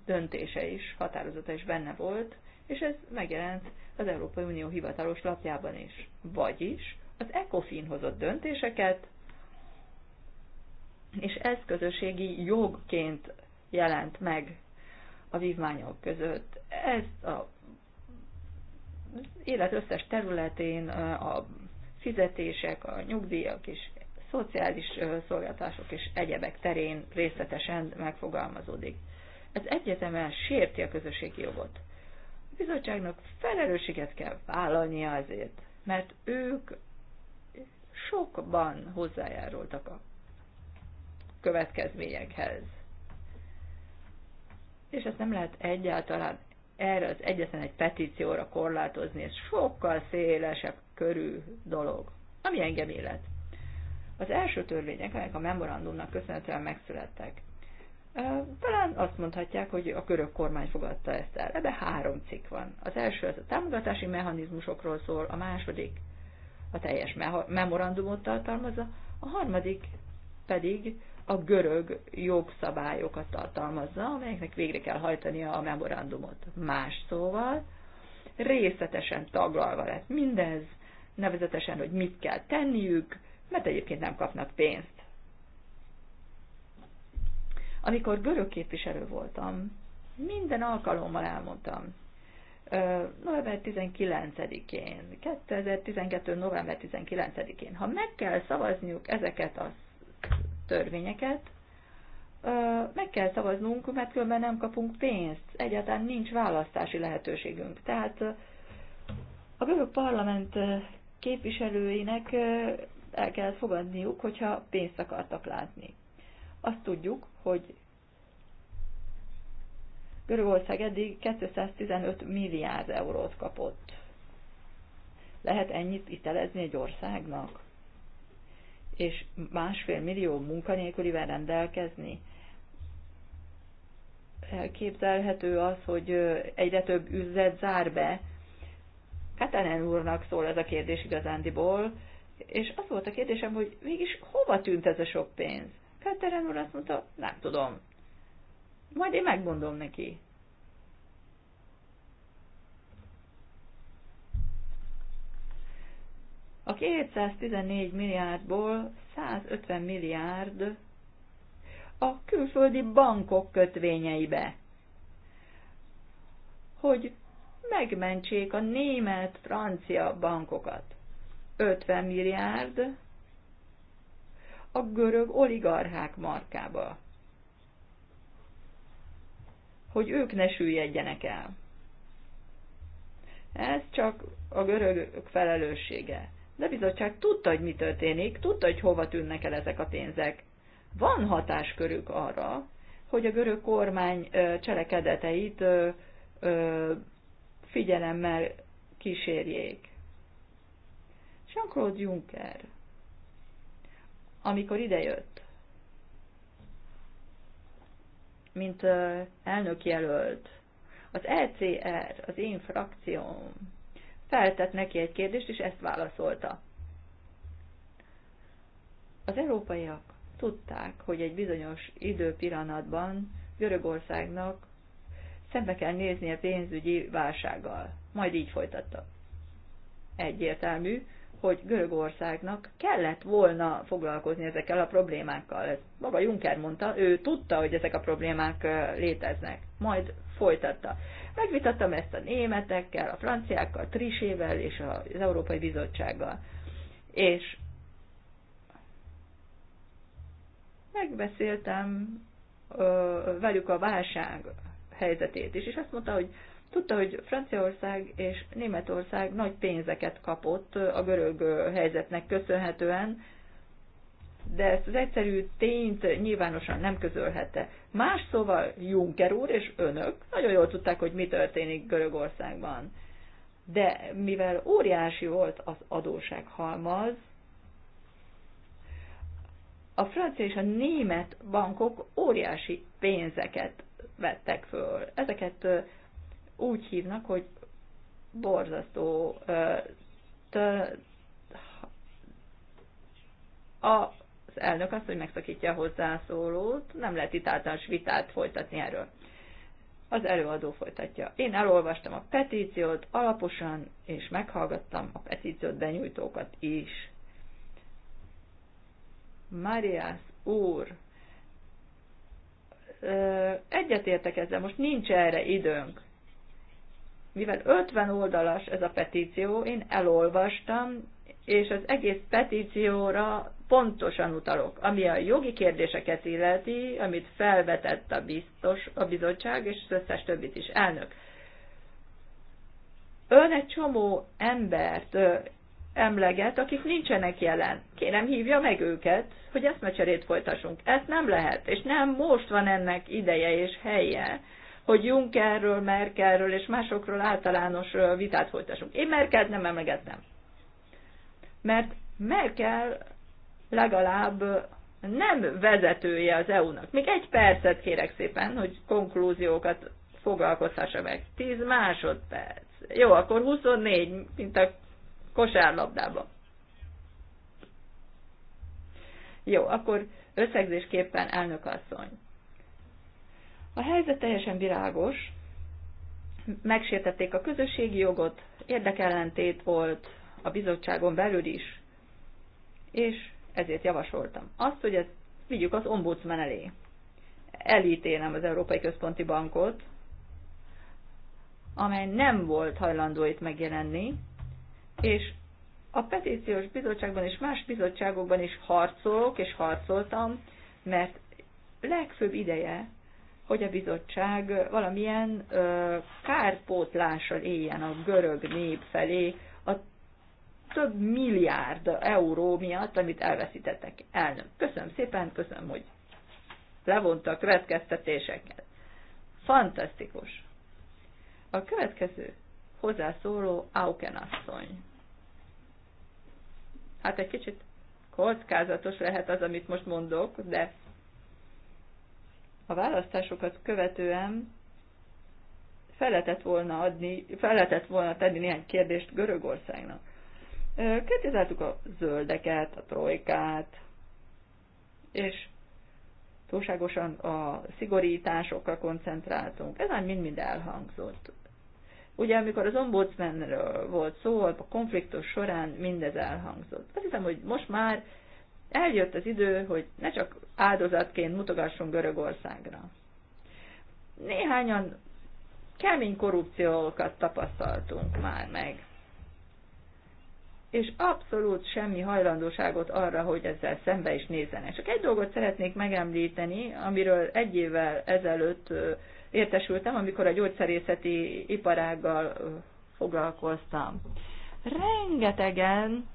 döntése is, határozata is benne volt, és ez megjelent az Európai Unió hivatalos lapjában is. Vagyis az ECOFIN hozott döntéseket, és ez közösségi jogként jelent meg a vívmányok között. Ez a élet összes területén a fizetések, a nyugdíjak és szociális szolgáltások és egyebek terén részletesen megfogalmazódik. Ez egyetemen sérti a közösségi jogot. A bizottságnak felelősséget kell vállalnia azért, mert ők sokban hozzájárultak a következményekhez. És ezt nem lehet egyáltalán erre az egyetlen egy petícióra korlátozni, ez sokkal szélesebb körű dolog, ami engem illet. Az első törvények, amelyek a memorandumnak köszönhetően megszülettek, talán azt mondhatják, hogy a körök kormány fogadta ezt el. Ebben három cikk van. Az első az a támogatási mechanizmusokról szól, a második a teljes memorandumot tartalmazza, a harmadik pedig a görög jogszabályokat tartalmazza, amelyeknek végre kell hajtania a memorandumot. Más szóval részletesen taglalva lett mindez, nevezetesen, hogy mit kell tenniük, mert egyébként nem kapnak pénzt. Amikor görög képviselő voltam, minden alkalommal elmondtam, november 19-én, 2012. november 19-én, ha meg kell szavazniuk ezeket a törvényeket, meg kell szavaznunk, mert különben nem kapunk pénzt, egyáltalán nincs választási lehetőségünk. Tehát a görög parlament képviselőinek el kell fogadniuk, hogyha pénzt akartak látni. Azt tudjuk, hogy Görögország eddig 215 milliárd eurót kapott. Lehet ennyit itelezni egy országnak? és másfél millió munkanélkülivel rendelkezni. Elképzelhető az, hogy egyre több üzlet zár be. Katanen hát úrnak szól ez a kérdés igazándiból, és az volt a kérdésem, hogy mégis hova tűnt ez a sok pénz? Katanen hát úr azt mondta, nem tudom. Majd én megmondom neki. A 214 milliárdból 150 milliárd a külföldi bankok kötvényeibe, hogy megmentsék a német, francia bankokat. 50 milliárd a görög oligarchák markába, hogy ők ne süllyedjenek el. Ez csak a görögök felelőssége de bizottság tudta, hogy mi történik, tudta, hogy hova tűnnek el ezek a pénzek. Van hatáskörük arra, hogy a görög kormány cselekedeteit figyelemmel kísérjék. Jean-Claude Juncker, amikor idejött, mint elnök jelölt, az ECR, az én frakcióm feltett neki egy kérdést, és ezt válaszolta. Az európaiak tudták, hogy egy bizonyos időpillanatban Görögországnak szembe kell néznie pénzügyi válsággal. Majd így folytatta. Egyértelmű, hogy Görögországnak kellett volna foglalkozni ezekkel a problémákkal. Ezt maga Juncker mondta, ő tudta, hogy ezek a problémák léteznek. Majd folytatta. Megvitattam ezt a németekkel, a franciákkal, Trisével és az Európai Bizottsággal. És megbeszéltem ö, velük a válság helyzetét is, és azt mondta, hogy tudta, hogy Franciaország és Németország nagy pénzeket kapott a görög helyzetnek köszönhetően, de ezt az egyszerű tényt nyilvánosan nem közölhette. Más szóval Juncker úr és önök nagyon jól tudták, hogy mi történik Görögországban. De mivel óriási volt az halmaz, a francia és a német bankok óriási pénzeket vettek föl. Ezeket úgy hívnak, hogy borzasztó a az elnök azt, hogy megszakítja a hozzászólót, nem lehet itt általános vitát folytatni erről. Az előadó folytatja. Én elolvastam a petíciót alaposan, és meghallgattam a petíciót benyújtókat is. Marias úr, egyetértek ezzel, most nincs erre időnk. Mivel 50 oldalas ez a petíció, én elolvastam, és az egész petícióra pontosan utalok. Ami a jogi kérdéseket illeti, amit felvetett a, biztos, a bizottság, és az összes többit is elnök. Ön egy csomó embert ö, emleget, akik nincsenek jelen. Kérem, hívja meg őket, hogy ezt mecserét folytassunk. Ezt nem lehet, és nem most van ennek ideje és helye, hogy Junckerről, Merkelről és másokról általános vitát folytassunk. Én Merkelt nem emlegettem. Mert Merkel legalább nem vezetője az EU-nak. Még egy percet kérek szépen, hogy konklúziókat fogalkozhassa meg. 10 másodperc. Jó, akkor 24, mint a kosárlabdában. Jó, akkor összegzésképpen elnök asszony. A helyzet teljesen virágos. Megsértették a közösségi jogot, érdekellentét volt a bizottságon belül is, és ezért javasoltam. Azt, hogy ezt vigyük az ombudsman elé. Elítélem az Európai Központi Bankot, amely nem volt hajlandó itt megjelenni, és a petíciós bizottságban és más bizottságokban is harcolok, és harcoltam, mert legfőbb ideje, hogy a bizottság valamilyen ö, kárpótlással éljen a görög nép felé, több milliárd euró miatt, amit elveszítettek elnök. Köszönöm szépen, köszönöm, hogy levontak következtetéseket. Fantasztikus. A következő hozzászóló Auken asszony. Hát egy kicsit kockázatos lehet az, amit most mondok, de a választásokat követően fel lehetett volna adni, fel lehetett volna tenni néhány kérdést Görögországnak. Kritizáltuk a zöldeket, a trojkát, és túlságosan a szigorításokra koncentráltunk. Ez már mind-mind elhangzott. Ugye, amikor az ombudsmanről volt szó, a konfliktus során mindez elhangzott. Azt hiszem, hogy most már eljött az idő, hogy ne csak áldozatként mutogassunk Görögországra. Néhányan kemény korrupciókat tapasztaltunk már meg és abszolút semmi hajlandóságot arra, hogy ezzel szembe is nézzenek. Csak egy dolgot szeretnék megemlíteni, amiről egy évvel ezelőtt értesültem, amikor a gyógyszerészeti iparággal foglalkoztam. Rengetegen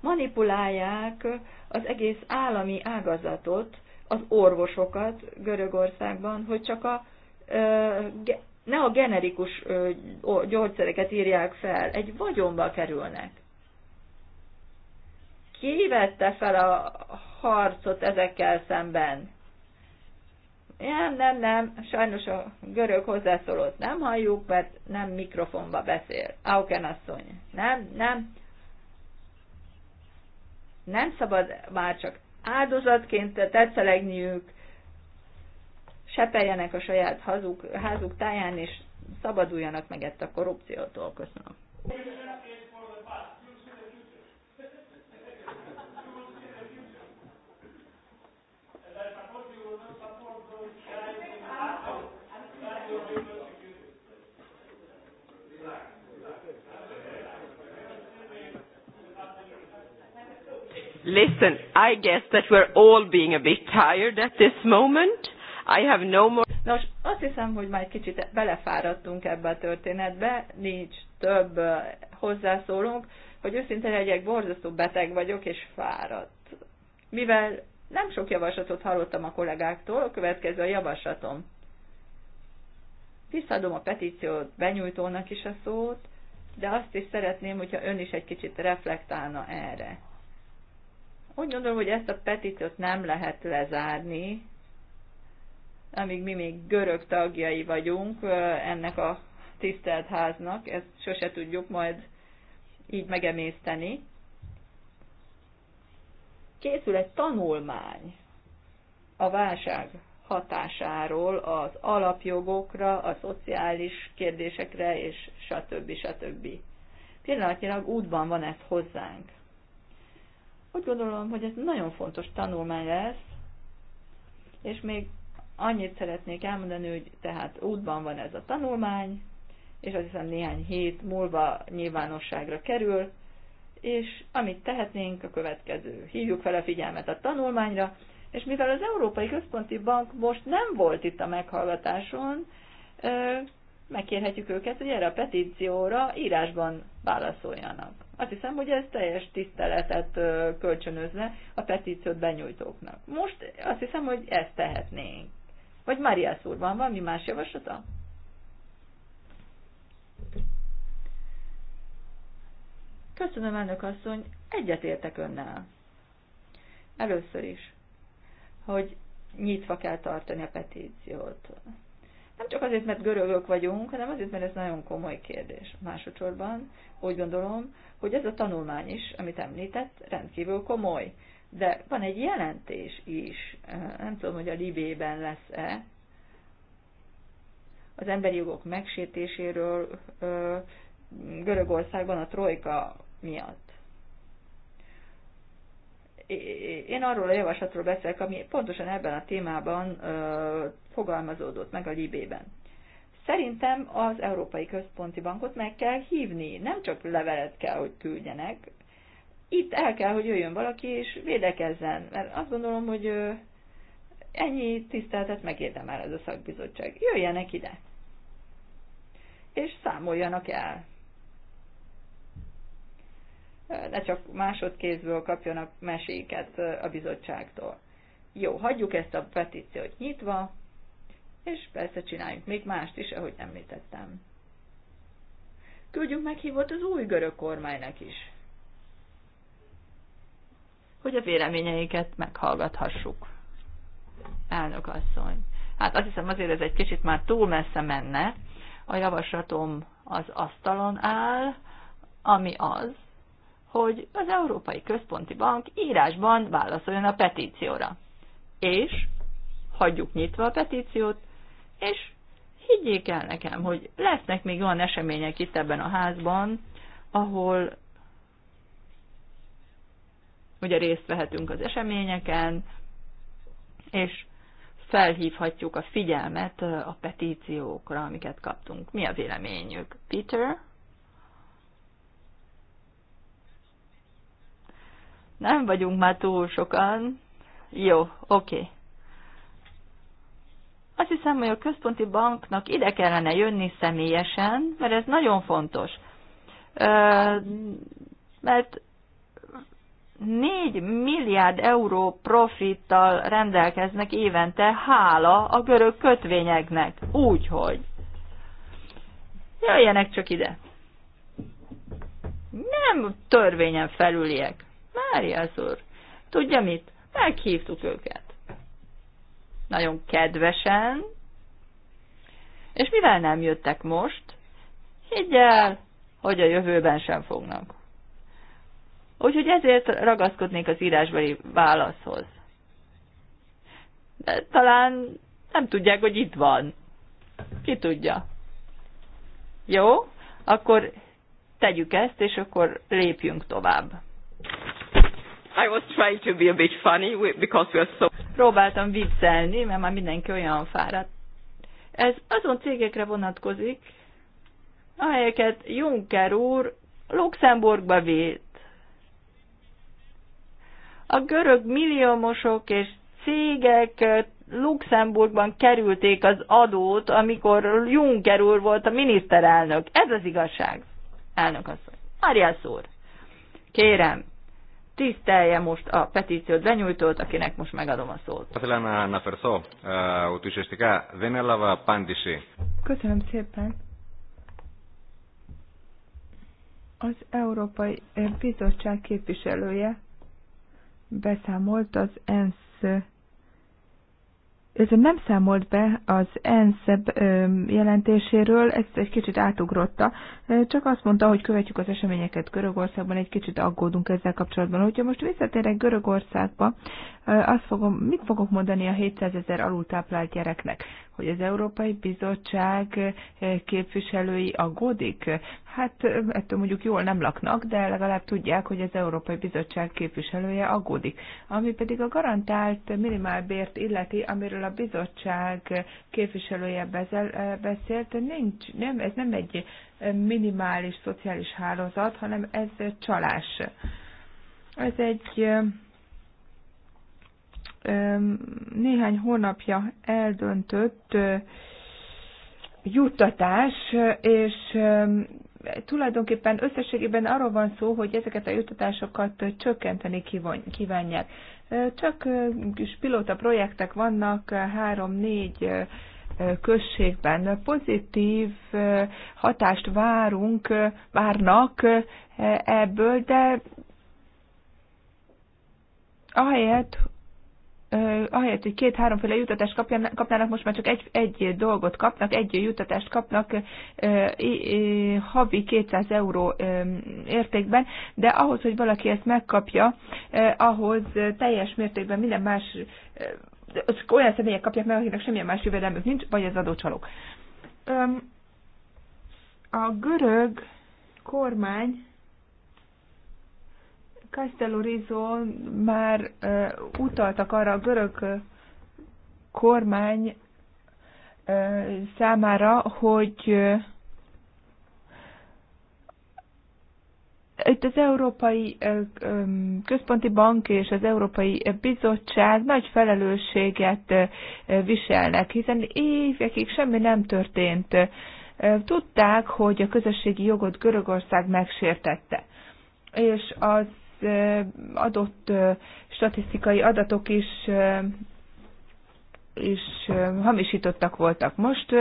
manipulálják az egész állami ágazatot, az orvosokat Görögországban, hogy csak a ne a generikus gyógyszereket írják fel, egy vagyonba kerülnek. Ki vette fel a harcot ezekkel szemben? Nem, nem, nem, sajnos a görög hozzászólót nem halljuk, mert nem mikrofonba beszél. Auken asszony, nem, nem. Nem szabad már csak áldozatként tetszelegniük, sepeljenek a saját hazuk, házuk táján, és szabaduljanak meg ettől a korrupciótól. Köszönöm. Listen, I guess that we're all being a bit tired at this moment. I have no more... Nos, azt hiszem, hogy már egy kicsit belefáradtunk ebbe a történetbe, nincs több hozzászólunk, hogy őszinte legyek, borzasztó beteg vagyok és fáradt. Mivel nem sok javaslatot hallottam a kollégáktól, a következő a javaslatom. Visszadom a petíciót benyújtónak is a szót, de azt is szeretném, hogyha ön is egy kicsit reflektálna erre. Úgy gondolom, hogy ezt a petíciót nem lehet lezárni, amíg mi még görög tagjai vagyunk ennek a tisztelt háznak, ezt sose tudjuk majd így megemészteni. Készül egy tanulmány a válság hatásáról az alapjogokra, a szociális kérdésekre, és stb. stb. Pillanatnyilag útban van ez hozzánk. Úgy gondolom, hogy ez nagyon fontos tanulmány lesz, és még Annyit szeretnék elmondani, hogy tehát útban van ez a tanulmány, és azt hiszem néhány hét múlva nyilvánosságra kerül, és amit tehetnénk a következő. Hívjuk fel a figyelmet a tanulmányra, és mivel az Európai Központi Bank most nem volt itt a meghallgatáson, megkérhetjük őket, hogy erre a petícióra írásban válaszoljanak. Azt hiszem, hogy ez teljes tiszteletet kölcsönözne a petíciót benyújtóknak. Most azt hiszem, hogy ezt tehetnénk. Vagy Mariász úr, van valami más javaslata? Köszönöm, elnök asszony, egyetértek önnel. Először is, hogy nyitva kell tartani a petíciót. Nem csak azért, mert görögök vagyunk, hanem azért, mert ez nagyon komoly kérdés. Másodszorban úgy gondolom, hogy ez a tanulmány is, amit említett, rendkívül komoly. De van egy jelentés is, eh, nem tudom, hogy a Libében lesz-e, az emberi jogok megsértéséről eh, Görögországban a trojka miatt. Én arról a javaslatról beszélek, ami pontosan ebben a témában eh, fogalmazódott meg a Libében. Szerintem az Európai Központi Bankot meg kell hívni, nem csak levelet kell, hogy küldjenek, itt el kell, hogy jöjjön valaki és védekezzen, mert azt gondolom, hogy ennyi tiszteletet megérdemel ez a szakbizottság. Jöjjenek ide, és számoljanak el. Ne csak másodkézből kapjanak meséket a bizottságtól. Jó, hagyjuk ezt a petíciót nyitva, és persze csináljunk még mást is, ahogy említettem. Küldjünk meghívót az új görög kormánynak is hogy a véleményeiket meghallgathassuk. Elnök asszony. Hát azt hiszem azért ez egy kicsit már túl messze menne. A javaslatom az asztalon áll, ami az, hogy az Európai Központi Bank írásban válaszoljon a petícióra. És hagyjuk nyitva a petíciót, és higgyék el nekem, hogy lesznek még olyan események itt ebben a házban, ahol ugye részt vehetünk az eseményeken, és felhívhatjuk a figyelmet a petíciókra, amiket kaptunk. Mi a véleményük? Peter? Nem vagyunk már túl sokan. Jó, oké. Okay. Azt hiszem, hogy a központi banknak ide kellene jönni személyesen, mert ez nagyon fontos. Mert 4 milliárd euró profittal rendelkeznek évente, hála a görög kötvényeknek. Úgyhogy. Jöjjenek csak ide. Nem törvényen felüliek. Máriász úr, tudja mit? Meghívtuk őket. Nagyon kedvesen. És mivel nem jöttek most, higgy el, hogy a jövőben sem fognak. Úgyhogy ezért ragaszkodnék az írásbeli válaszhoz. De talán nem tudják, hogy itt van. Ki tudja. Jó, akkor tegyük ezt, és akkor lépjünk tovább. I was trying to be a bit funny because we are so... Próbáltam viccelni, mert már mindenki olyan fáradt. Ez azon cégekre vonatkozik, amelyeket Juncker úr Luxemburgba vét. A görög milliómosok és cégek eh, Luxemburgban kerülték az adót, amikor Juncker úr volt a miniszterelnök. Ez az igazság, elnök asszony. Arias úr, kérem, tisztelje most a petíciót benyújtót, akinek most megadom a szót. Köszönöm szépen. Az Európai Bizottság képviselője beszámolt az ENSZ ez nem számolt be az ENSZ jelentéséről, ezt egy kicsit átugrotta, csak azt mondta, hogy követjük az eseményeket Görögországban, egy kicsit aggódunk ezzel kapcsolatban. Hogyha most visszatérek Görögországba, azt fogom, mit fogok mondani a 700 ezer alultáplált gyereknek? hogy az Európai Bizottság eh, képviselői aggódik. Hát eh, ettől mondjuk jól nem laknak, de legalább tudják, hogy az Európai Bizottság képviselője aggódik. Ami pedig a garantált minimálbért illeti, amiről a bizottság képviselője eh, beszélt, nincs, nem, ez nem egy minimális szociális hálózat, hanem ez csalás. Ez egy néhány hónapja eldöntött juttatás, és tulajdonképpen összességében arról van szó, hogy ezeket a juttatásokat csökkenteni kívánják. Csak kis pilóta projektek vannak, három-négy községben pozitív hatást várunk, várnak ebből, de ahelyett, ahelyett, hogy két-háromféle juttatást kapnának, most már csak egy, egy dolgot kapnak, egy juttatást kapnak havi 200 euró értékben, de ahhoz, hogy valaki ezt megkapja, ahhoz teljes mértékben minden más olyan személyek kapják meg, akinek semmilyen más jövedelmük nincs, vagy az adócsalók. A görög kormány Castello már már utaltak arra a görög kormány számára, hogy itt az Európai Központi Bank és az Európai Bizottság nagy felelősséget viselnek, hiszen évekig semmi nem történt. Tudták, hogy a közösségi jogot Görögország megsértette. És az adott statisztikai adatok is és hamisítottak voltak. Most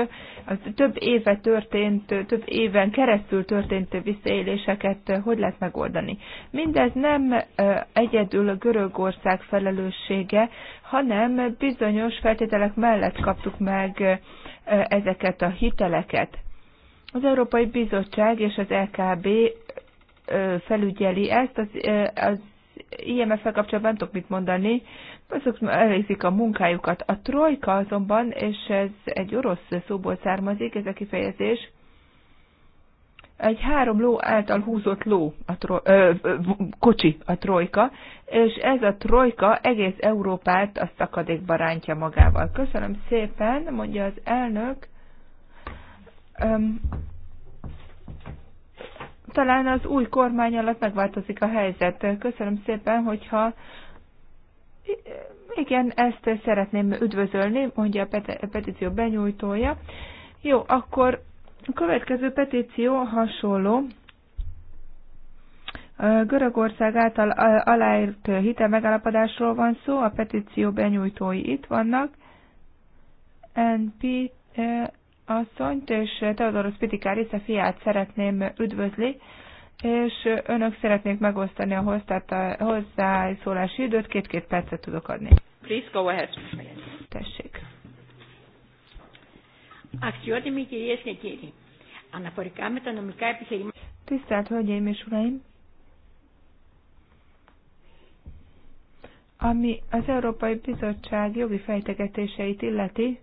az több éve történt, több éven keresztül történt visszaéléseket hogy lehet megoldani? Mindez nem egyedül a Görögország felelőssége, hanem bizonyos feltételek mellett kaptuk meg ezeket a hiteleket. Az Európai Bizottság és az LKB e felügyeli ezt, az, az IMF-fel kapcsolatban nem tudok mit mondani, azok elvégzik a munkájukat. A trojka azonban, és ez egy orosz szóból származik, ez a kifejezés, egy három ló által húzott ló, a tro- ö, ö, kocsi a trojka, és ez a trojka egész Európát a szakadékba rántja magával. Köszönöm szépen, mondja az elnök. Öm, talán az új kormány alatt megváltozik a helyzet. Köszönöm szépen, hogyha igen, ezt szeretném üdvözölni, mondja a petíció benyújtója. Jó, akkor a következő petíció hasonló. Görögország által aláírt hitel megállapodásról van szó, a petíció benyújtói itt vannak. NP eh, asszonyt és teodoro Pitikáris a fiát szeretném üdvözli, és önök szeretnék megosztani a hozzászólási időt, két-két percet tudok adni. Please go ahead. Tessék. Tisztelt Hölgyeim és Uraim! Ami az Európai Bizottság jogi fejtegetéseit illeti,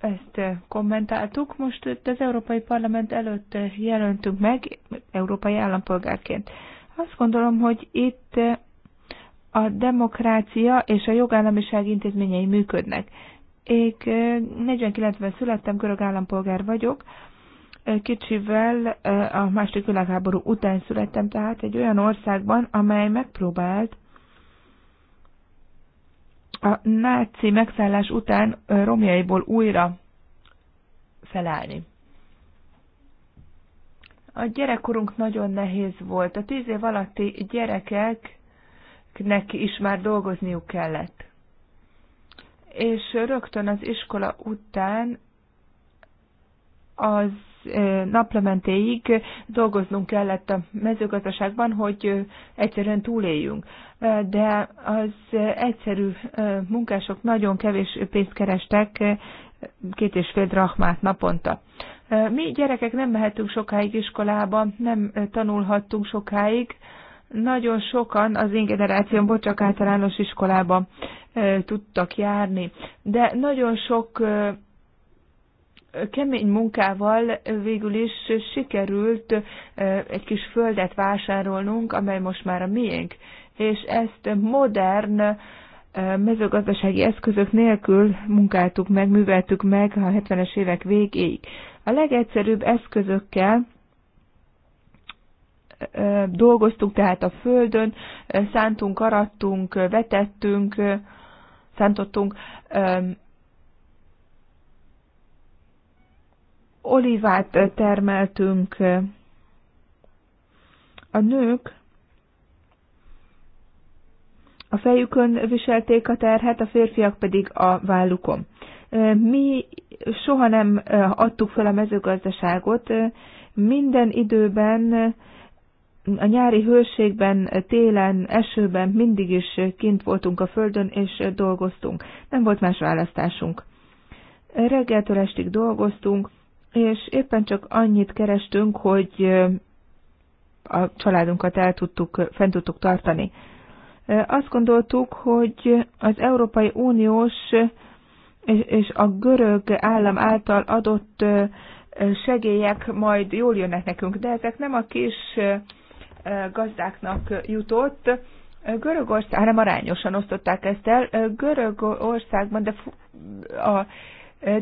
ezt eh, kommentáltuk, most itt az Európai Parlament előtt eh, jelöntünk meg európai állampolgárként. Azt gondolom, hogy itt eh, a demokrácia és a jogállamiság intézményei működnek. Én 49-ben születtem, görög állampolgár vagyok, kicsivel a második világháború után születtem, tehát egy olyan országban, amely megpróbált a náci megszállás után romjaiból újra felállni. A gyerekkorunk nagyon nehéz volt. A tíz év alatti gyerekeknek is már dolgozniuk kellett. És rögtön az iskola után az naplementéig dolgoznunk kellett a mezőgazdaságban, hogy egyszerűen túléljünk. De az egyszerű munkások nagyon kevés pénzt kerestek, két és fél drachmát naponta. Mi gyerekek nem mehetünk sokáig iskolába, nem tanulhattunk sokáig, nagyon sokan az én generációmból csak általános iskolába tudtak járni, de nagyon sok kemény munkával végül is sikerült egy kis földet vásárolnunk, amely most már a miénk, és ezt modern mezőgazdasági eszközök nélkül munkáltuk meg, műveltük meg a 70-es évek végéig. A legegyszerűbb eszközökkel dolgoztunk tehát a földön, szántunk, arattunk, vetettünk, szántottunk, olivát termeltünk. A nők a fejükön viselték a terhet, a férfiak pedig a vállukon. Mi soha nem adtuk fel a mezőgazdaságot, minden időben, a nyári hőségben, télen, esőben mindig is kint voltunk a földön, és dolgoztunk. Nem volt más választásunk. Reggeltől estig dolgoztunk, és éppen csak annyit kerestünk, hogy a családunkat el tudtuk, fent tudtuk tartani. Azt gondoltuk, hogy az Európai Uniós és a görög állam által adott segélyek majd jól jönnek nekünk, de ezek nem a kis gazdáknak jutott. Görögország, hanem arányosan osztották ezt el. Görögországban, de a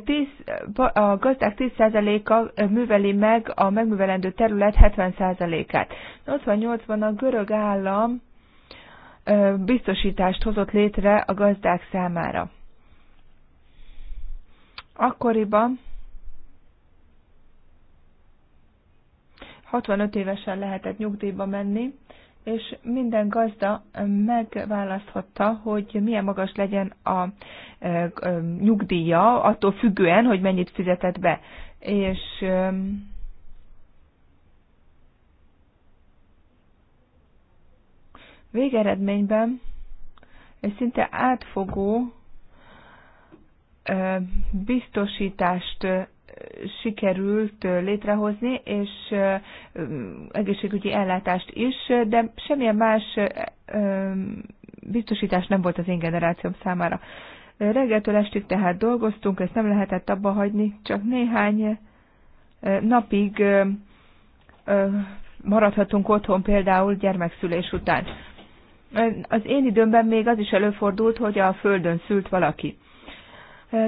10, a gazdák 10%-a műveli meg a megművelendő terület 70%-át. 88-ban a görög állam biztosítást hozott létre a gazdák számára. Akkoriban 65 évesen lehetett nyugdíjba menni, és minden gazda megválaszthatta, hogy milyen magas legyen a nyugdíja, attól függően, hogy mennyit fizetett be. És végeredményben egy szinte átfogó biztosítást sikerült létrehozni, és egészségügyi ellátást is, de semmilyen más biztosítás nem volt az én generációm számára. Reggeltől estig tehát dolgoztunk, ezt nem lehetett abba hagyni, csak néhány napig maradhatunk otthon például gyermekszülés után. Az én időmben még az is előfordult, hogy a földön szült valaki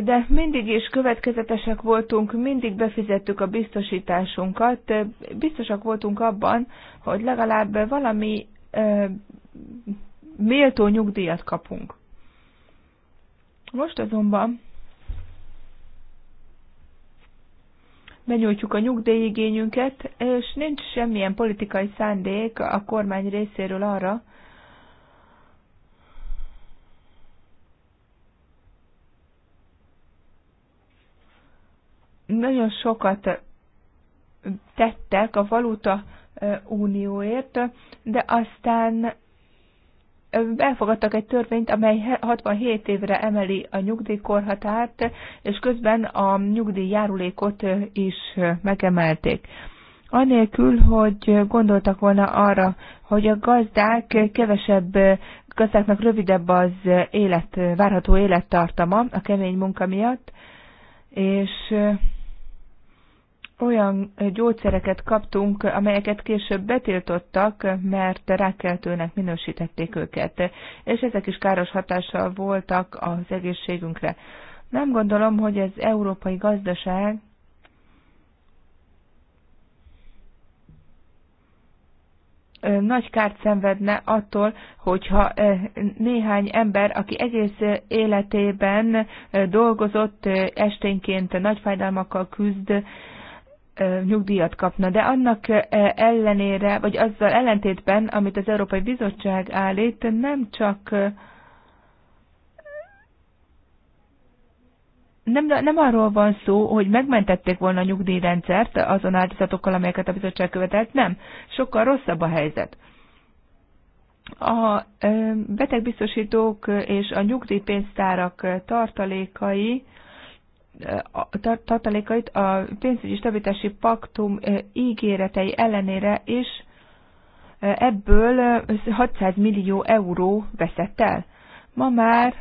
de mindig is következetesek voltunk, mindig befizettük a biztosításunkat, biztosak voltunk abban, hogy legalább valami méltó nyugdíjat kapunk. Most azonban benyújtjuk a nyugdíjigényünket, és nincs semmilyen politikai szándék a kormány részéről arra, nagyon sokat tettek a valuta unióért, de aztán elfogadtak egy törvényt, amely 67 évre emeli a nyugdíjkorhatárt, és közben a nyugdíjjárulékot is megemelték. Anélkül, hogy gondoltak volna arra, hogy a gazdák kevesebb, gazdáknak rövidebb az élet, várható élettartama a kemény munka miatt, és olyan gyógyszereket kaptunk, amelyeket később betiltottak, mert rákkeltőnek minősítették őket, és ezek is káros hatással voltak az egészségünkre. Nem gondolom, hogy az európai gazdaság nagy kárt szenvedne attól, hogyha néhány ember, aki egész életében dolgozott, esténként nagy fájdalmakkal küzd, nyugdíjat kapna, de annak ellenére, vagy azzal ellentétben, amit az Európai Bizottság állít, nem csak nem, nem arról van szó, hogy megmentették volna a nyugdíjrendszert azon áldozatokkal, amelyeket a bizottság követelt, nem. Sokkal rosszabb a helyzet. A betegbiztosítók és a nyugdíjpénztárak tartalékai tartalékait a pénzügyi stabilitási paktum ígéretei ellenére is ebből 600 millió euró veszett el. Ma már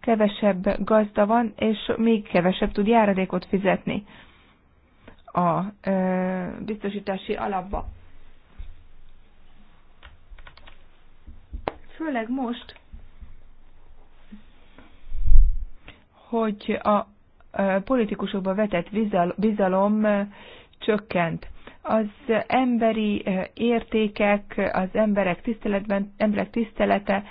kevesebb gazda van, és még kevesebb tud járadékot fizetni a biztosítási alapba. Főleg most, hogy a politikusokba vetett bizalom csökkent. Az emberi értékek, az emberek, tiszteletben, emberek tisztelete,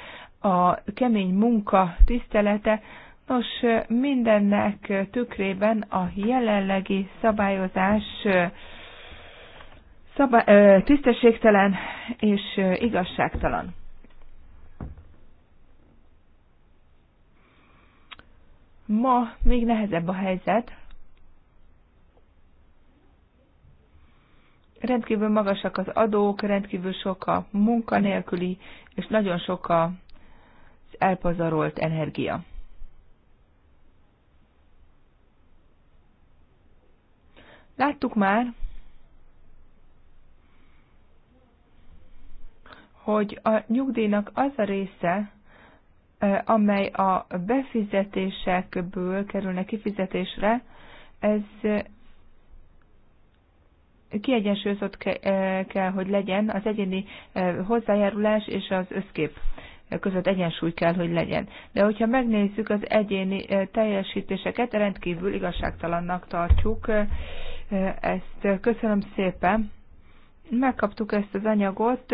a kemény munka tisztelete, nos, mindennek tükrében a jelenlegi szabályozás szabá- tisztességtelen és igazságtalan. Ma még nehezebb a helyzet. Rendkívül magasak az adók, rendkívül sok a munkanélküli, és nagyon sok az elpazarolt energia. Láttuk már, hogy a nyugdíjnak az a része, amely a befizetésekből kerülne kifizetésre, ez kiegyensúlyozott kell, hogy legyen az egyéni hozzájárulás és az összkép között egyensúly kell, hogy legyen. De hogyha megnézzük az egyéni teljesítéseket, rendkívül igazságtalannak tartjuk ezt. Köszönöm szépen. Megkaptuk ezt az anyagot,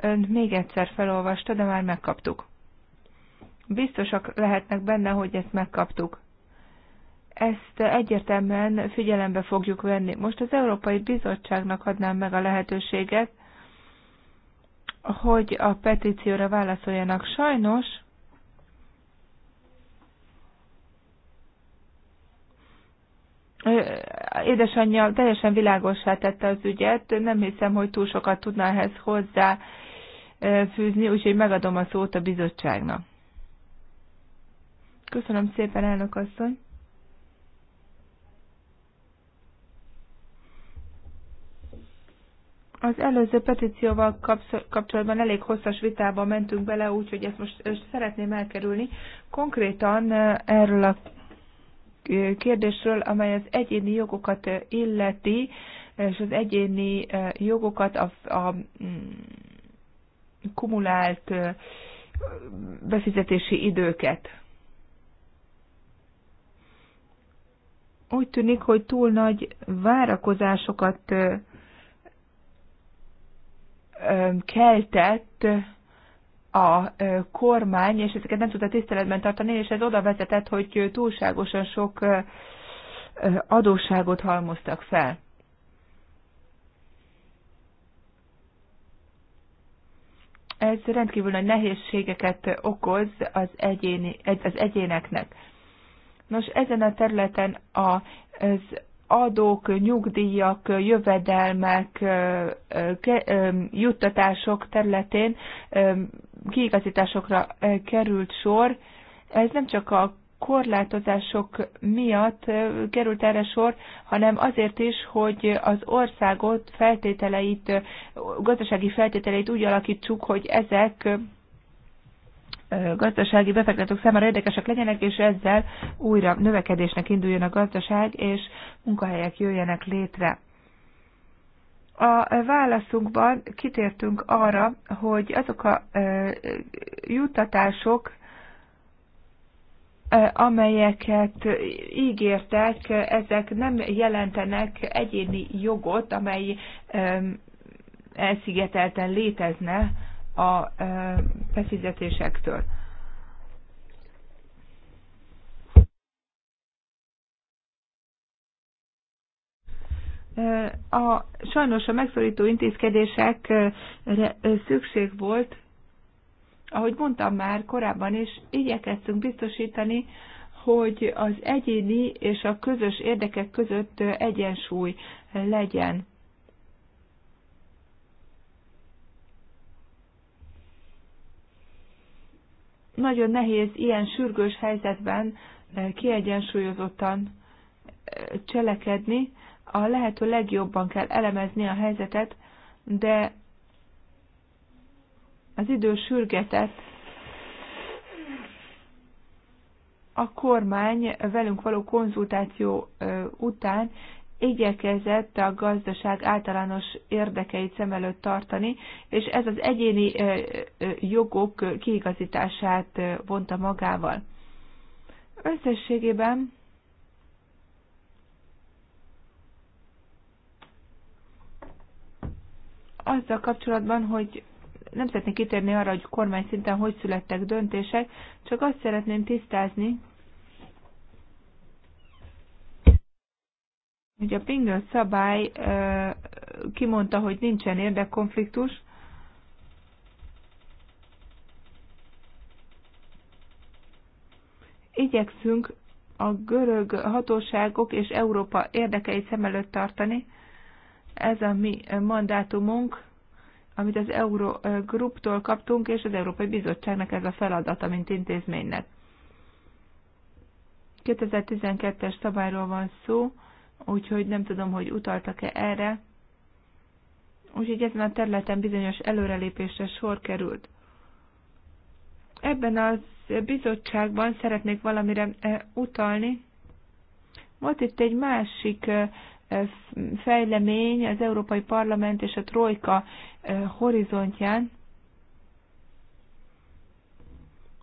ön még egyszer felolvasta, de már megkaptuk biztosak lehetnek benne, hogy ezt megkaptuk. Ezt egyértelműen figyelembe fogjuk venni. Most az Európai Bizottságnak adnám meg a lehetőséget, hogy a petícióra válaszoljanak. Sajnos édesanyja teljesen világossá tette az ügyet, nem hiszem, hogy túl sokat tudná ehhez hozzá fűzni, úgyhogy megadom a szót a bizottságnak. Köszönöm szépen, elnök asszony. Az előző petícióval kapcsolatban elég hosszas vitába mentünk bele, úgyhogy ezt most szeretném elkerülni. Konkrétan erről a kérdésről, amely az egyéni jogokat illeti, és az egyéni jogokat a, a mm, kumulált befizetési időket. úgy tűnik, hogy túl nagy várakozásokat keltett a kormány, és ezeket nem tudta tiszteletben tartani, és ez oda vezetett, hogy túlságosan sok adósságot halmoztak fel. Ez rendkívül nagy nehézségeket okoz az, egyéni, az egyéneknek. Nos, ezen a területen az adók, nyugdíjak, jövedelmek, juttatások területén kiigazításokra került sor. Ez nem csak a korlátozások miatt került erre sor, hanem azért is, hogy az országot feltételeit, gazdasági feltételeit úgy alakítsuk, hogy ezek gazdasági befektetők számára érdekesek legyenek, és ezzel újra növekedésnek induljon a gazdaság, és munkahelyek jöjjenek létre. A válaszunkban kitértünk arra, hogy azok a juttatások, amelyeket ígértek, ezek nem jelentenek egyéni jogot, amely elszigetelten létezne a befizetésektől. A, sajnos a megszorító intézkedésekre szükség volt, ahogy mondtam már korábban is, igyekeztünk biztosítani, hogy az egyéni és a közös érdekek között egyensúly legyen. nagyon nehéz ilyen sürgős helyzetben eh, kiegyensúlyozottan eh, cselekedni. A lehető legjobban kell elemezni a helyzetet, de az idő sürgetett, a kormány velünk való konzultáció eh, után igyekezett a gazdaság általános érdekeit szem előtt tartani, és ez az egyéni jogok kiigazítását vonta magával. Összességében azzal kapcsolatban, hogy nem szeretnék kitérni arra, hogy kormány szinten hogy születtek döntések, csak azt szeretném tisztázni, Ugye a Pingel szabály kimondta, hogy nincsen érdekkonfliktus, igyekszünk a görög hatóságok és Európa érdekeit szem előtt tartani. Ez a mi mandátumunk, amit az Eurogruptól kaptunk, és az Európai Bizottságnak ez a feladata, mint intézménynek. 2012-es szabályról van szó, úgyhogy nem tudom, hogy utaltak-e erre. Úgyhogy ezen a területen bizonyos előrelépésre sor került. Ebben az bizottságban szeretnék valamire e, utalni. Volt itt egy másik e, e, fejlemény az Európai Parlament és a Trojka horizontján.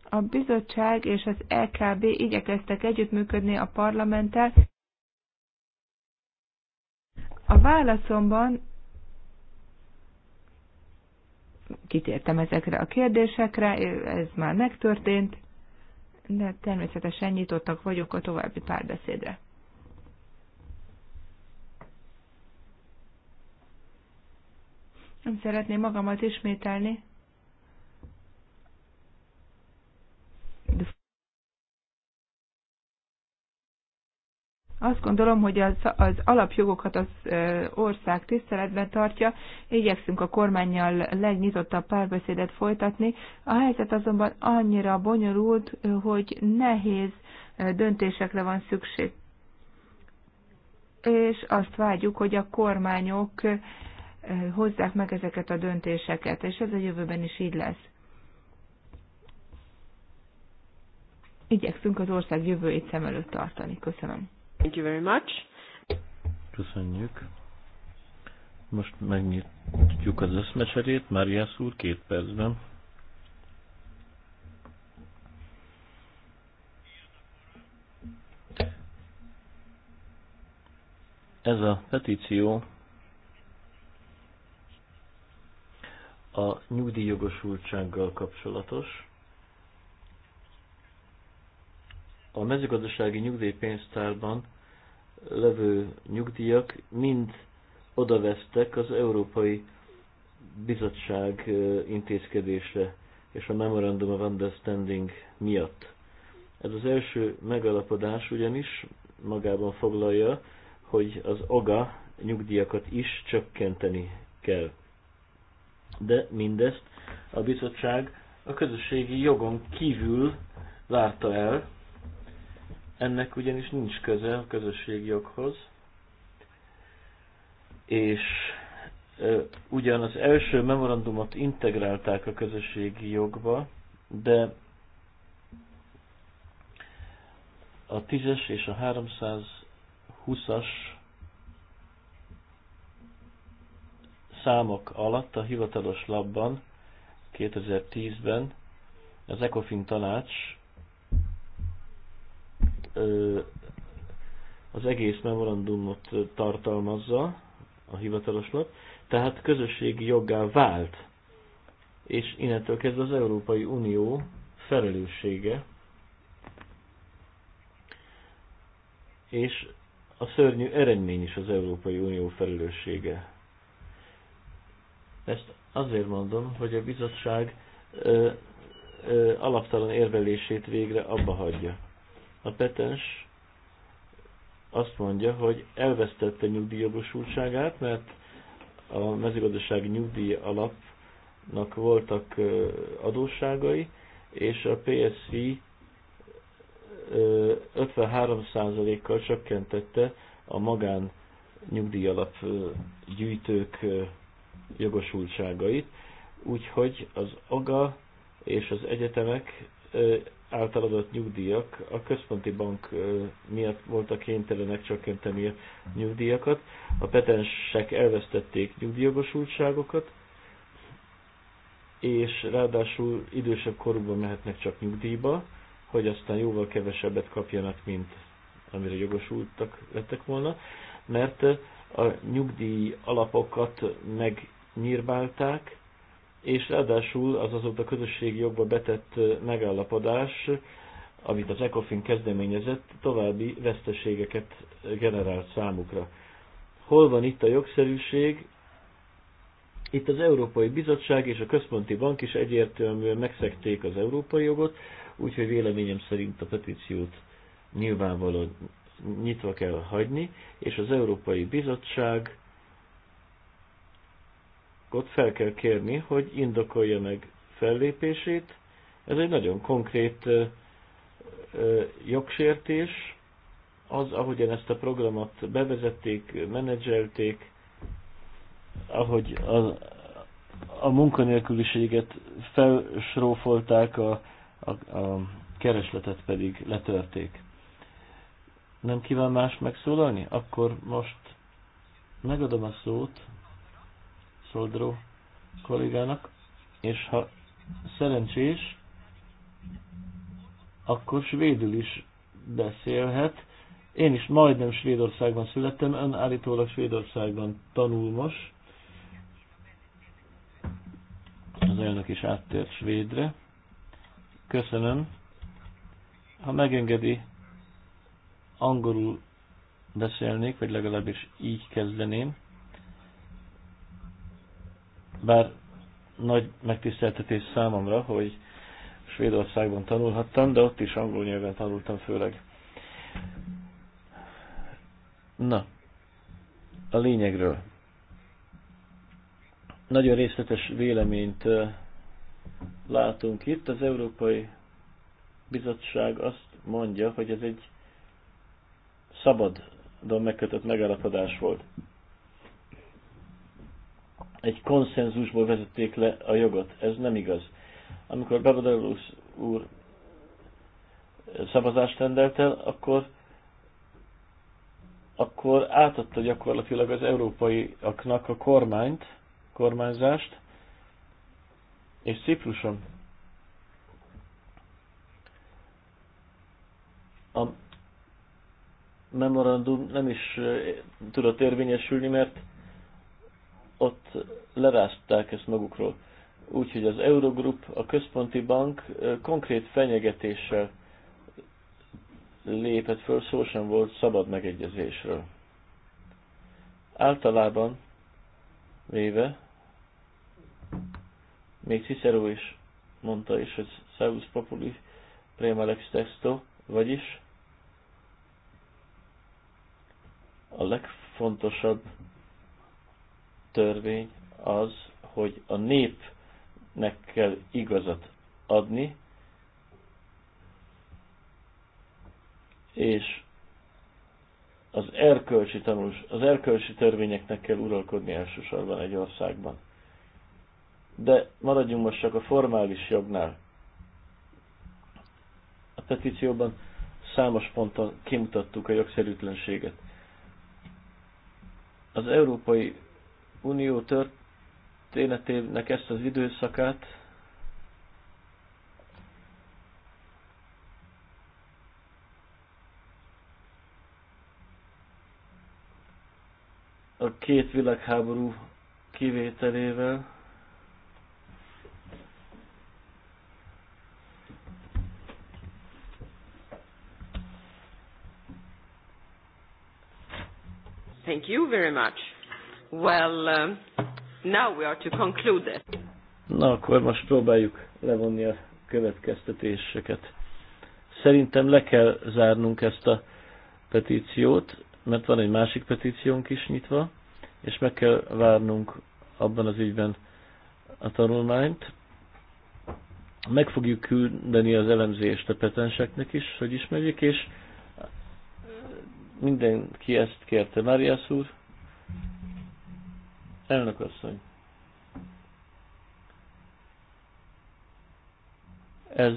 A bizottság és az LKB igyekeztek együttműködni a parlamenttel, a válaszomban kitértem ezekre a kérdésekre, ez már megtörtént, de természetesen nyitottak vagyok a további párbeszédre. Nem szeretném magamat ismételni, Azt gondolom, hogy az, az alapjogokat az ország tiszteletben tartja, igyekszünk a kormányjal legnyitottabb párbeszédet folytatni. A helyzet azonban annyira bonyolult, hogy nehéz döntésekre van szükség. És azt vágyjuk, hogy a kormányok hozzák meg ezeket a döntéseket, és ez a jövőben is így lesz. Igyekszünk az ország jövőjét szem előtt tartani. Köszönöm. Thank you very much. Köszönjük. Most megnyitjuk az összmecserét. Mária úr, két percben. Ez a petíció a nyugdíjjogosultsággal kapcsolatos. A mezőgazdasági nyugdíjpénztárban levő nyugdíjak mind odavesztek az Európai Bizottság intézkedése és a Memorandum of Understanding miatt. Ez az első megalapodás ugyanis magában foglalja, hogy az OGA nyugdíjakat is csökkenteni kell. De mindezt a bizottság a közösségi jogon kívül várta el, ennek ugyanis nincs köze a közösségi joghoz, és ugyan az első memorandumot integrálták a közösségi jogba, de a 10-es és a 320-as számok alatt a hivatalos labban 2010-ben az ECOFIN tanács az egész memorandumot tartalmazza a hivatalos lap, tehát közösségi joggá vált, és innentől kezdve az Európai Unió felelőssége, és a szörnyű eredmény is az Európai Unió felelőssége. Ezt azért mondom, hogy a bizottság ö, ö, alaptalan érvelését végre abba hagyja a petens azt mondja, hogy elvesztette nyugdíjjogosultságát, mert a mezőgazdasági nyugdíj alapnak voltak adósságai, és a PSC 53%-kal csökkentette a magán alap gyűjtők jogosultságait, úgyhogy az AGA és az egyetemek általadott nyugdíjak a központi bank miatt voltak kénytelenek csökkenteni a nyugdíjakat, a petensek elvesztették nyugdíjogosultságokat, és ráadásul idősebb korukban mehetnek csak nyugdíjba, hogy aztán jóval kevesebbet kapjanak, mint amire jogosultak lettek volna, mert a nyugdíj alapokat megnyírbálták, és ráadásul az azóta közösségi jogba betett megállapodás, amit az ECOFIN kezdeményezett, további veszteségeket generált számukra. Hol van itt a jogszerűség? Itt az Európai Bizottság és a Központi Bank is egyértelműen megszekték az európai jogot, úgyhogy véleményem szerint a petíciót nyilvánvalóan nyitva kell hagyni, és az Európai Bizottság ott fel kell kérni, hogy indokolja meg fellépését. Ez egy nagyon konkrét jogsértés, az, ahogyan ezt a programot bevezették, menedzselték, ahogy a, a munkanélküliséget felsrófolták, a, a, a keresletet pedig letörték. Nem kíván más megszólalni? Akkor most megadom a szót Szoldró kollégának, és ha szerencsés, akkor svédül is beszélhet. Én is majdnem Svédországban születtem, ön állítólag Svédországban tanul most. Az elnök is áttért svédre. Köszönöm. Ha megengedi, angolul beszélnék, vagy legalábbis így kezdeném. Bár nagy megtiszteltetés számomra, hogy Svédországban tanulhattam, de ott is angol nyelven tanultam főleg. Na, a lényegről. Nagyon részletes véleményt látunk itt. Az Európai Bizottság azt mondja, hogy ez egy szabadon megkötött megállapodás volt egy konszenzusból vezették le a jogot. Ez nem igaz. Amikor Babadalus úr szavazást rendelt el, akkor, akkor átadta gyakorlatilag az európaiaknak a kormányt, kormányzást, és Cipruson a memorandum nem is eh, tudott érvényesülni, mert ott lerázták ezt magukról. Úgyhogy az Eurogroup, a központi bank konkrét fenyegetéssel lépett föl, szó sem volt szabad megegyezésről. Általában véve, még Cicero is mondta is, hogy Salus Populi Prima Lex Testo, vagyis a legfontosabb törvény az, hogy a népnek kell igazat adni, és az erkölcsi tanulás, az erkölcsi törvényeknek kell uralkodni elsősorban egy országban. De maradjunk most csak a formális jognál. A petícióban számos ponton kimutattuk a jogszerűtlenséget. Az Európai Unió történetének ezt az időszakát a két világháború kivételével Thank you very much. Well, uh, now we are to conclude this. Na, akkor most próbáljuk levonni a következtetéseket. Szerintem le kell zárnunk ezt a petíciót, mert van egy másik petíciónk is nyitva, és meg kell várnunk abban az ügyben a tanulmányt. Meg fogjuk küldeni az elemzést a petenseknek is, hogy ismerjük, és mindenki ezt kérte. Máriász úr? Elnök asszony. Ez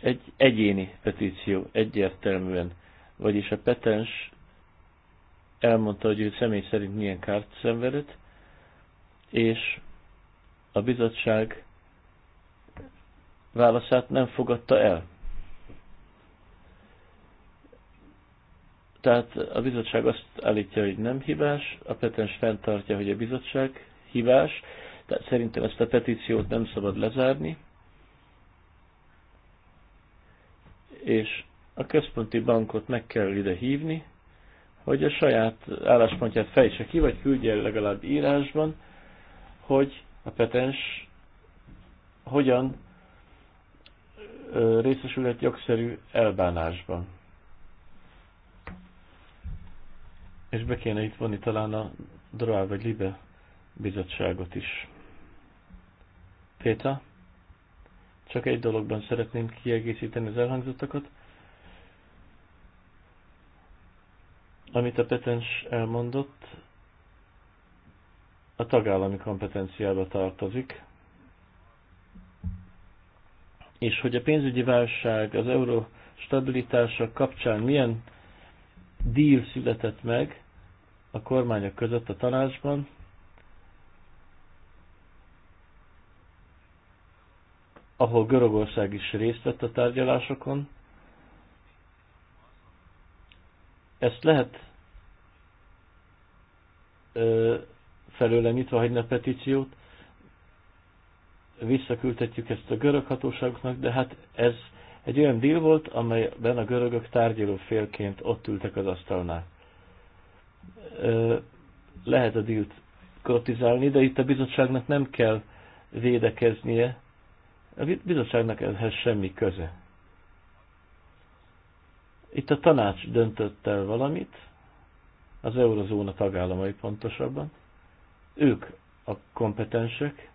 egy egyéni petíció, egyértelműen. Vagyis a petens elmondta, hogy ő személy szerint milyen kárt szenvedett, és a bizottság válaszát nem fogadta el. Tehát a bizottság azt állítja, hogy nem hibás, a petens fenntartja, hogy a bizottság hibás, tehát szerintem ezt a petíciót nem szabad lezárni, és a központi bankot meg kell ide hívni, hogy a saját álláspontját fejtse ki, vagy küldje el legalább írásban, hogy a petens hogyan részesülhet jogszerű elbánásban. és be kéne itt vonni talán a DRA vagy LIBE bizottságot is. Péta, csak egy dologban szeretném kiegészíteni az elhangzottakat. Amit a petens elmondott, a tagállami kompetenciába tartozik, és hogy a pénzügyi válság az euró stabilitása kapcsán milyen díl született meg, a kormányok között a tanácsban, ahol Görögország is részt vett a tárgyalásokon. Ezt lehet ö, felőle nyitva hagyni a petíciót, visszaküldhetjük ezt a görög hatóságoknak, de hát ez egy olyan díl volt, amelyben a görögök tárgyaló félként ott ültek az asztalnál lehet a dílt kritizálni, de itt a bizottságnak nem kell védekeznie. A bizottságnak ehhez semmi köze. Itt a tanács döntött el valamit, az eurozóna tagállamai pontosabban. Ők a kompetensek.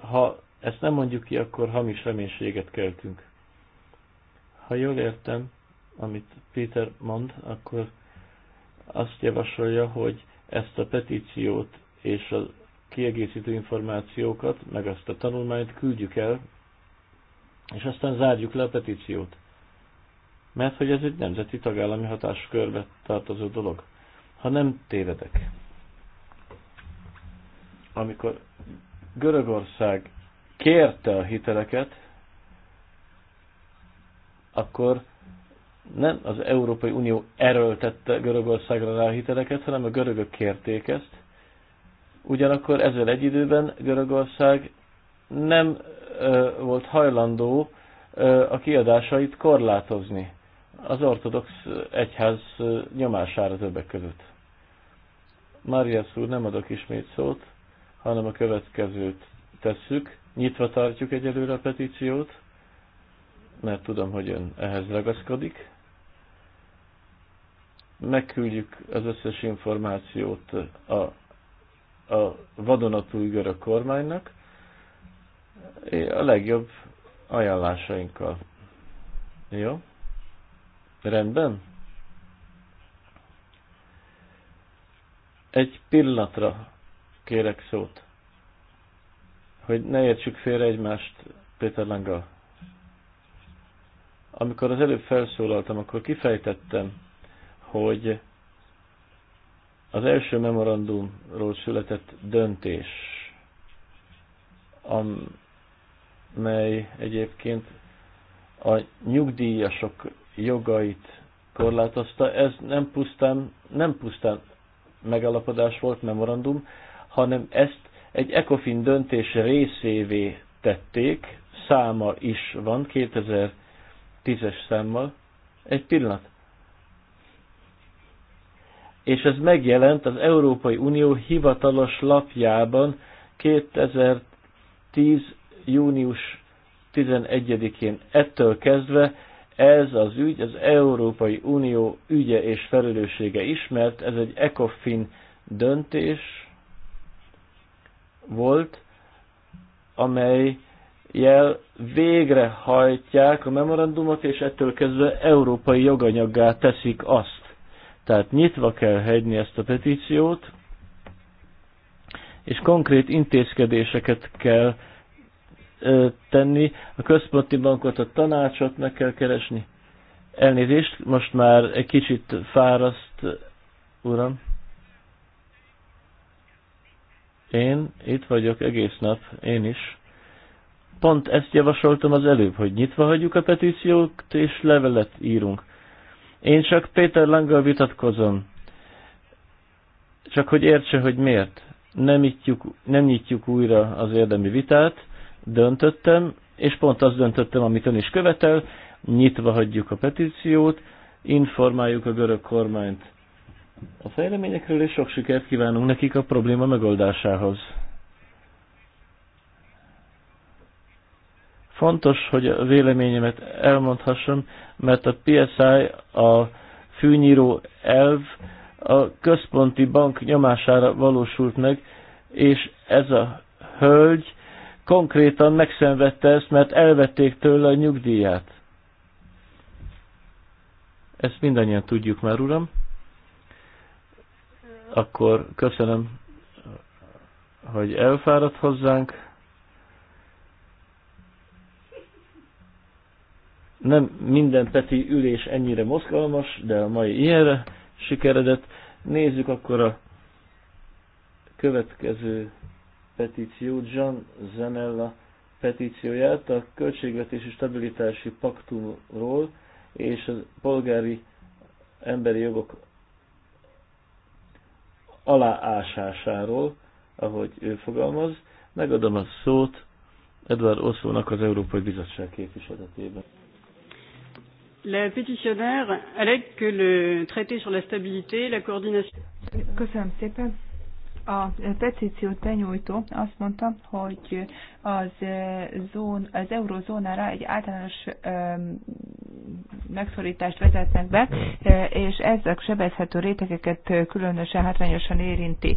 Ha ezt nem mondjuk ki, akkor hamis reménységet keltünk. Ha jól értem, amit Péter mond, akkor azt javasolja, hogy ezt a petíciót és a kiegészítő információkat, meg azt a tanulmányt küldjük el, és aztán zárjuk le a petíciót. Mert hogy ez egy nemzeti tagállami hatáskörbe tartozó dolog. Ha nem tévedek. Amikor Görögország kérte a hiteleket, akkor nem az Európai Unió erőltette Görögországra rá hiteleket, hanem a görögök kérték ezt. Ugyanakkor ezzel egy időben Görögország nem ö, volt hajlandó ö, a kiadásait korlátozni az ortodox egyház nyomására többek között. Máriás úr, nem adok ismét szót, hanem a következőt tesszük. Nyitva tartjuk egyelőre a petíciót, mert tudom, hogy ön ehhez ragaszkodik megküldjük az összes információt a, a vadonatúj görög kormánynak, a legjobb ajánlásainkkal. Jó? Rendben? Egy pillanatra kérek szót, hogy ne értsük félre egymást Péter Langa. Amikor az előbb felszólaltam, akkor kifejtettem, hogy az első memorandumról született döntés, amely egyébként a nyugdíjasok jogait korlátozta, ez nem pusztán, nem pusztán megalapodás volt, memorandum, hanem ezt egy ECOFIN döntés részévé tették, száma is van, 2010-es számmal. Egy pillanat és ez megjelent az Európai Unió hivatalos lapjában 2010. június 11-én. Ettől kezdve ez az ügy az Európai Unió ügye és felelőssége ismert, ez egy ECOFIN döntés volt, amely jel végrehajtják a memorandumot, és ettől kezdve európai joganyaggá teszik azt. Tehát nyitva kell hegyni ezt a petíciót, és konkrét intézkedéseket kell ö, tenni. A központi bankot, a tanácsot meg kell keresni. Elnézést, most már egy kicsit fáraszt, uram. Én itt vagyok egész nap, én is. Pont ezt javasoltam az előbb, hogy nyitva hagyjuk a petíciót, és levelet írunk. Én csak Péter Langgal vitatkozom. Csak hogy értse, hogy miért. Nem, nyitjuk, nem nyitjuk újra az érdemi vitát, döntöttem, és pont azt döntöttem, amit ön is követel, nyitva hagyjuk a petíciót, informáljuk a görög kormányt a fejleményekről, és sok sikert kívánunk nekik a probléma megoldásához. Fontos, hogy a véleményemet elmondhassam, mert a PSI, a fűnyíró elv a központi bank nyomására valósult meg, és ez a hölgy konkrétan megszenvedte ezt, mert elvették tőle a nyugdíját. Ezt mindannyian tudjuk már, uram. Akkor köszönöm, hogy elfáradt hozzánk. Nem minden peti ülés ennyire mozgalmas, de a mai ilyenre sikeredett. Nézzük akkor a következő petíciót, John Zanella petícióját a Költségvetési Stabilitási Paktumról és a polgári emberi jogok aláásásáról, ahogy ő fogalmaz. Megadom a szót Edward Oszónak az Európai Bizottság képviseletében. La pétitionnaire allègue que le traité sur la stabilité, la coordination. Köszönöm szépen. A petíciót benyújtó azt mondta, hogy az, eh, zón, az eurozónára egy általános um, megszorítást vezetnek be, eh, és ezek sebezhető rétegeket eh, különösen hátrányosan érinti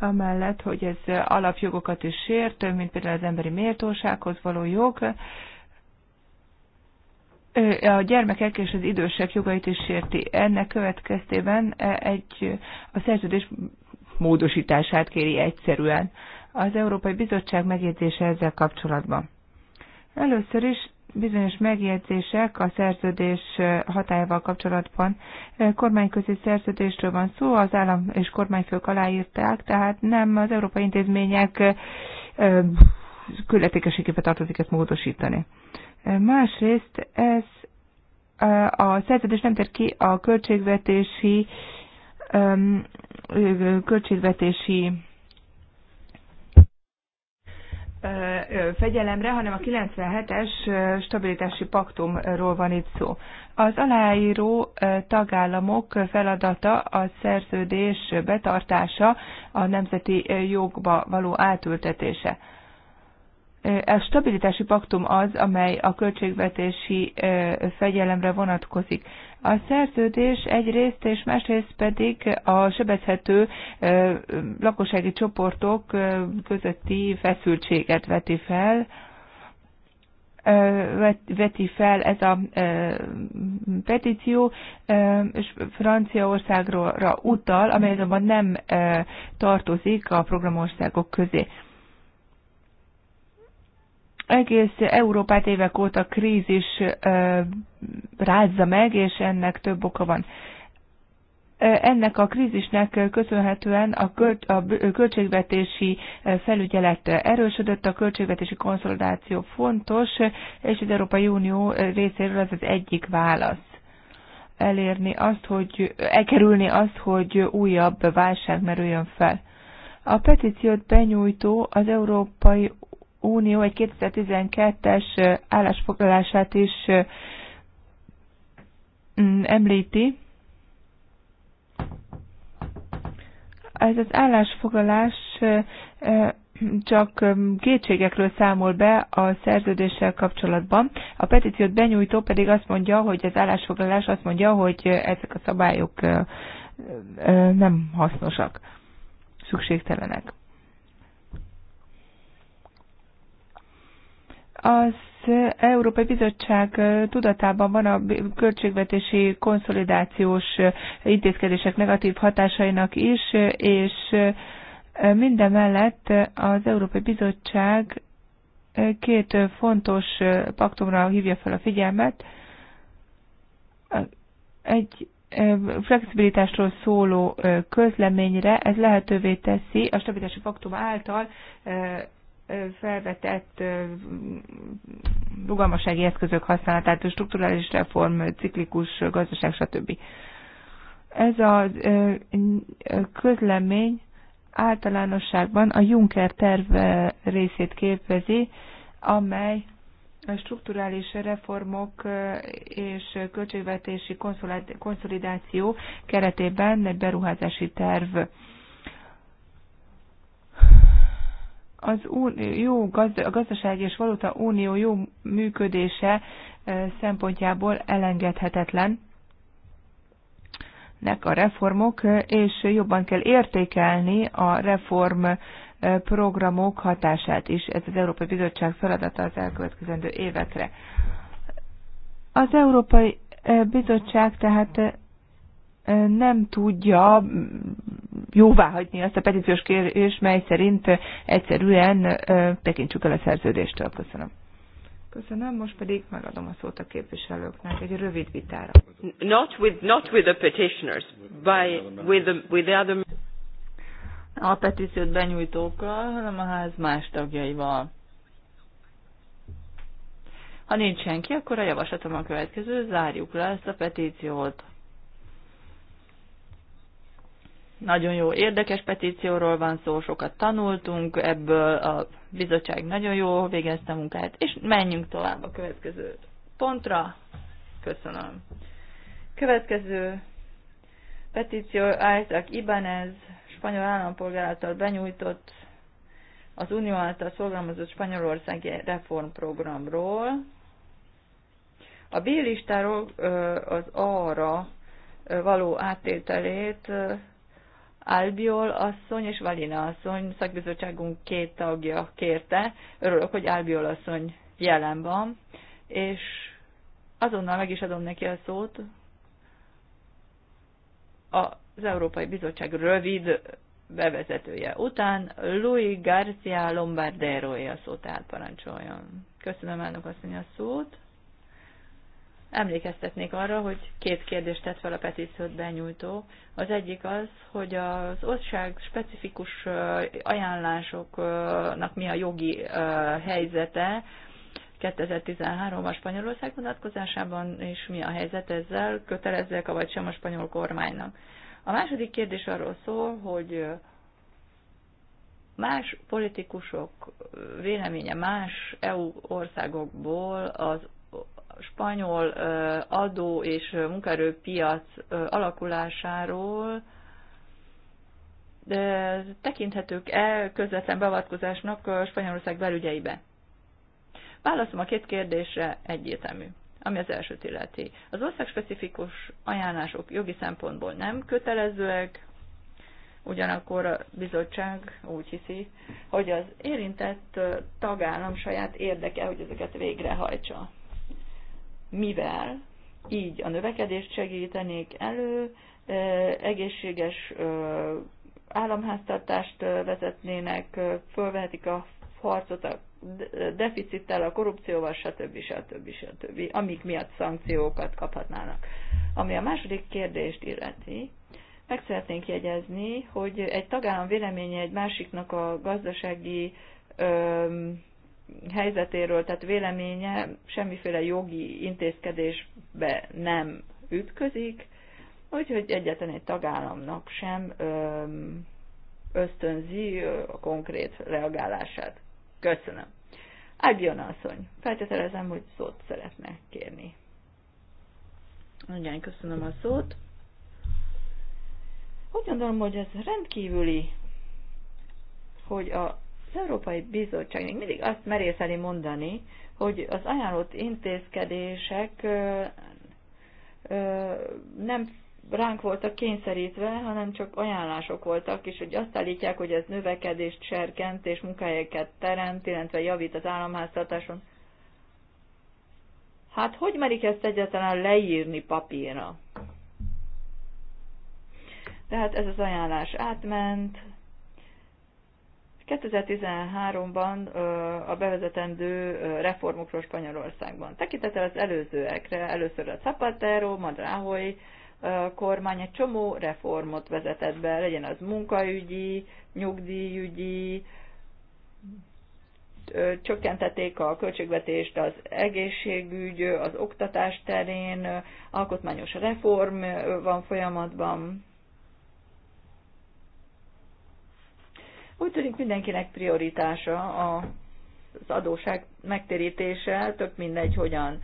amellett, hogy ez alapjogokat is sért, mint például az emberi méltósághoz való jog, a gyermekek és az idősek jogait is sérti. Ennek következtében e, egy, a szerződés módosítását kéri egyszerűen. Az Európai Bizottság megjegyzése ezzel kapcsolatban. Először is bizonyos megjegyzések a szerződés hatájával kapcsolatban. Kormányközi szerződésről van szó, az állam és kormányfők aláírták, tehát nem az európai intézmények illetékeségébe tartozik ezt módosítani. Másrészt ez a szerződés nem tér ki a költségvetési költségvetési fegyelemre, hanem a 97-es stabilitási paktumról van itt szó. Az aláíró tagállamok feladata a szerződés betartása, a nemzeti jogba való átültetése. A stabilitási paktum az, amely a költségvetési fegyelemre vonatkozik. A szerződés egyrészt és másrészt pedig a sebezhető lakossági csoportok közötti feszültséget veti fel, veti fel ez a petíció, és Franciaországra utal, amely azonban nem tartozik a programországok közé egész Európát évek óta krízis rázza meg, és ennek több oka van. Ennek a krízisnek köszönhetően a, költ, a költségvetési felügyelet erősödött, a költségvetési konszolidáció fontos, és az Európai Unió részéről ez az egyik válasz elérni azt, hogy elkerülni azt, hogy újabb válság merüljön fel. A petíciót benyújtó az Európai Unió egy 2012-es állásfoglalását is mm, említi. Ez az állásfoglalás csak kétségekről számol be a szerződéssel kapcsolatban. A petíciót benyújtó pedig azt mondja, hogy az állásfoglalás azt mondja, hogy ezek a szabályok nem hasznosak, szükségtelenek. Az Európai Bizottság tudatában van a költségvetési konszolidációs intézkedések negatív hatásainak is, és mindemellett az Európai Bizottság két fontos paktumra hívja fel a figyelmet. Egy flexibilitásról szóló közleményre, ez lehetővé teszi a stabilitási paktum által felvetett rugalmasági eszközök használatát, strukturális reform, ciklikus gazdaság, stb. Ez a közlemény általánosságban a Juncker terv részét képezi, amely a strukturális reformok és költségvetési konszolidáció keretében egy beruházási terv az jó gazd, a gazdaság és valuta unió jó működése szempontjából elengedhetetlen nek a reformok, és jobban kell értékelni a reform programok hatását is. Ez az Európai Bizottság feladata az elkövetkezendő évekre. Az Európai Bizottság tehát nem tudja jóvá hagyni azt a petíciós kérdést, mely szerint egyszerűen tekintsük el a szerződéstől. Köszönöm. Köszönöm, most pedig megadom a szót a képviselőknek egy rövid vitára. Not with, not with the petitioners, by, with the, with the other... A petíciót benyújtókkal, hanem a ház más tagjaival. Ha nincs senki, akkor a javaslatom a következő, zárjuk le ezt a petíciót. Nagyon jó, érdekes petícióról van szó, sokat tanultunk, ebből a bizottság nagyon jó végezte a munkáját, és menjünk tovább a következő pontra. Köszönöm. Következő petíció Isaac Ibanez, spanyol állampolgár által benyújtott az Unió által szolgálmazott Spanyolországi reformprogramról. A B listáról az arra való áttételét Albiol asszony és Valina asszony, szakbizottságunk két tagja kérte. Örülök, hogy Albiol asszony jelen van, és azonnal meg is adom neki a szót. Az Európai Bizottság rövid bevezetője után Louis Garcia a szót átparancsoljon. Köszönöm elnök asszony a szót. Emlékeztetnék arra, hogy két kérdést tett fel a petíciót benyújtó. Az egyik az, hogy az ország specifikus ajánlásoknak mi a jogi helyzete, 2013 a Spanyolország vonatkozásában, és mi a helyzet ezzel, kötelezzek, vagy sem a spanyol kormánynak. A második kérdés arról szól, hogy más politikusok véleménye más EU országokból az spanyol adó és munkaerőpiac alakulásáról de tekinthetők-e közvetlen beavatkozásnak Spanyolország belügyeibe? Válaszom a két kérdésre egyértelmű, ami az elsőt illeti. Az országspecifikus ajánlások jogi szempontból nem kötelezőek, ugyanakkor a bizottság úgy hiszi, hogy az érintett tagállam saját érdeke, hogy ezeket végrehajtsa mivel így a növekedést segítenék elő, egészséges államháztartást vezetnének, fölvehetik a harcot a deficittel, a korrupcióval, stb. stb. stb. amik miatt szankciókat kaphatnának. Ami a második kérdést illeti, meg szeretnénk jegyezni, hogy egy tagállam véleménye egy másiknak a gazdasági öm, helyzetéről, tehát véleménye semmiféle jogi intézkedésbe nem ütközik, úgyhogy egyetlen egy tagállamnak sem ösztönzi a konkrét reagálását. Köszönöm. Ágion asszony, feltételezem, hogy szót szeretne kérni. Nagyon köszönöm a szót. Úgy gondolom, hogy ez rendkívüli, hogy a az Európai Bizottság még mindig azt merészeli mondani, hogy az ajánlott intézkedések nem ránk voltak kényszerítve, hanem csak ajánlások voltak, és hogy azt állítják, hogy ez növekedést serkent és munkahelyeket teremt, illetve javít az államháztartáson. Hát hogy merik ezt egyáltalán leírni papírra? Tehát ez az ajánlás átment, 2013-ban a bevezetendő reformokról Spanyolországban. Tekintettel az előzőekre, először a Zapatero, majd Rahoy kormány egy csomó reformot vezetett be, legyen az munkaügyi, nyugdíjügyi, csökkentették a költségvetést az egészségügy, az oktatás terén, alkotmányos reform van folyamatban, Úgy tűnik mindenkinek prioritása az adóság megtérítése, tök mindegy hogyan.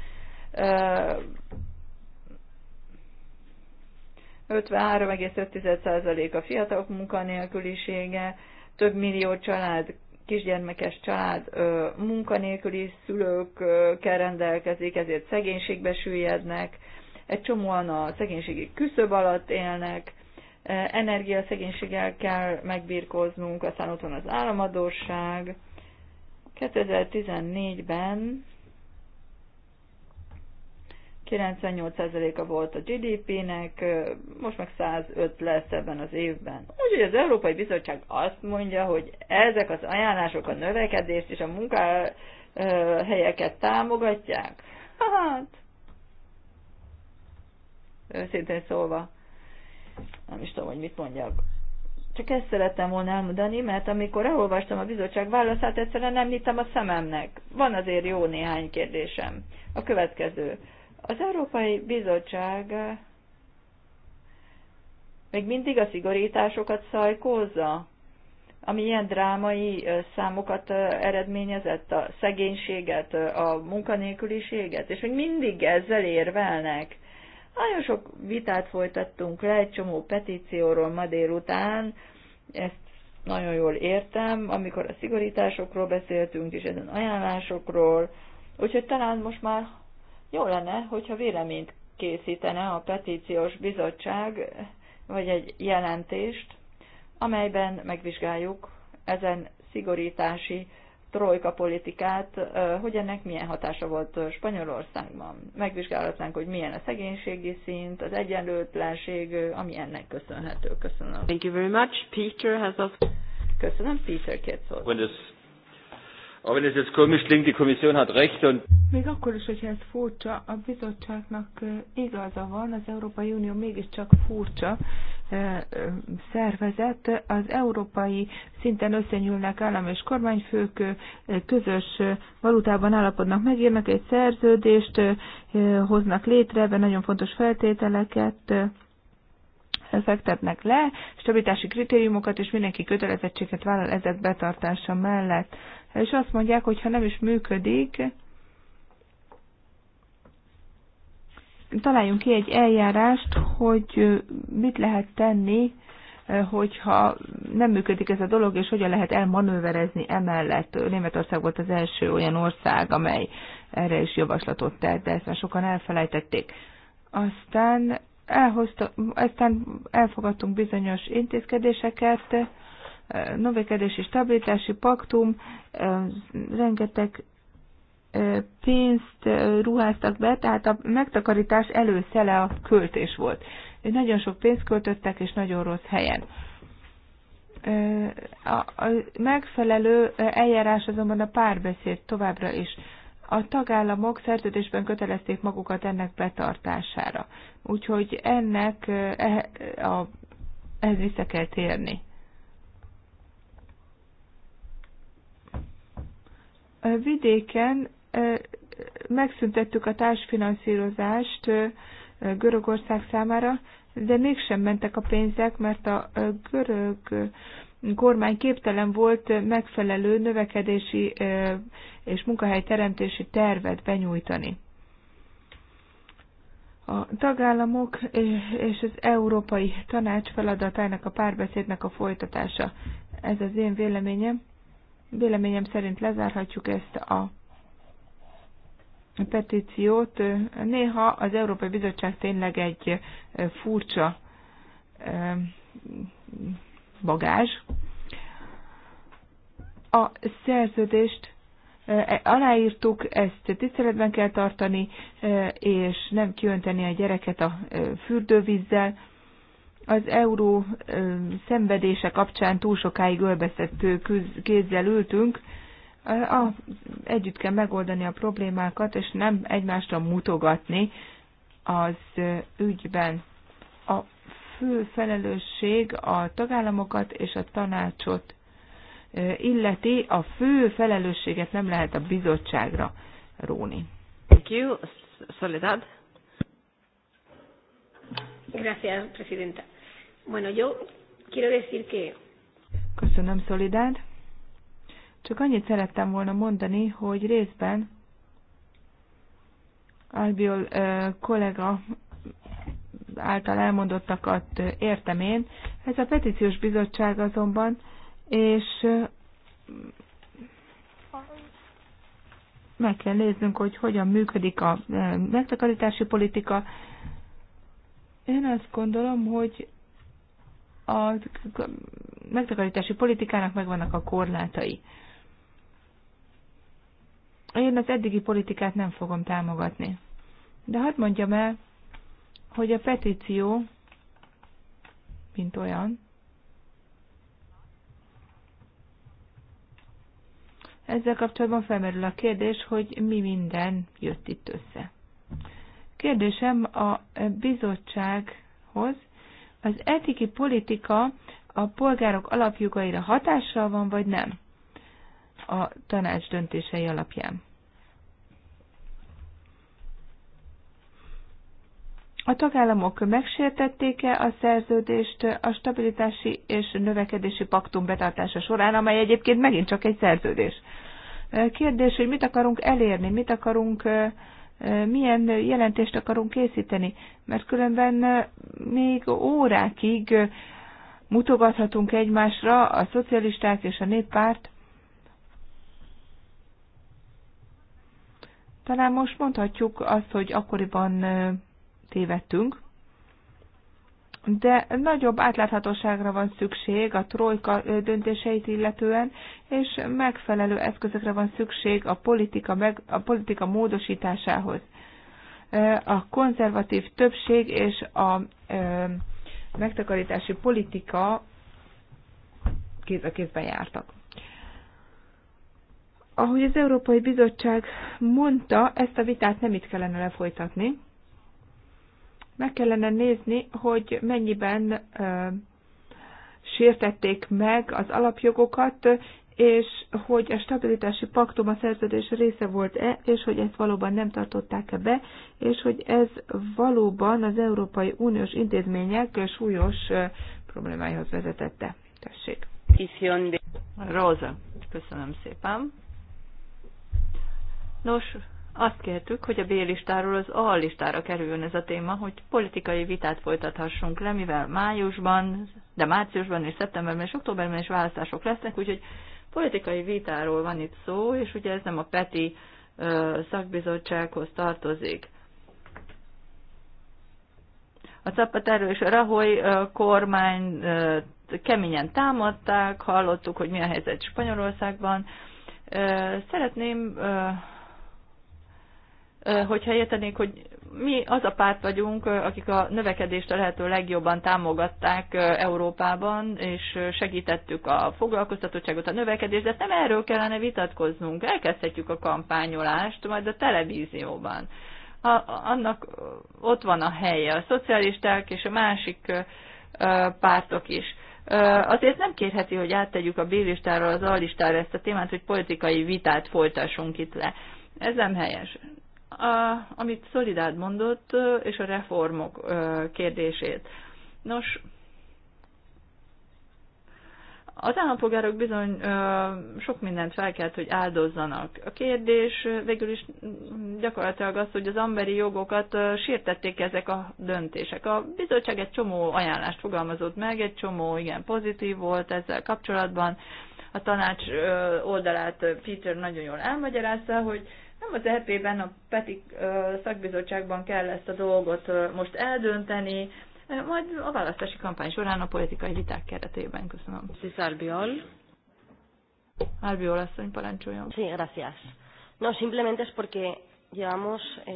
53,5% a fiatalok munkanélkülisége, több millió család, kisgyermekes család munkanélküli szülőkkel rendelkezik, ezért szegénységbe süllyednek, egy csomóan a szegénységi küszöb alatt élnek, energiaszegénységgel kell megbírkoznunk, aztán ott van az államadóság. 2014-ben 98%-a volt a GDP-nek, most meg 105 lesz ebben az évben. Úgyhogy az Európai Bizottság azt mondja, hogy ezek az ajánlások a növekedést és a munkahelyeket támogatják. Hát, őszintén szólva, nem is tudom, hogy mit mondjak. Csak ezt szerettem volna elmondani, mert amikor elolvastam a bizottság válaszát, egyszerűen nem nyittam a szememnek. Van azért jó néhány kérdésem. A következő. Az Európai Bizottság eh, még mindig a szigorításokat szajkózza, ami ilyen drámai eh, számokat eh, eredményezett, a szegénységet, a munkanélküliséget, és még mindig ezzel érvelnek. Nagyon sok vitát folytattunk le egy csomó petícióról ma délután, ezt nagyon jól értem, amikor a szigorításokról beszéltünk, és ezen ajánlásokról, úgyhogy talán most már jó lenne, hogyha véleményt készítene a petíciós bizottság, vagy egy jelentést, amelyben megvizsgáljuk ezen szigorítási trojka politikát, hogy ennek milyen hatása volt Spanyolországban. Megvizsgálhatnánk, hogy milyen a szegénységi szint, az egyenlőtlenség, ami ennek köszönhető. Köszönöm. Thank you very much. Peter has also... Köszönöm, Peter két szót. Aber wenn es jetzt komisch klingt, die Kommission hat recht und Még akkor is, hogyha ez furcsa, a bizottságnak igaza van, az Európai Unió mégiscsak furcsa szervezet. Az európai szinten összenyúlnak állam és kormányfők, közös valutában állapodnak, megírnak egy szerződést, hoznak létre, ebben nagyon fontos feltételeket fektetnek le, stabilitási kritériumokat, és mindenki kötelezettséget vállal ezek betartása mellett és azt mondják, hogy ha nem is működik, találjunk ki egy eljárást, hogy mit lehet tenni, hogyha nem működik ez a dolog, és hogyan lehet elmanőverezni emellett. Németország volt az első olyan ország, amely erre is javaslatot tett, de ezt már sokan elfelejtették. Aztán, elhozta, aztán elfogadtunk bizonyos intézkedéseket, növekedési stabilitási paktum, rengeteg pénzt ruháztak be, tehát a megtakarítás előszele a költés volt. Nagyon sok pénzt költöttek, és nagyon rossz helyen. A megfelelő eljárás azonban a párbeszéd továbbra is. A tagállamok szerződésben kötelezték magukat ennek betartására. Úgyhogy ennek e, ehhez vissza kell térni. Vidéken megszüntettük a társfinanszírozást Görögország számára, de mégsem mentek a pénzek, mert a görög kormány képtelen volt megfelelő növekedési és munkahelyteremtési tervet benyújtani. A tagállamok és az Európai Tanács feladatának a párbeszédnek a folytatása. Ez az én véleményem. Véleményem szerint lezárhatjuk ezt a petíciót. Néha az Európai Bizottság tényleg egy eh, furcsa eh, bagázs. A szerződést eh, aláírtuk, ezt tiszteletben kell tartani, és nem kiönteni a gyereket a fürdővízzel az euró szenvedése kapcsán túl sokáig ölbeszett kézzel ültünk, a, együtt kell megoldani a problémákat, és nem egymásra mutogatni az ügyben. A fő felelősség a tagállamokat és a tanácsot illeti, a fő felelősséget nem lehet a bizottságra róni. Thank you. Soledad. Gracias, Presidenta. Bueno, yo quiero decir que... Köszönöm, Solidad. Csak annyit szerettem volna mondani, hogy részben Albiol ö, kollega által elmondottakat értem én. Ez a petíciós bizottság azonban, és meg kell néznünk, hogy hogyan működik a megtakarítási politika. Én azt gondolom, hogy a megtakarítási politikának megvannak a korlátai. Én az eddigi politikát nem fogom támogatni. De hadd mondjam el, hogy a petíció, mint olyan, ezzel kapcsolatban felmerül a kérdés, hogy mi minden jött itt össze. Kérdésem a bizottsághoz, az etiki politika a polgárok alapjogaira hatással van, vagy nem? A tanács döntései alapján. A tagállamok megsértették-e a szerződést a stabilitási és növekedési paktum betartása során, amely egyébként megint csak egy szerződés? Kérdés, hogy mit akarunk elérni, mit akarunk milyen jelentést akarunk készíteni, mert különben eh, még órákig eh, mutogathatunk egymásra a szocialisták és a néppárt. Talán most mondhatjuk azt, hogy akkoriban eh, tévedtünk, de nagyobb átláthatóságra van szükség a trojka döntéseit illetően, és megfelelő eszközökre van szükség a politika, meg, a politika módosításához. A konzervatív többség és a megtakarítási politika kéz a kézben jártak. Ahogy az Európai Bizottság mondta, ezt a vitát nem itt kellene lefolytatni, meg kellene nézni, hogy mennyiben sértették meg az alapjogokat, és hogy a stabilitási paktum a szerződés része volt-e, és hogy ezt valóban nem tartották-e be, és hogy ez valóban az Európai Uniós intézmények súlyos problémáihoz vezetette. Tessék. Róza, köszönöm szépen. Nos, azt kértük, hogy a B listáról az A listára kerüljön ez a téma, hogy politikai vitát folytathassunk le, mivel májusban, de márciusban és szeptemberben és októberben is választások lesznek, úgyhogy politikai vitáról van itt szó, és ugye ez nem a PETI szakbizottsághoz tartozik. A Zapatero és a Rahoy kormány keményen támadták, hallottuk, hogy mi a helyzet Spanyolországban. Szeretném hogyha értenék, hogy mi az a párt vagyunk, akik a növekedést a lehető legjobban támogatták Európában, és segítettük a foglalkoztatottságot, a növekedést, de nem erről kellene vitatkoznunk. Elkezdhetjük a kampányolást majd a televízióban. A, annak ott van a helye, a szocialisták és a másik pártok is. Azért nem kérheti, hogy áttegyük a B-listáról az A-listára ezt a témát, hogy politikai vitát folytassunk itt le. Ez nem helyes a, amit Szolidád mondott, és a reformok kérdését. Nos, az állampolgárok bizony ö, sok mindent fel kellett, hogy áldozzanak. A kérdés végül is gyakorlatilag az, hogy az emberi jogokat ö, sértették ezek a döntések. A bizottság egy csomó ajánlást fogalmazott meg, egy csomó igen pozitív volt ezzel kapcsolatban. A tanács ö, oldalát Peter nagyon jól elmagyarázta, hogy nem az EP-ben, a PETI szakbizottságban kell ezt a dolgot most eldönteni, majd a választási kampány során a politikai viták keretében. Köszönöm. Szisárbiol. Albiol asszony, parancsoljon. Sí, gracias. No, simplemente es porque llevamos eh,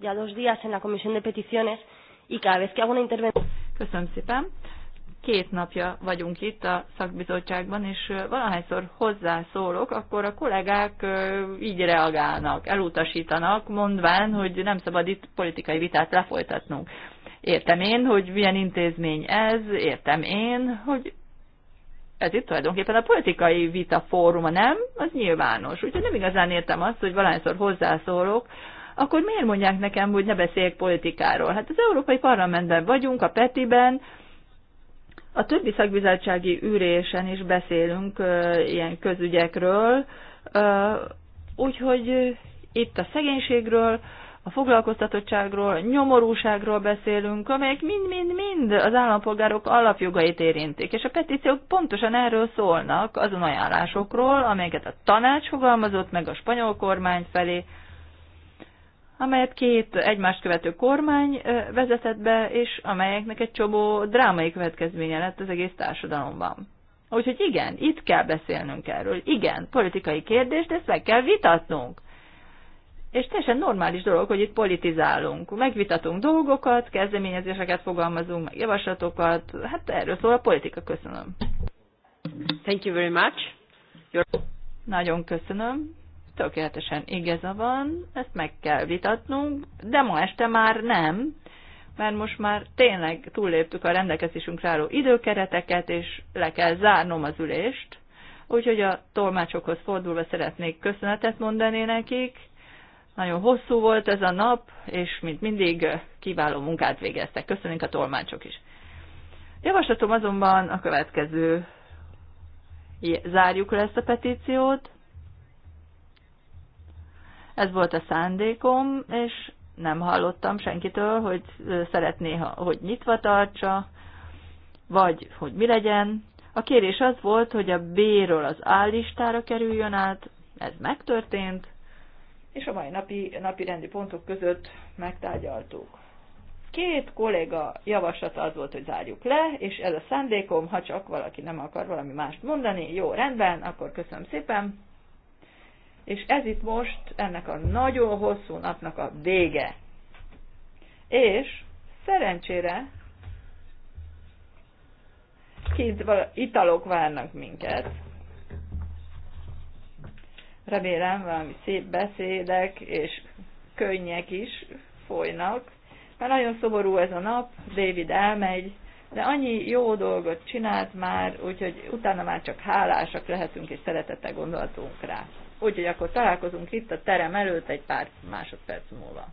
ya dos días en la comisión de peticiones y cada vez que hago una intervención... Köszönöm szépen két napja vagyunk itt a szakbizottságban, és valahányszor hozzászólok, akkor a kollégák így reagálnak, elutasítanak, mondván, hogy nem szabad itt politikai vitát lefolytatnunk. Értem én, hogy milyen intézmény ez, értem én, hogy ez itt tulajdonképpen a politikai vita fóruma, nem? Az nyilvános. Úgyhogy nem igazán értem azt, hogy valahányszor hozzászólok, akkor miért mondják nekem, hogy ne beszéljek politikáról? Hát az Európai Parlamentben vagyunk, a Petiben. A többi szakbizottsági ürésen is beszélünk ilyen közügyekről, úgyhogy itt a szegénységről, a foglalkoztatottságról, nyomorúságról beszélünk, amelyek mind-mind-mind az állampolgárok alapjogait érintik, és a petíciók pontosan erről szólnak, azon ajánlásokról, amelyeket a tanács fogalmazott meg a spanyol kormány felé, amelyet két egymást követő kormány vezetett be, és amelyeknek egy csomó drámai következménye lett az egész társadalomban. Úgyhogy igen, itt kell beszélnünk erről. Igen, politikai kérdés, de ezt meg kell vitatnunk. És teljesen normális dolog, hogy itt politizálunk. Megvitatunk dolgokat, kezdeményezéseket fogalmazunk, meg javaslatokat. Hát erről szól a politika, köszönöm. Thank you very much. Nagyon köszönöm tökéletesen igaza van, ezt meg kell vitatnunk, de ma este már nem, mert most már tényleg túlléptük a rendelkezésünkre álló időkereteket, és le kell zárnom az ülést. Úgyhogy a tolmácsokhoz fordulva szeretnék köszönetet mondani nekik. Nagyon hosszú volt ez a nap, és mint mindig kiváló munkát végeztek. Köszönjük a tolmácsok is. Javaslatom azonban a következő. Zárjuk le ezt a petíciót. Ez volt a szándékom, és nem hallottam senkitől, hogy szeretné, hogy nyitva tartsa, vagy hogy mi legyen. A kérés az volt, hogy a B-ről az A listára kerüljön át, ez megtörtént, és a mai napi, napi rendi pontok között megtárgyaltuk. Két kolléga javaslata az volt, hogy zárjuk le, és ez a szándékom, ha csak valaki nem akar valami mást mondani, jó, rendben, akkor köszönöm szépen és ez itt most ennek a nagyon hosszú napnak a vége. És szerencsére kint italok várnak minket. Remélem valami szép beszédek és könnyek is folynak. mert nagyon szomorú ez a nap, David elmegy, de annyi jó dolgot csinált már, úgyhogy utána már csak hálásak lehetünk és szeretettel gondoltunk rá. Úgyhogy akkor találkozunk itt a terem előtt egy pár másodperc múlva.